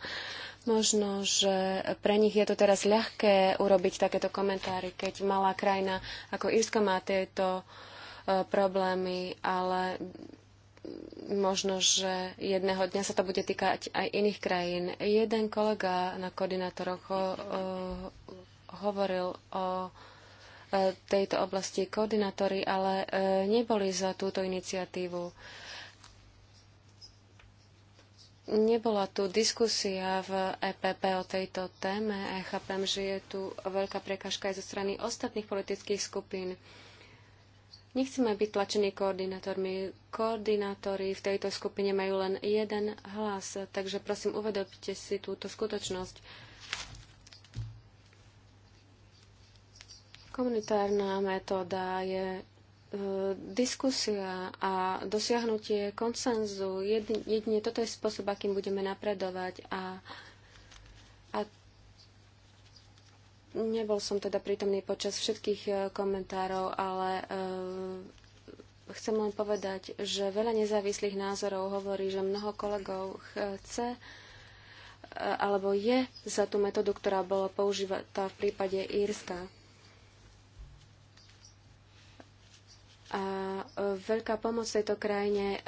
Možno, že pre nich je to teraz ľahké urobiť takéto komentáry, keď malá krajina ako Írska má tieto uh, E, problémy, ale možno, že jedného dňa sa to bude týkať aj iných krajín. Jeden kolega na koordinátoroch ho, e, ho, e, hovoril o tejto oblasti koordinátory, ale neboli za túto iniciatívu. Nebola tu diskusia v EPP o tejto téme a ja chápem, že je tu veľká prekažka aj zo strany ostatných politických skupín. Nechceme byť tlačení koordinátormi. Koordinátori v tejto skupine majú len jeden hlas, takže prosím, uvedomte si túto skutočnosť. Komunitárna metóda je e, diskusia a dosiahnutie konsenzu. Jedine, toto je spôsob, akým budeme napredovať a Nebol som teda prítomný počas všetkých e, komentárov, ale e, chcem len povedať, že veľa nezávislých názorov hovorí, že mnoho kolegov chce e, alebo je za tú metódu, ktorá bola používatá v prípade Írska. A veľká pomoc tejto krajine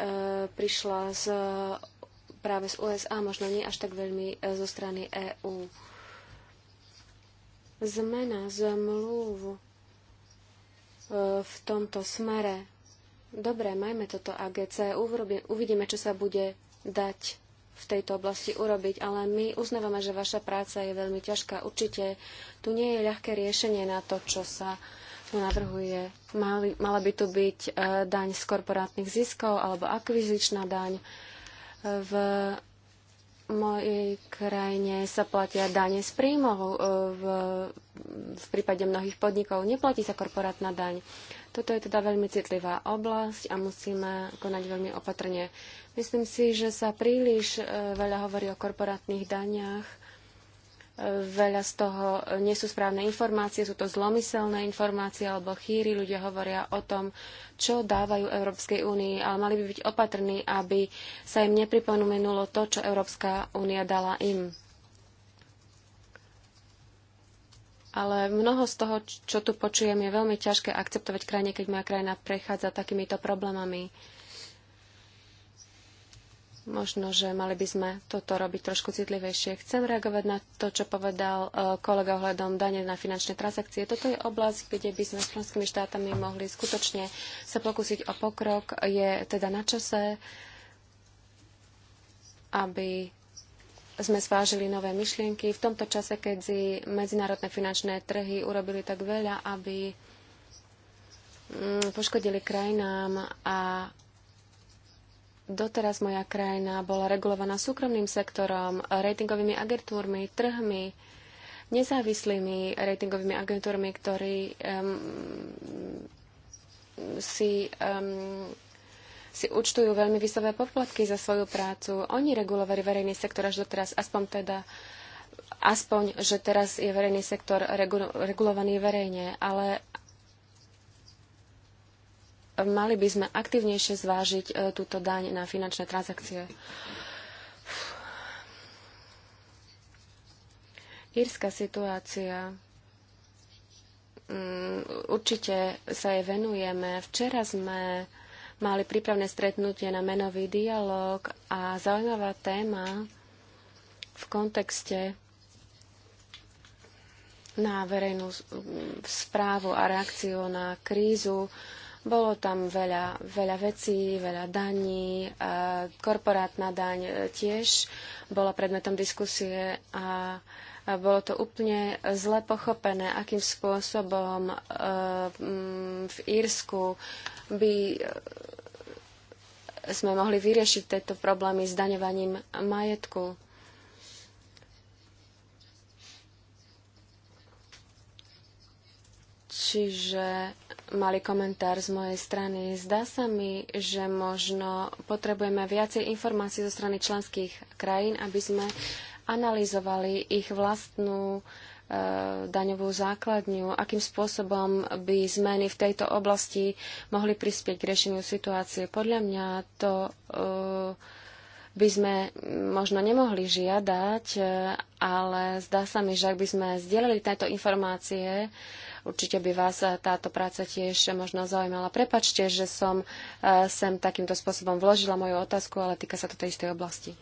prišla z, práve z USA, možno nie až tak veľmi zo strany EÚ zmena zmluv e, v tomto smere. Dobre, majme toto AGC, uvidíme, čo sa bude dať v tejto oblasti urobiť, ale my uznávame, že vaša práca je veľmi ťažká. Určite tu nie je ľahké riešenie na to, čo sa tu navrhuje. Mali, mala by tu byť e, daň z korporátnych ziskov alebo akvizičná daň. E, v mojej krajine sa platia dane z príjmov e, v, v prípade mnohých podnikov. Neplatí sa korporátna daň. Toto je teda veľmi citlivá oblasť a musíme konať veľmi opatrne. Myslím si, že sa príliš e, veľa hovorí o korporátnych daniach Veľa z toho nie sú správne informácie, sú to zlomyselné informácie alebo chýry. Ľudia hovoria o tom, čo dávajú Európskej únii, ale mali by byť opatrní, aby sa im nepripomenulo to, čo Európska únia dala im. Ale mnoho z toho, čo tu počujem, je veľmi ťažké akceptovať krajine, keď moja krajina prechádza takýmito problémami. Možno, že mali by sme toto robiť trošku citlivejšie. Chcem reagovať na to, čo povedal e, kolega ohľadom dane na finančné transakcie. Toto je oblasť, kde by sme s členskými štátami mohli skutočne sa pokúsiť o pokrok. Je teda na čase, aby sme zvážili nové myšlienky. V tomto čase, keď si medzinárodné finančné trhy urobili tak veľa, aby mm, poškodili krajinám a Doteraz moja krajina bola regulovaná súkromným sektorom, ratingovými agentúrmi, trhmi, nezávislými ratingovými agentúrmi, ktorí um, si, um, si účtujú veľmi vysoké poplatky za svoju prácu. Oni regulovali verejný sektor až doteraz, aspoň teda aspoň, že teraz je verejný sektor regu regulovaný verejne, ale mali by sme aktívnejšie zvážiť e, túto daň na finančné transakcie. Írska situácia. Mm, určite sa jej venujeme. Včera sme mali prípravné stretnutie na menový dialog a zaujímavá téma v kontexte na verejnú správu a reakciu na krízu bolo tam veľa, veľa vecí, veľa daní, a korporátna daň e, tiež bola predmetom diskusie a a bolo to úplne zle pochopené, akým spôsobom e, v Írsku by e, sme mohli vyriešiť tieto problémy s daňovaním majetku. Čiže malý komentár z mojej strany. Zdá sa mi, že možno potrebujeme viacej informácií zo strany členských krajín, aby sme analyzovali ich vlastnú e, daňovú základňu, akým spôsobom by zmeny v tejto oblasti mohli prispieť k riešeniu situácie. Podľa mňa to e, by sme možno nemohli žiadať, e, ale zdá sa mi, že ak by sme zdieľali tieto informácie, Určite by vás eh, táto práca tiež možno zaujímala. Prepačte, že som eh, sem takýmto spôsobom vložila moju otázku, ale týka sa to tej istej oblasti.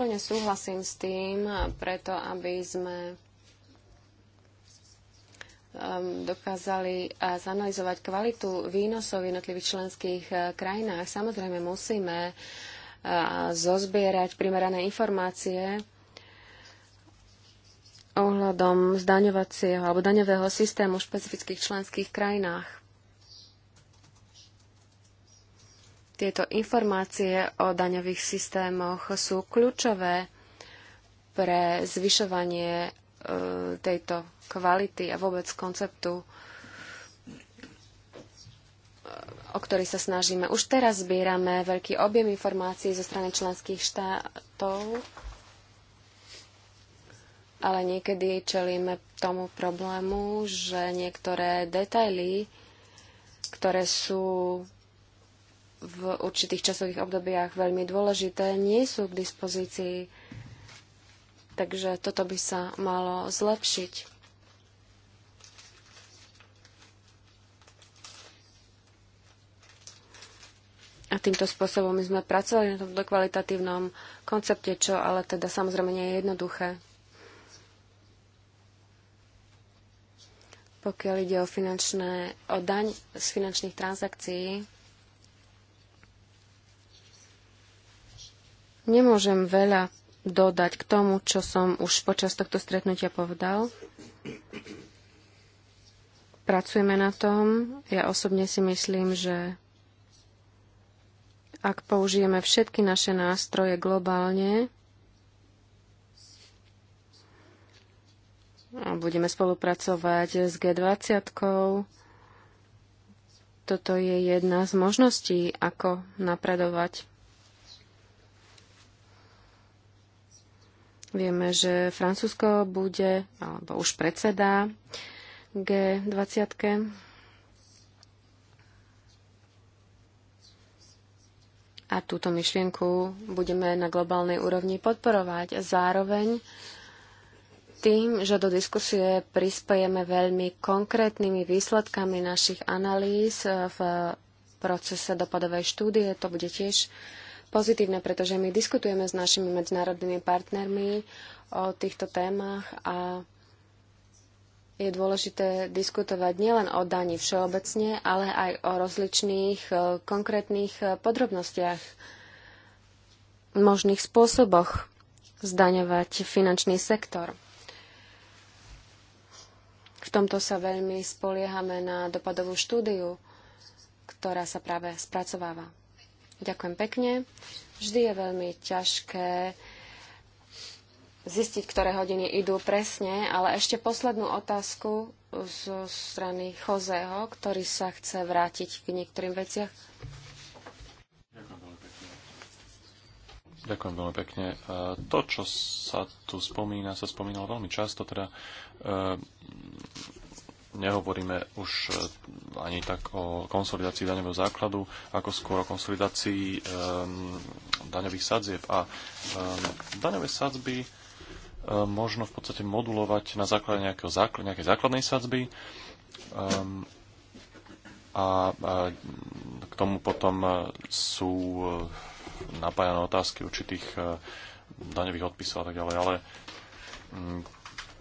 Plne súhlasím s tým, eh, preto aby sme ehm, dokázali zanalizovať kvalitu výnosov v jednotlivých členských krajinách. Samozrejme musíme zozbierať primerané informácie ohľadom zdaňovacieho alebo daňového systému v špecifických členských krajinách. Tieto informácie o daňových systémoch sú kľúčové pre zvyšovanie e, tejto kvality a vôbec konceptu, e, o ktorý sa snažíme. Už teraz zbierame veľký objem informácií zo strany členských štátov ale niekedy čelíme tomu problému, že niektoré detaily, ktoré sú v určitých časových obdobiach veľmi dôležité, nie sú k dispozícii. Takže toto by sa malo zlepšiť. A týmto spôsobom my sme pracovali na tomto kvalitatívnom koncepte, čo ale teda samozrejme nie je jednoduché. pokiaľ ide o, finančné, o daň z finančných transakcií, nemôžem veľa dodať k tomu, čo som už počas tohto stretnutia povedal. Pracujeme na tom. Ja osobne si myslím, že ak použijeme všetky naše nástroje globálne, Budeme spolupracovať s G20. Toto je jedna z možností, ako napredovať. Vieme, že Francúzsko bude, alebo už predsedá G20. a túto myšlienku budeme na globálnej úrovni podporovať. Zároveň tým, že do diskusie prispojeme veľmi konkrétnymi výsledkami našich analýz e, v procese dopadovej štúdie. To bude tiež pozitívne, pretože my diskutujeme s našimi medzinárodnými partnermi o týchto témach a je dôležité diskutovať nielen o daní všeobecne, ale aj o rozličných e, konkrétnych e, podrobnostiach, možných spôsoboch zdaňovať finančný sektor. V tomto sa veľmi spoliehame na dopadovú štúdiu, ktorá sa práve spracováva. Ďakujem pekne. Vždy je veľmi ťažké zistiť, ktoré hodiny idú presne, ale ešte poslednú otázku zo strany Chozeho, ktorý sa chce vrátiť k niektorým veciach. Ďakujem veľmi pekne. E, to, čo sa tu spomína, sa spomínalo veľmi často, teda e, nehovoríme už e, ani tak o konsolidácii daňového základu, ako skôr o konsolidácii daňových sadzieb. A daňové sadzby možno v podstate modulovať na základe nejakého základ, nejakej základnej sadzby. Um, a, a k tomu potom sú napája na otázky určitých e, daňových odpisov a tak ďalej, ale mm,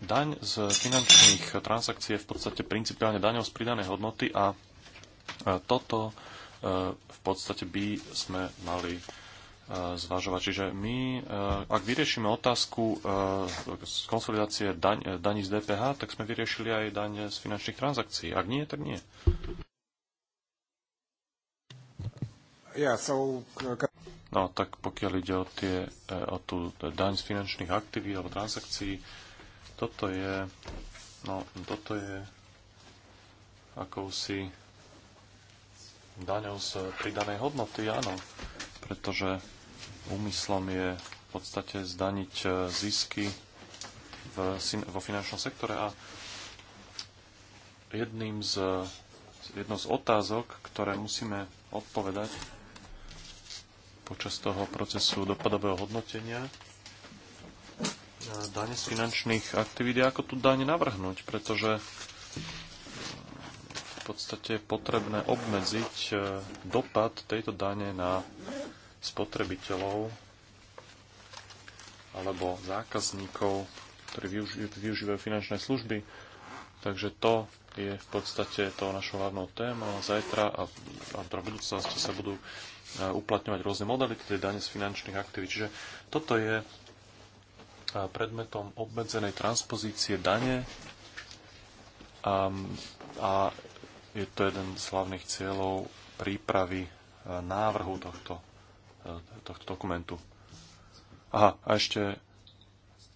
daň z finančných transakcií je v podstate principiálne daňou z pridanej hodnoty a e, toto e, v podstate by sme mali zvažovať. Čiže my, ak vyriešime otázku z konsolidácie daň, daní z DPH, tak sme vyriešili aj daň z finančných transakcií. Ak nie, tak nie. Yeah, so... No tak pokiaľ ide o, tie, e, o tú daň z finančných aktivít alebo transakcií, toto je, no, toto je akousi daňou z pridanej hodnoty, áno, pretože úmyslom je v podstate zdaniť e, zisky v, vo finančnom sektore a jedným z, jednou z otázok, ktoré musíme odpovedať, počas toho procesu dopadového hodnotenia dane z finančných aktivít, ako tu dane navrhnúť, pretože eh, v podstate je potrebné obmedziť eh, dopad tejto dane na spotrebiteľov alebo zákazníkov, ktorí využívajú finančné služby. Takže to je v podstate to našou hlavnou témou. Zajtra a, a v budúcnosti sa budú uplatňovať rôzne modality tej dane z finančných aktivít. Čiže toto je predmetom obmedzenej transpozície dane a, a je to jeden z hlavných cieľov prípravy návrhu tohto, tohto dokumentu. Aha, a ešte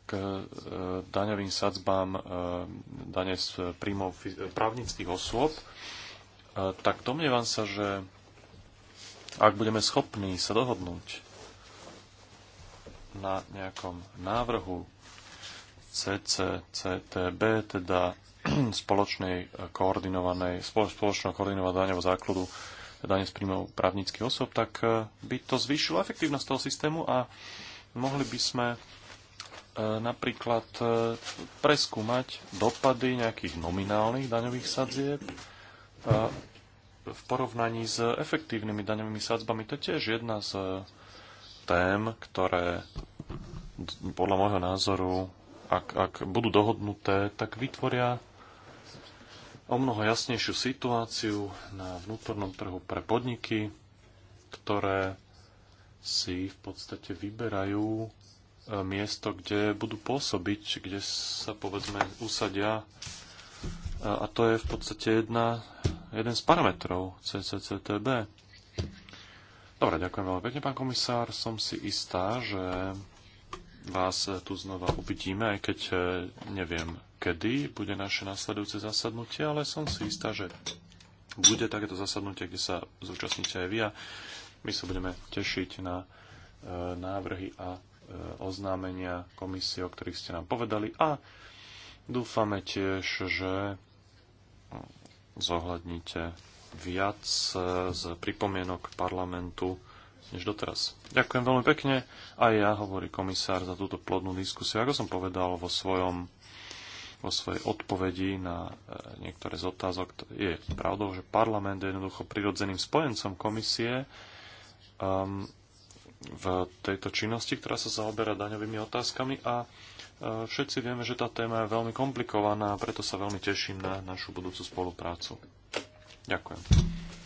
k e, daňovým sadzbám e, dane z príjmov e, právnických osôb, tak domnievam sa, že ak budeme schopní sa dohodnúť na nejakom návrhu CCCTB, teda [clears throat] spoločnej koordinovanej, spoločného koordinovaného daňového základu dane z príjmov právnických osob, tak eh, by to zvýšilo efektívnosť toho systému a mohli by sme eh, napríklad eh, preskúmať dopady nejakých nominálnych daňových sadzieb v porovnaní s efektívnymi daňovými sadzbami. To je tiež jedna z eh, tém, ktoré podľa môjho názoru, ak, ak budú dohodnuté, tak vytvoria o mnoho jasnejšiu situáciu na vnútornom trhu pre podniky, ktoré si v podstate vyberajú eh, miesto, kde budú pôsobiť, kde sa povedzme usadia a to je v podstate jedna, jeden z parametrov CCCTB. Dobre, ďakujem veľmi pekne, pán komisár. Som si istá, že vás tu znova uvidíme, aj keď e, neviem, kedy bude naše nasledujúce zasadnutie, ale som si istá, že bude takéto zasadnutie, kde sa zúčastníte aj vy a my sa budeme tešiť na e, návrhy a e, oznámenia komisie, o ktorých ste nám povedali a Dúfame tiež, že zohľadníte viac eh, z pripomienok parlamentu než doteraz. Ďakujem veľmi pekne a ja, hovorí komisár, za túto plodnú diskusiu. Ako som povedal vo svojom vo svojej odpovedi na eh, niektoré z otázok, je pravdou, že parlament je jednoducho prirodzeným spojencom komisie um, v tejto činnosti, ktorá sa zaoberá daňovými otázkami a Všetci vieme, že tá téma je veľmi komplikovaná a preto sa veľmi teším na našu budúcu spoluprácu. Ďakujem.